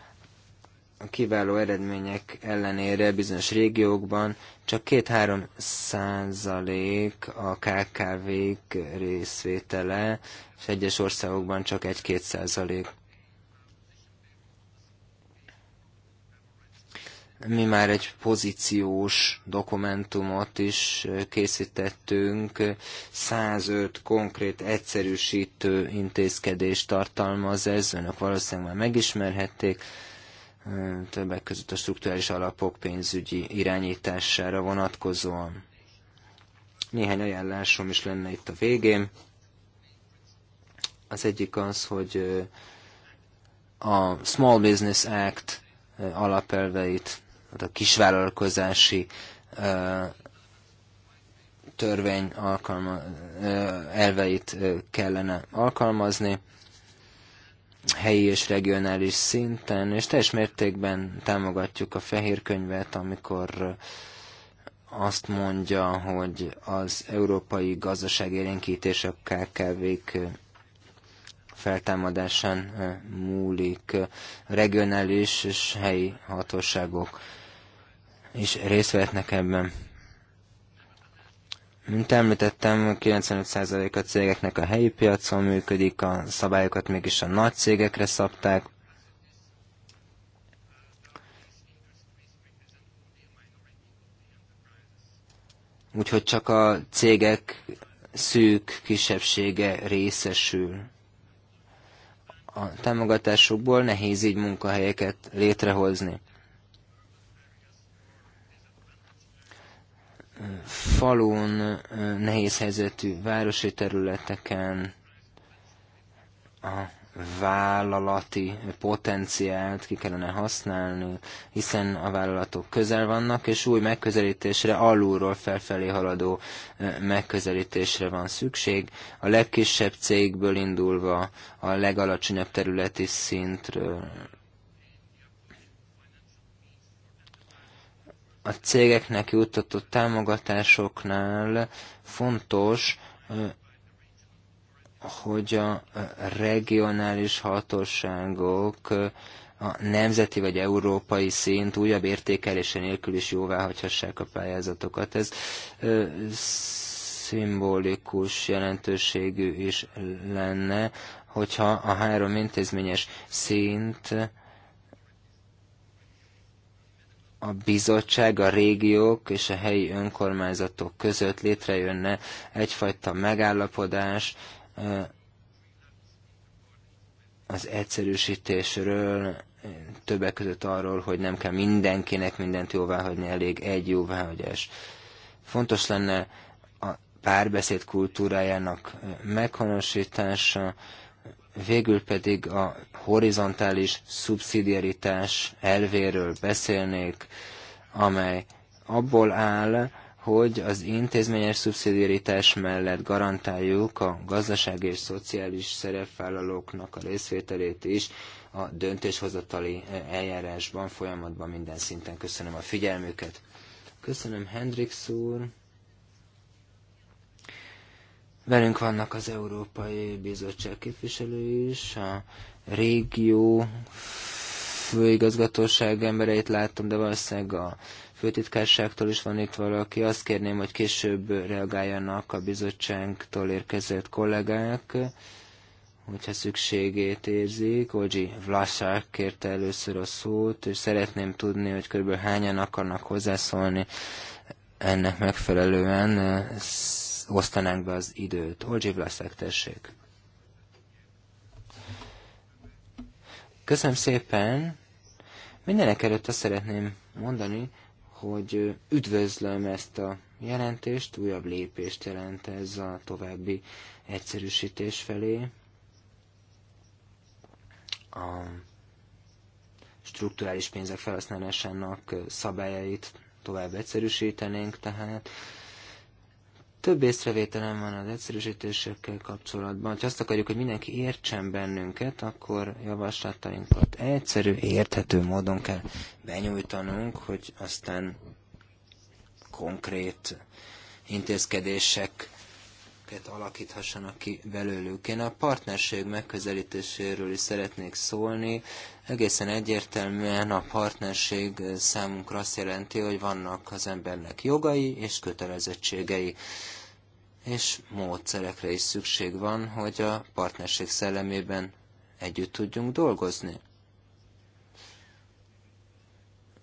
a kiváló eredmények ellenére bizonyos régiókban csak 2-3 százalék a KKV-k részvétele, és egyes országokban csak 1-2 százalék. Mi már egy pozíciós dokumentumot is készítettünk, 105 konkrét egyszerűsítő intézkedést tartalmaz ez, önök valószínűleg már megismerhették, többek között a struktúrális alapok pénzügyi irányítására vonatkozóan. Néhány ajánlásom is lenne itt a végén. Az egyik az, hogy a Small Business Act alapelveit a kisvállalkozási törvény alkalma, elveit kellene alkalmazni helyi és regionális szinten, és teljes mértékben támogatjuk a fehér könyvet, amikor azt mondja, hogy az európai gazdaság élénkítése a kkv feltámadásán múlik regionális és helyi hatóságok is részt vehetnek ebben. Mint említettem, 95% a cégeknek a helyi piacon működik, a szabályokat mégis a nagy cégekre szabták. Úgyhogy csak a cégek szűk kisebbsége részesül. A támogatásokból nehéz így munkahelyeket létrehozni. falun, nehéz helyzetű városi területeken a vállalati potenciált ki kellene használni, hiszen a vállalatok közel vannak, és új megközelítésre, alulról felfelé haladó megközelítésre van szükség. A legkisebb cégből indulva a legalacsonyabb területi szintről a cégeknek juttatott támogatásoknál fontos, hogy a regionális hatóságok a nemzeti vagy európai szint újabb értékelése nélkül is hagyhassák a pályázatokat. Ez szimbolikus jelentőségű is lenne, hogyha a három intézményes szint a bizottság, a régiók és a helyi önkormányzatok között létrejönne egyfajta megállapodás eh, az egyszerűsítésről, többek között arról, hogy nem kell mindenkinek mindent jóváhagyni, elég egy jóváhagyás. Fontos lenne a párbeszéd kultúrájának eh, meghonosítása, végül pedig a horizontális szubszidiaritás elvéről beszélnék, amely abból áll, hogy az intézményes szubszidiaritás mellett garantáljuk a gazdasági és szociális szerepvállalóknak a részvételét is a döntéshozatali eh, eljárásban, folyamatban minden szinten. Köszönöm a figyelmüket. Köszönöm Hendrix úr. Velünk vannak az Európai Bizottság képviselői is, a régió főigazgatóság embereit láttam, de valószínűleg a főtitkárságtól is van itt valaki. Azt kérném, hogy később reagáljanak a bizottságtól érkezett kollégák, hogyha szükségét érzik. Ogyi Vlasák kérte először a szót, és szeretném tudni, hogy kb. hányan akarnak hozzászólni ennek megfelelően osztanánk be az időt. Ogyi Vlasák, tessék! Köszönöm szépen. Mindenek előtt azt szeretném mondani, hogy üdvözlöm ezt a jelentést, újabb lépést jelent ez a további egyszerűsítés felé. A strukturális pénzek felhasználásának szabályait tovább egyszerűsítenénk, tehát több észrevételem van az egyszerűsítésekkel kapcsolatban. Ha azt akarjuk, hogy mindenki értsen bennünket, akkor javaslatainkat egyszerű, érthető módon kell benyújtanunk, hogy aztán konkrét intézkedések partnereket alakíthassanak ki belőlük. Én a partnerség megközelítéséről is szeretnék szólni. Egészen egyértelműen a partnerség számunkra azt jelenti, hogy vannak az embernek jogai és kötelezettségei és módszerekre is szükség van, hogy a partnerség szellemében együtt tudjunk dolgozni.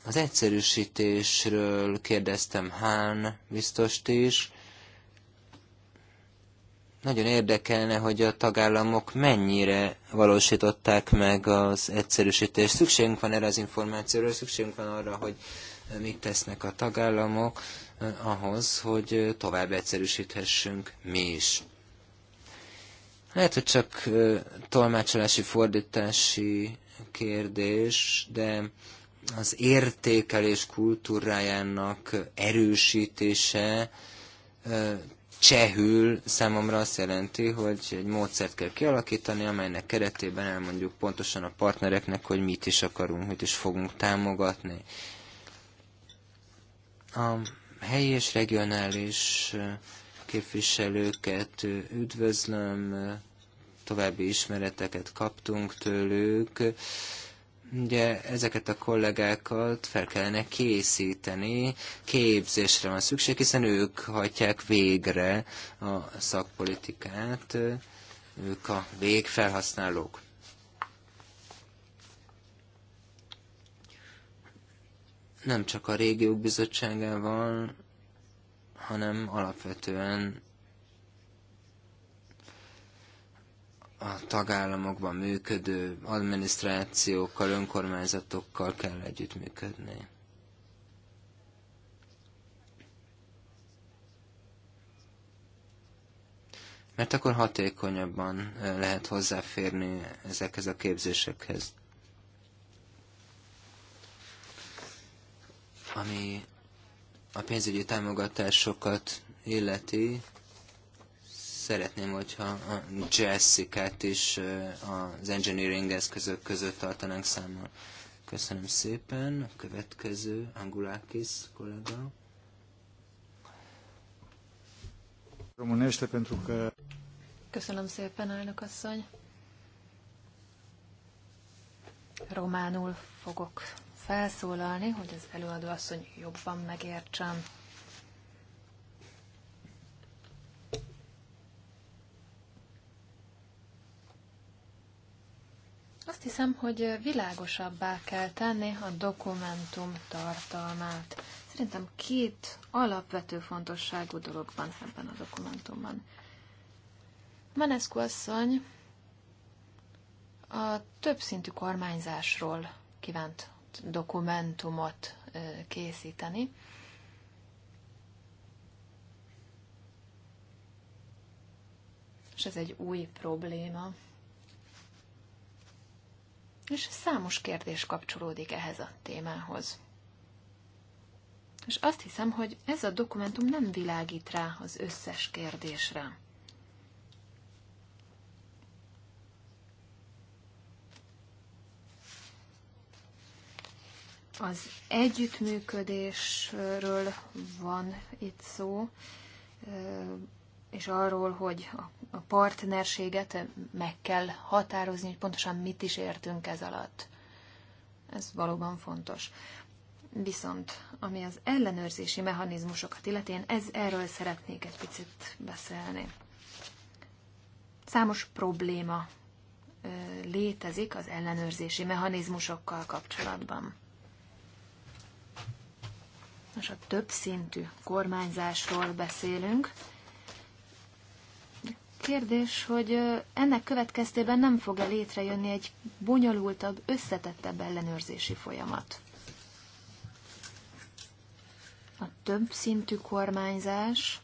Az egyszerűsítésről kérdeztem Hán biztost is. Nagyon érdekelne, hogy a tagállamok mennyire valósították meg az egyszerűsítést. Szükségünk van erre az információra, szükségünk van arra, hogy mit tesznek a tagállamok eh, ahhoz, hogy eh, tovább egyszerűsíthessünk mi is. Lehet, hogy csak eh, tolmácsolási, fordítási kérdés, de az értékelés kultúrájának erősítése csehül számomra azt jelenti, hogy egy módszert kell kialakítani, amelynek keretében elmondjuk pontosan a partnereknek, hogy mit is akarunk, mit is fogunk támogatni. A helyi és regionális képviselőket üdvözlöm, további ismereteket kaptunk tőlük, Ugye ezeket a kollégákat fel kellene készíteni, képzésre van szükség, hiszen ők hagyják végre a szakpolitikát, ők a végfelhasználók. Nem csak a régiók bizottságával, hanem alapvetően a tagállamokban működő adminisztrációkkal, önkormányzatokkal kell együttműködni. Mert akkor hatékonyabban lehet hozzáférni ezekhez a képzésekhez. Ami a pénzügyi támogatásokat illeti, Szeretném, hogyha a Jessica-t is az engineering eszközök között tartanánk számmal. Köszönöm szépen. A következő, Angulákis kollega. Köszönöm szépen, elnök asszony. Románul fogok felszólalni, hogy az előadó asszony jobban megértsem. Azt hiszem, hogy világosabbá kell tenni a dokumentum tartalmát. Szerintem két alapvető fontosságú dolog van ebben a dokumentumban. Manescu asszony a többszintű kormányzásról kívánt dokumentumot készíteni. És ez egy új probléma és számos kérdés kapcsolódik ehhez a témához. És azt hiszem, hogy ez a dokumentum nem világít rá az összes kérdésre. Az együttműködésről van itt szó, és arról, hogy a partnerséget meg kell határozni, hogy pontosan mit is értünk ez alatt. Ez valóban fontos. Viszont, ami az ellenőrzési mechanizmusokat illeti, én ez, erről szeretnék egy picit beszélni. Számos probléma ö, létezik az ellenőrzési mechanizmusokkal kapcsolatban. Most a többszintű kormányzásról beszélünk, kérdés, hogy ennek következtében nem fog-e létrejönni egy bonyolultabb, összetettebb ellenőrzési folyamat. A több szintű kormányzás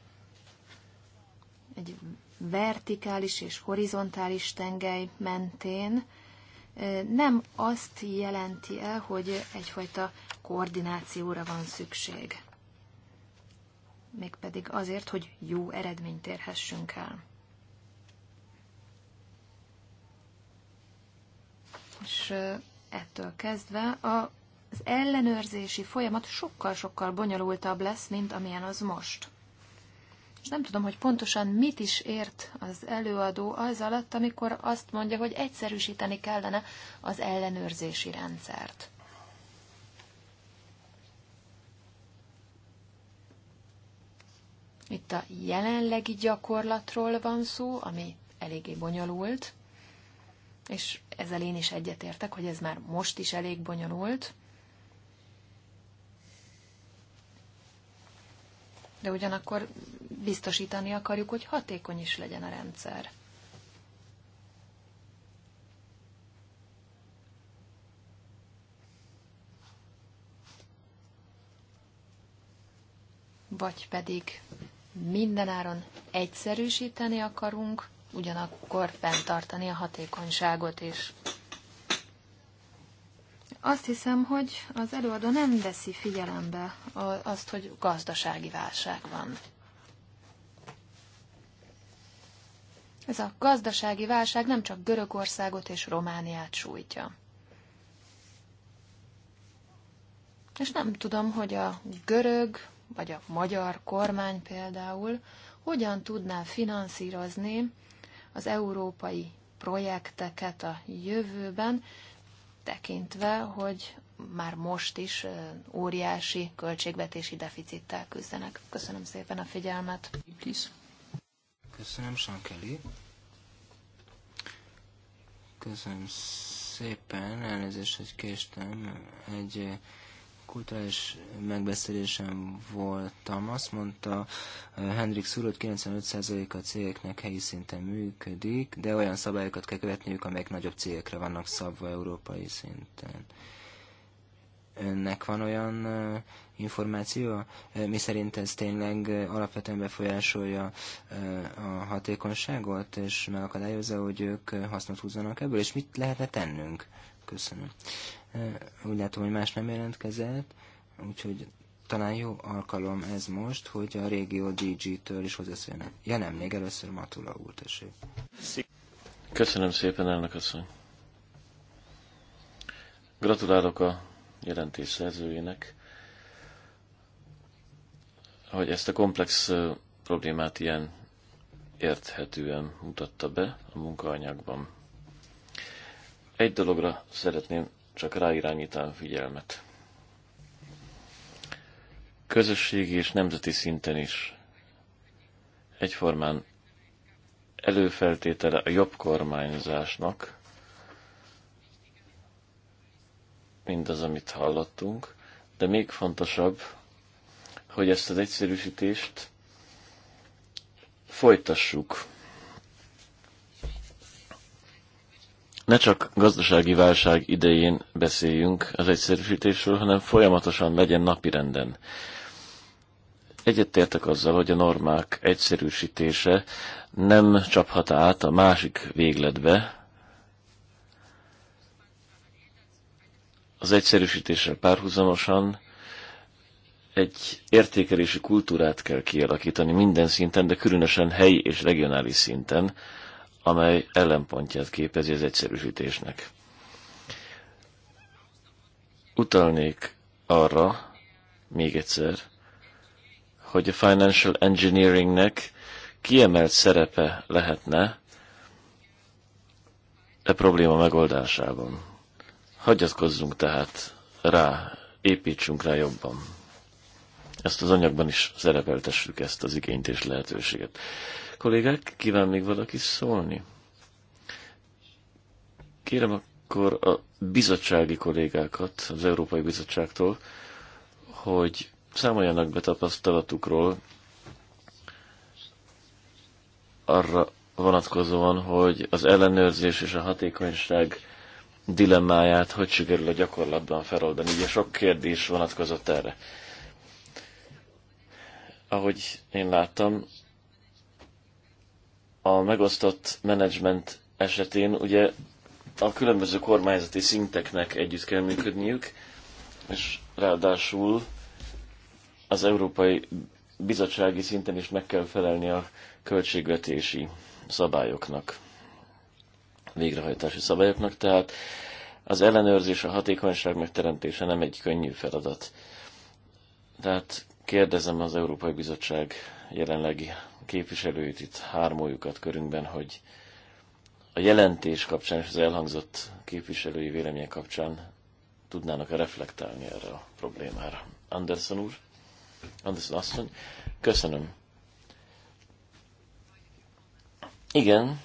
egy vertikális és horizontális tengely mentén nem azt jelenti el, hogy egyfajta koordinációra van szükség. Mégpedig azért, hogy jó eredményt érhessünk el. és ettől kezdve a, az ellenőrzési folyamat sokkal-sokkal bonyolultabb lesz, mint amilyen az most. És nem tudom, hogy pontosan mit is ért az előadó az alatt, amikor azt mondja, hogy egyszerűsíteni kellene az ellenőrzési rendszert. Itt a jelenlegi gyakorlatról van szó, ami eléggé bonyolult, és ezzel én is egyetértek, hogy ez már most is elég bonyolult, de ugyanakkor biztosítani akarjuk, hogy hatékony is legyen a rendszer. Vagy pedig mindenáron egyszerűsíteni akarunk, ugyanakkor fenntartani a hatékonyságot is. Azt hiszem, hogy az előadó nem veszi figyelembe azt, hogy gazdasági válság van. Ez a gazdasági válság nem csak Görögországot és Romániát sújtja. És nem tudom, hogy a görög vagy a magyar kormány például hogyan tudná finanszírozni az európai projekteket a jövőben, tekintve, hogy már most is óriási költségvetési deficittel küzdenek. Köszönöm szépen a figyelmet. Köszönöm. Köszönöm, Sankeli. Köszönöm szépen, elnézést, hogy késtem. Egy kulturális megbeszélésen voltam, azt mondta Hendrik Szúr, 95% a cégeknek helyi szinten működik, de olyan szabályokat kell követniük, amelyek nagyobb cégekre vannak szabva európai szinten. Önnek van olyan információ, mi szerint ez tényleg alapvetően befolyásolja a hatékonyságot, és megakadályozza, hogy ők hasznot húzzanak ebből, és mit lehetne tennünk? Köszönöm. Eh, úgy látom, hogy más nem jelentkezett, úgyhogy talán jó alkalom ez most, hogy a régió DG-től is hozzászóljanak. Ja nem, még először Matula úr, tessék. Köszönöm szépen, elnök asszony. Gratulálok a jelentés szerzőjének, hogy ezt a komplex problémát ilyen érthetően mutatta be a munkaanyagban. Egy dologra szeretném csak ráirányítaná figyelmet. Közösségi és nemzeti szinten is egyformán előfeltétele a jobb kormányzásnak, mindaz, amit hallottunk, de még fontosabb, hogy ezt az egyszerűsítést folytassuk. ne csak gazdasági válság idején beszéljünk az egyszerűsítésről, hanem folyamatosan legyen napirenden. Egyetértek azzal, hogy a normák egyszerűsítése nem csaphat át a másik végletbe. Az egyszerűsítéssel párhuzamosan egy értékelési kultúrát kell kialakítani minden szinten, de különösen helyi és regionális szinten, amely ellenpontját képezi az egyszerűsítésnek. Utalnék arra még egyszer, hogy a financial engineeringnek kiemelt szerepe lehetne e probléma megoldásában. Hagyatkozzunk tehát rá, építsünk rá jobban. Ezt az anyagban is szerepeltessük ezt az igényt és lehetőséget. Kollégák, kíván még valaki szólni? Kérem akkor a bizottsági kollégákat az Európai Bizottságtól, hogy számoljanak be tapasztalatukról arra vonatkozóan, hogy az ellenőrzés és a hatékonyság dilemmáját hogy sikerül a gyakorlatban feloldani. Ugye sok kérdés vonatkozott erre. Ahogy én láttam, a megosztott menedzsment esetén ugye a különböző kormányzati szinteknek együtt kell működniük, és ráadásul az Európai Bizottsági szinten is meg kell felelni a költségvetési szabályoknak, végrehajtási szabályoknak, tehát az ellenőrzés, a hatékonyság megteremtése nem egy könnyű feladat. Tehát kérdezem az Európai Bizottság jelenlegi képviselőit, itt hármójukat körünkben, hogy a jelentés kapcsán és az elhangzott képviselői vélemények kapcsán tudnának -e reflektálni erre a problémára. Anderson úr, Anderson asszony, köszönöm. Igen,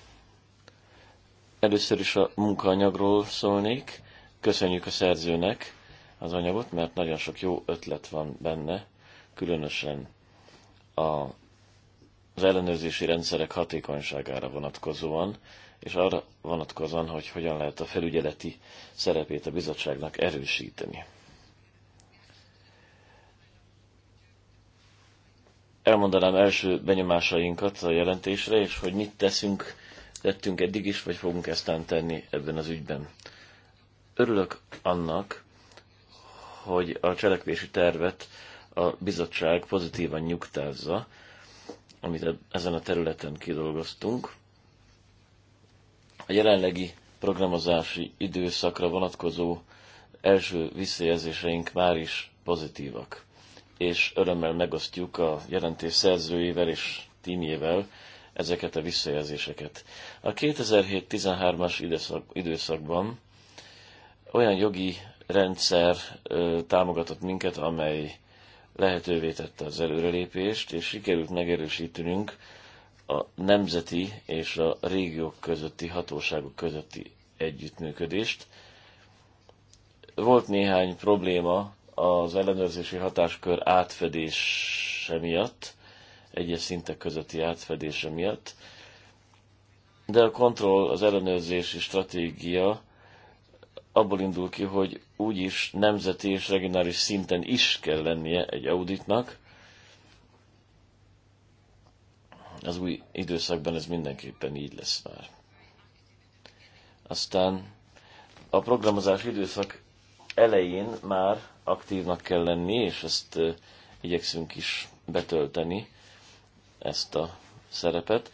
először is a munkaanyagról szólnék. Köszönjük a szerzőnek az anyagot, mert nagyon sok jó ötlet van benne, különösen a az ellenőrzési rendszerek hatékonyságára vonatkozóan, és arra vonatkozóan, hogy hogyan lehet a felügyeleti szerepét a bizottságnak erősíteni. Elmondanám első benyomásainkat a jelentésre, és hogy mit teszünk, tettünk eddig is, vagy fogunk ezt tenni ebben az ügyben. Örülök annak, hogy a cselekvési tervet a bizottság pozitívan nyugtázza, amit ezen a területen kidolgoztunk. A jelenlegi programozási időszakra vonatkozó első visszajelzéseink már is pozitívak, és örömmel megosztjuk a jelentés szerzőjével és tímjével ezeket a visszajelzéseket. A 2007-13-as időszakban olyan jogi rendszer támogatott minket, amely lehetővé tette az előrelépést, és sikerült megerősítenünk a nemzeti és a régiók közötti hatóságok közötti együttműködést. Volt néhány probléma az ellenőrzési hatáskör átfedése miatt, egyes szintek közötti átfedése miatt, de a kontroll, az ellenőrzési stratégia abból indul ki, hogy úgyis nemzeti és regionális szinten is kell lennie egy auditnak. Az új időszakban ez mindenképpen így lesz már. Aztán a programozás időszak elején már aktívnak kell lenni, és ezt igyekszünk is betölteni, ezt a szerepet.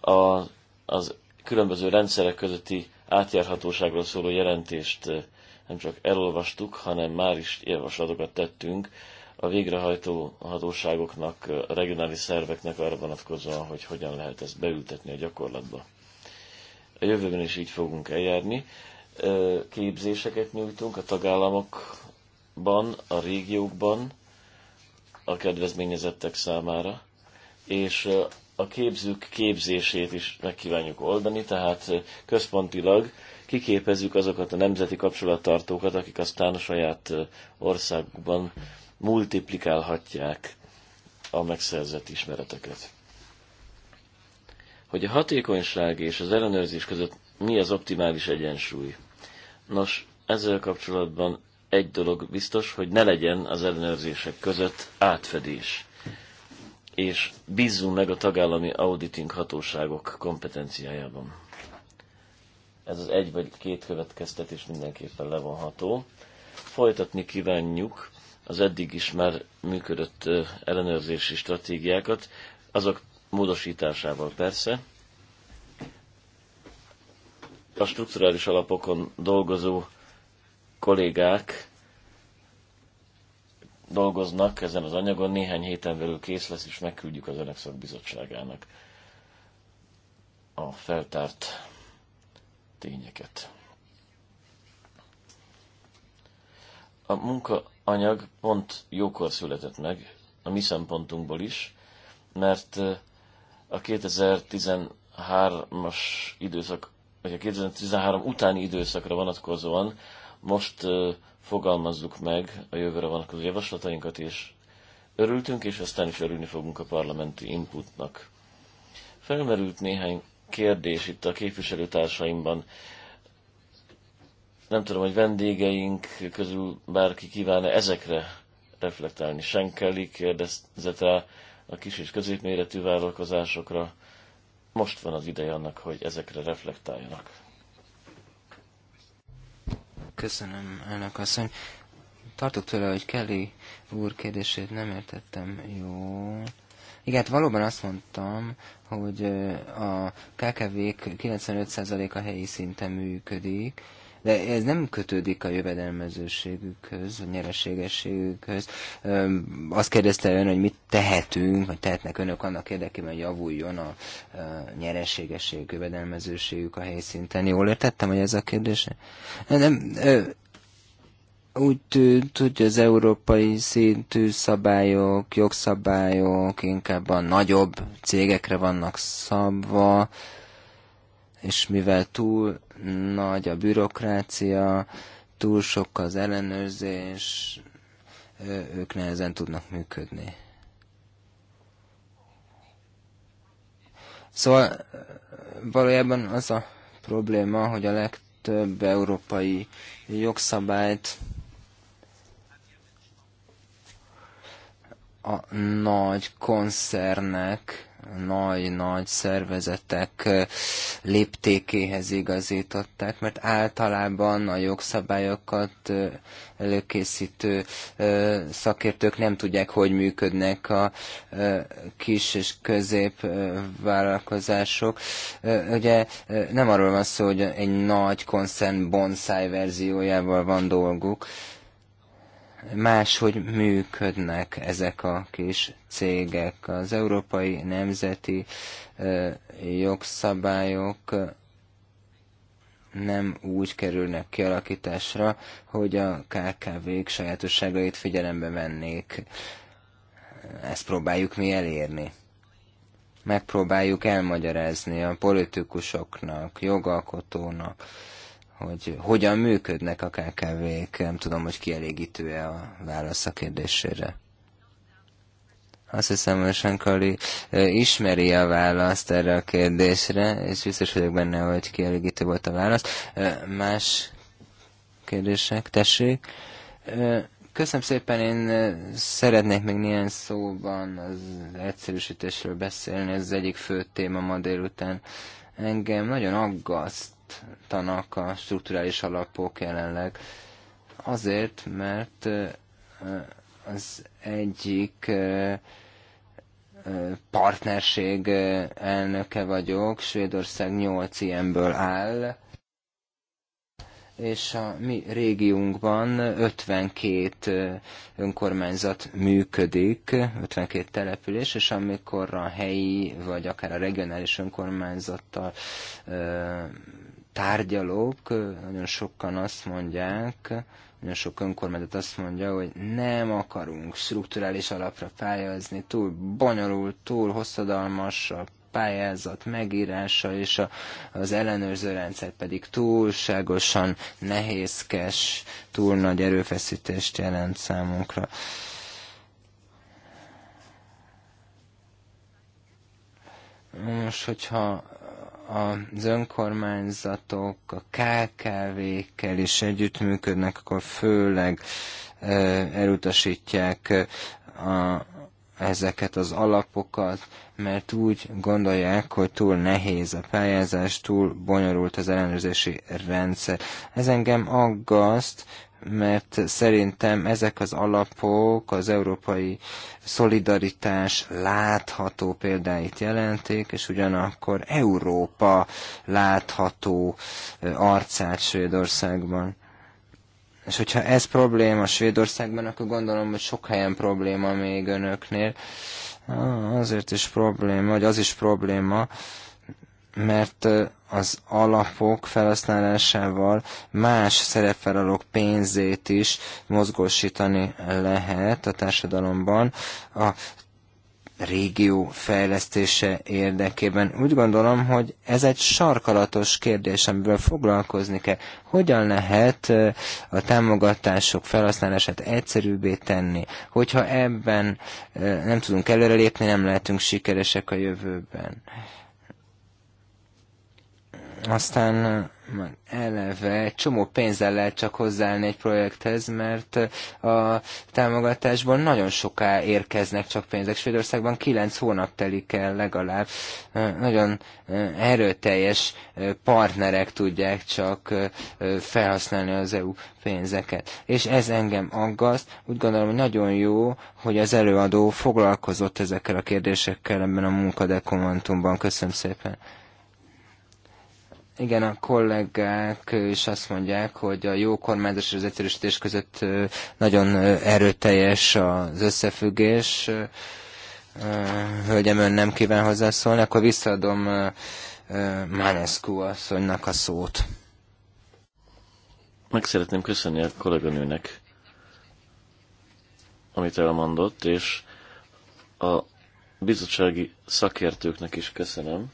A, az különböző rendszerek közötti átjárhatóságról szóló jelentést eh, nem csak elolvastuk, hanem már is javaslatokat tettünk a végrehajtó hatóságoknak, eh, a regionális szerveknek arra vonatkozóan, hogy hogyan lehet ezt beültetni a gyakorlatba. A jövőben is így fogunk eljárni. Eh, képzéseket nyújtunk a tagállamokban, a régiókban, a kedvezményezettek számára, és a képzők képzését is meg kívánjuk oldani, tehát központilag kiképezzük azokat a nemzeti kapcsolattartókat, akik aztán a saját országban multiplikálhatják a megszerzett ismereteket. Hogy a hatékonyság és az ellenőrzés között mi az optimális egyensúly? Nos, ezzel kapcsolatban egy dolog biztos, hogy ne legyen az ellenőrzések között átfedés és bízzunk meg a tagállami auditing hatóságok kompetenciájában. Ez az egy vagy két következtetés mindenképpen levonható. Folytatni kívánjuk az eddig is már működött ellenőrzési stratégiákat, azok módosításával persze. A strukturális alapokon dolgozó kollégák dolgoznak ezen az anyagon, néhány héten belül kész lesz, és megküldjük az Önök Szakbizottságának a feltárt tényeket. A munkaanyag pont jókor született meg, a mi szempontunkból is, mert a 2013-as időszak, vagy a 2013 utáni időszakra vonatkozóan most fogalmazzuk meg a jövőre vonatkozó javaslatainkat, és örültünk, és aztán is örülni fogunk a parlamenti inputnak. Felmerült néhány kérdés itt a képviselőtársaimban. Nem tudom, hogy vendégeink közül bárki kíván-e ezekre reflektálni. Senkeli kérdezett rá a kis és középméretű vállalkozásokra. Most van az ideje annak, hogy ezekre reflektáljanak. Köszönöm, elnök asszony. Tartok tőle, hogy Kelly úr kérdését nem értettem. Jó. Igen, hát valóban azt mondtam, hogy a KKV-k 95%-a helyi szinten működik, de ez nem kötődik a jövedelmezőségükhöz, a nyereségességükhöz. Azt kérdezte ön, hogy mit tehetünk, vagy tehetnek önök annak érdekében, hogy javuljon a nyereségesség, jövedelmezőségük a helyszinten. Jól értettem, hogy ez a kérdés? Nem, úgy tűnt, hogy az európai szintű szabályok, jogszabályok inkább a nagyobb cégekre vannak szabva, és mivel túl nagy a bürokrácia, túl sok az ellenőrzés, ők nehezen tudnak működni. Szóval valójában az a probléma, hogy a legtöbb európai jogszabályt a nagy koncernek nagy-nagy szervezetek léptékéhez igazították, mert általában a jogszabályokat előkészítő szakértők nem tudják, hogy működnek a kis és közép vállalkozások. Ugye nem arról van szó, hogy egy nagy koncern bonsai verziójával van dolguk, máshogy működnek ezek a kis cégek. Az európai nemzeti jogszabályok nem úgy kerülnek kialakításra, hogy a KKV-k sajátosságait figyelembe vennék. Ezt próbáljuk mi elérni. Megpróbáljuk elmagyarázni a politikusoknak, jogalkotónak, hogy hogyan működnek a KKV-k. Nem tudom, hogy kielégítő-e a válasz a kérdésére. Azt hiszem, hogy Sankali ismeri a választ erre a kérdésre, és biztos vagyok benne, hogy kielégítő volt a válasz. Más kérdések, tessék. Köszönöm szépen, én szeretnék még néhány szóban az egyszerűsítésről beszélni, ez az egyik fő téma ma délután. Engem nagyon aggasztanak a strukturális alapok jelenleg, azért, mert az egyik partnerség elnöke vagyok, Svédország 8 ilyenből áll, és a mi régiónkban 52 önkormányzat működik, 52 település, és amikor a helyi vagy akár a regionális önkormányzattal tárgyalók, nagyon sokan azt mondják, nagyon sok önkormányzat azt mondja, hogy nem akarunk strukturális alapra pályázni, túl bonyolult, túl hosszadalmas a pályázat megírása, és a, az ellenőrző rendszer pedig túlságosan nehézkes, túl nagy erőfeszítést jelent számunkra. Most, hogyha az önkormányzatok a KKV-kkel is együttműködnek, akkor főleg elutasítják a, ezeket az alapokat, mert úgy gondolják, hogy túl nehéz a pályázás, túl bonyolult az ellenőrzési rendszer. Ez engem aggaszt, mert szerintem ezek az alapok az európai szolidaritás látható példáit jelentik, és ugyanakkor Európa látható arcát Svédországban. És hogyha ez probléma Svédországban, akkor gondolom, hogy sok helyen probléma még önöknél. Azért is probléma, vagy az is probléma, mert az alapok felhasználásával más szerepfelelők pénzét is mozgósítani lehet a társadalomban a régió fejlesztése érdekében. Úgy gondolom, hogy ez egy sarkalatos kérdés, amiből foglalkozni kell. Hogyan lehet a támogatások felhasználását egyszerűbbé tenni? Hogyha ebben nem tudunk előrelépni, nem lehetünk sikeresek a jövőben. Aztán eleve csomó pénzzel lehet csak hozzáállni egy projekthez, mert eh, a támogatásból nagyon soká érkeznek csak pénzek. Svédországban kilenc hónap telik el legalább. Eh, nagyon eh, erőteljes partnerek tudják csak felhasználni az EU pénzeket. És ez engem aggaszt. Úgy gondolom, hogy nagyon jó, hogy az előadó foglalkozott ezekkel a kérdésekkel ebben a munkadekomantumban. Köszönöm szépen. Igen, a kollégák is azt mondják, hogy a jó kormányzás és az egyszerűsítés között nagyon erőteljes az összefüggés. Hölgyem, ön nem kíván hozzászólni, akkor visszaadom Manescu asszonynak a szót. Meg szeretném köszönni a kolléganőnek, amit elmondott, és a bizottsági szakértőknek is köszönöm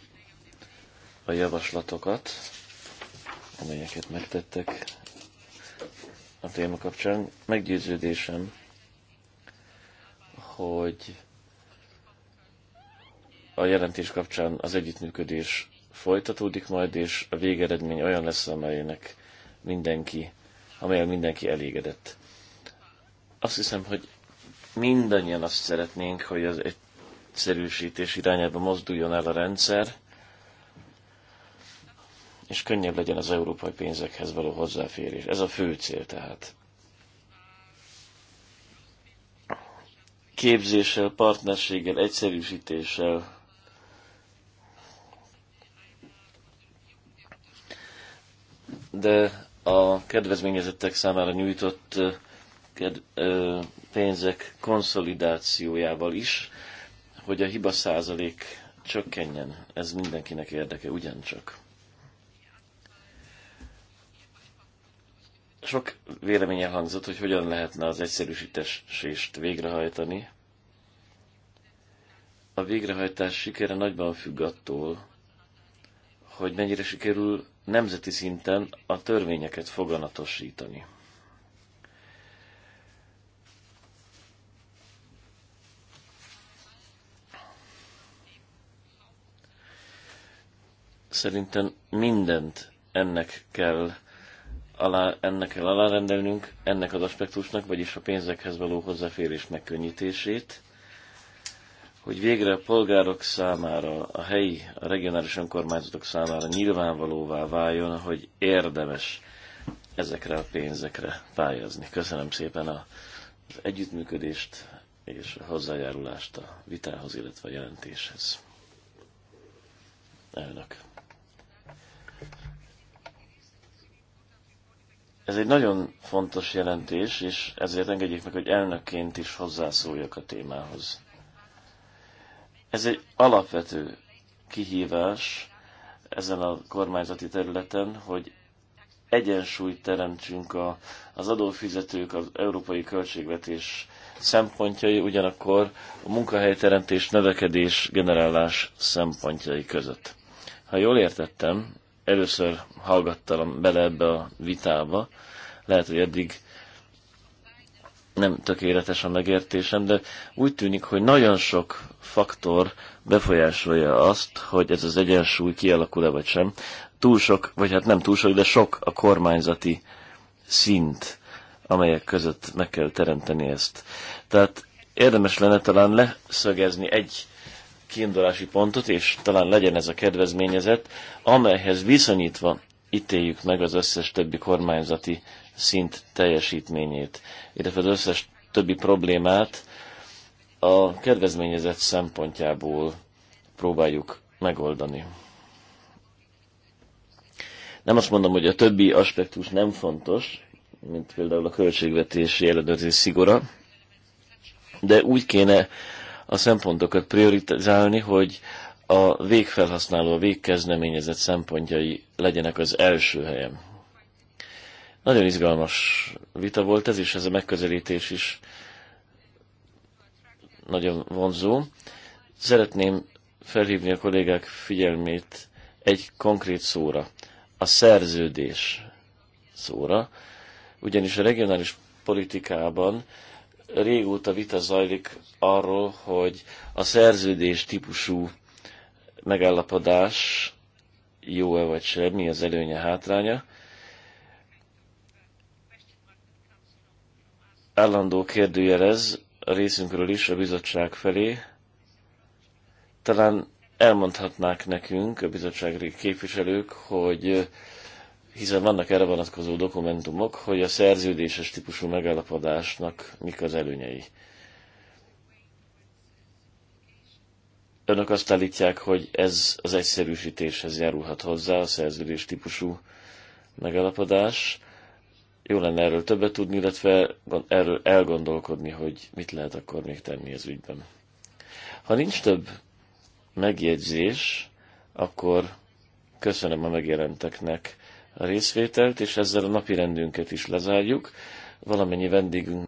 a javaslatokat, amelyeket megtettek a téma kapcsán. Meggyőződésem, hogy a jelentés kapcsán az együttműködés folytatódik majd, és a végeredmény olyan lesz, amelynek mindenki, amelyel mindenki elégedett. Azt hiszem, hogy mindannyian azt szeretnénk, hogy az egyszerűsítés irányába mozduljon el a rendszer, és könnyebb legyen az európai pénzekhez való hozzáférés. Ez a fő cél tehát. Képzéssel, partnerséggel, egyszerűsítéssel, de a kedvezményezettek számára nyújtott pénzek konszolidációjával is, hogy a hiba százalék csökkenjen. Ez mindenkinek érdeke ugyancsak. Sok véleménye hangzott, hogy hogyan lehetne az egyszerűsítést végrehajtani. A végrehajtás sikere nagyban függ attól, hogy mennyire sikerül nemzeti szinten a törvényeket foganatosítani. Szerintem mindent ennek kell alá, ennek kell alárendelnünk, ennek az aspektusnak, vagyis a pénzekhez való hozzáférés megkönnyítését, hogy végre a polgárok számára, a helyi, a regionális önkormányzatok számára nyilvánvalóvá váljon, hogy érdemes ezekre a pénzekre pályázni. Köszönöm szépen az együttműködést és a hozzájárulást a vitához, illetve a jelentéshez. Elnök. Ez egy nagyon fontos jelentés, és ezért engedjék meg, hogy elnökként is hozzászóljak a témához. Ez egy alapvető kihívás ezen a kormányzati területen, hogy egyensúlyt teremtsünk a, az adófizetők, az európai költségvetés szempontjai, ugyanakkor a munkahelyteremtés, növekedés, generálás szempontjai között. Ha jól értettem, először hallgattam bele ebbe a vitába. Lehet, hogy eddig nem tökéletes a megértésem, de úgy tűnik, hogy nagyon sok faktor befolyásolja azt, hogy ez az egyensúly kialakul-e vagy sem. Túl sok, vagy hát nem túl sok, de sok a kormányzati szint, amelyek között meg kell teremteni ezt. Tehát érdemes lenne talán leszögezni egy kiindulási pontot, és talán legyen ez a kedvezményezett, amelyhez viszonyítva ítéljük meg az összes többi kormányzati szint teljesítményét, illetve az összes többi problémát a kedvezményezett szempontjából próbáljuk megoldani. Nem azt mondom, hogy a többi aspektus nem fontos, mint például a költségvetési ellenőrzés szigora, de úgy kéne a szempontokat prioritizálni, hogy a végfelhasználó, a végkezdeményezett szempontjai legyenek az első helyen. Nagyon izgalmas vita volt ez, és ez a megközelítés is nagyon vonzó. Szeretném felhívni a kollégák figyelmét egy konkrét szóra, a szerződés szóra, ugyanis a regionális politikában régóta vita zajlik arról, hogy a szerződés típusú megállapodás jó-e vagy sem, mi az előnye, hátránya. Állandó kérdőjelez a részünkről is a bizottság felé. Talán elmondhatnák nekünk, a bizottsági képviselők, hogy hiszen vannak erre vonatkozó dokumentumok, hogy a szerződéses típusú megállapodásnak mik az előnyei. Önök azt állítják, hogy ez az egyszerűsítéshez járulhat hozzá a szerződés típusú megállapodás. Jó lenne erről többet tudni, illetve erről elgondolkodni, hogy mit lehet akkor még tenni ez ügyben. Ha nincs több megjegyzés, akkor köszönöm a megjelenteknek a részvételt, és ezzel a napi rendünket is lezárjuk. Valamennyi vendégünk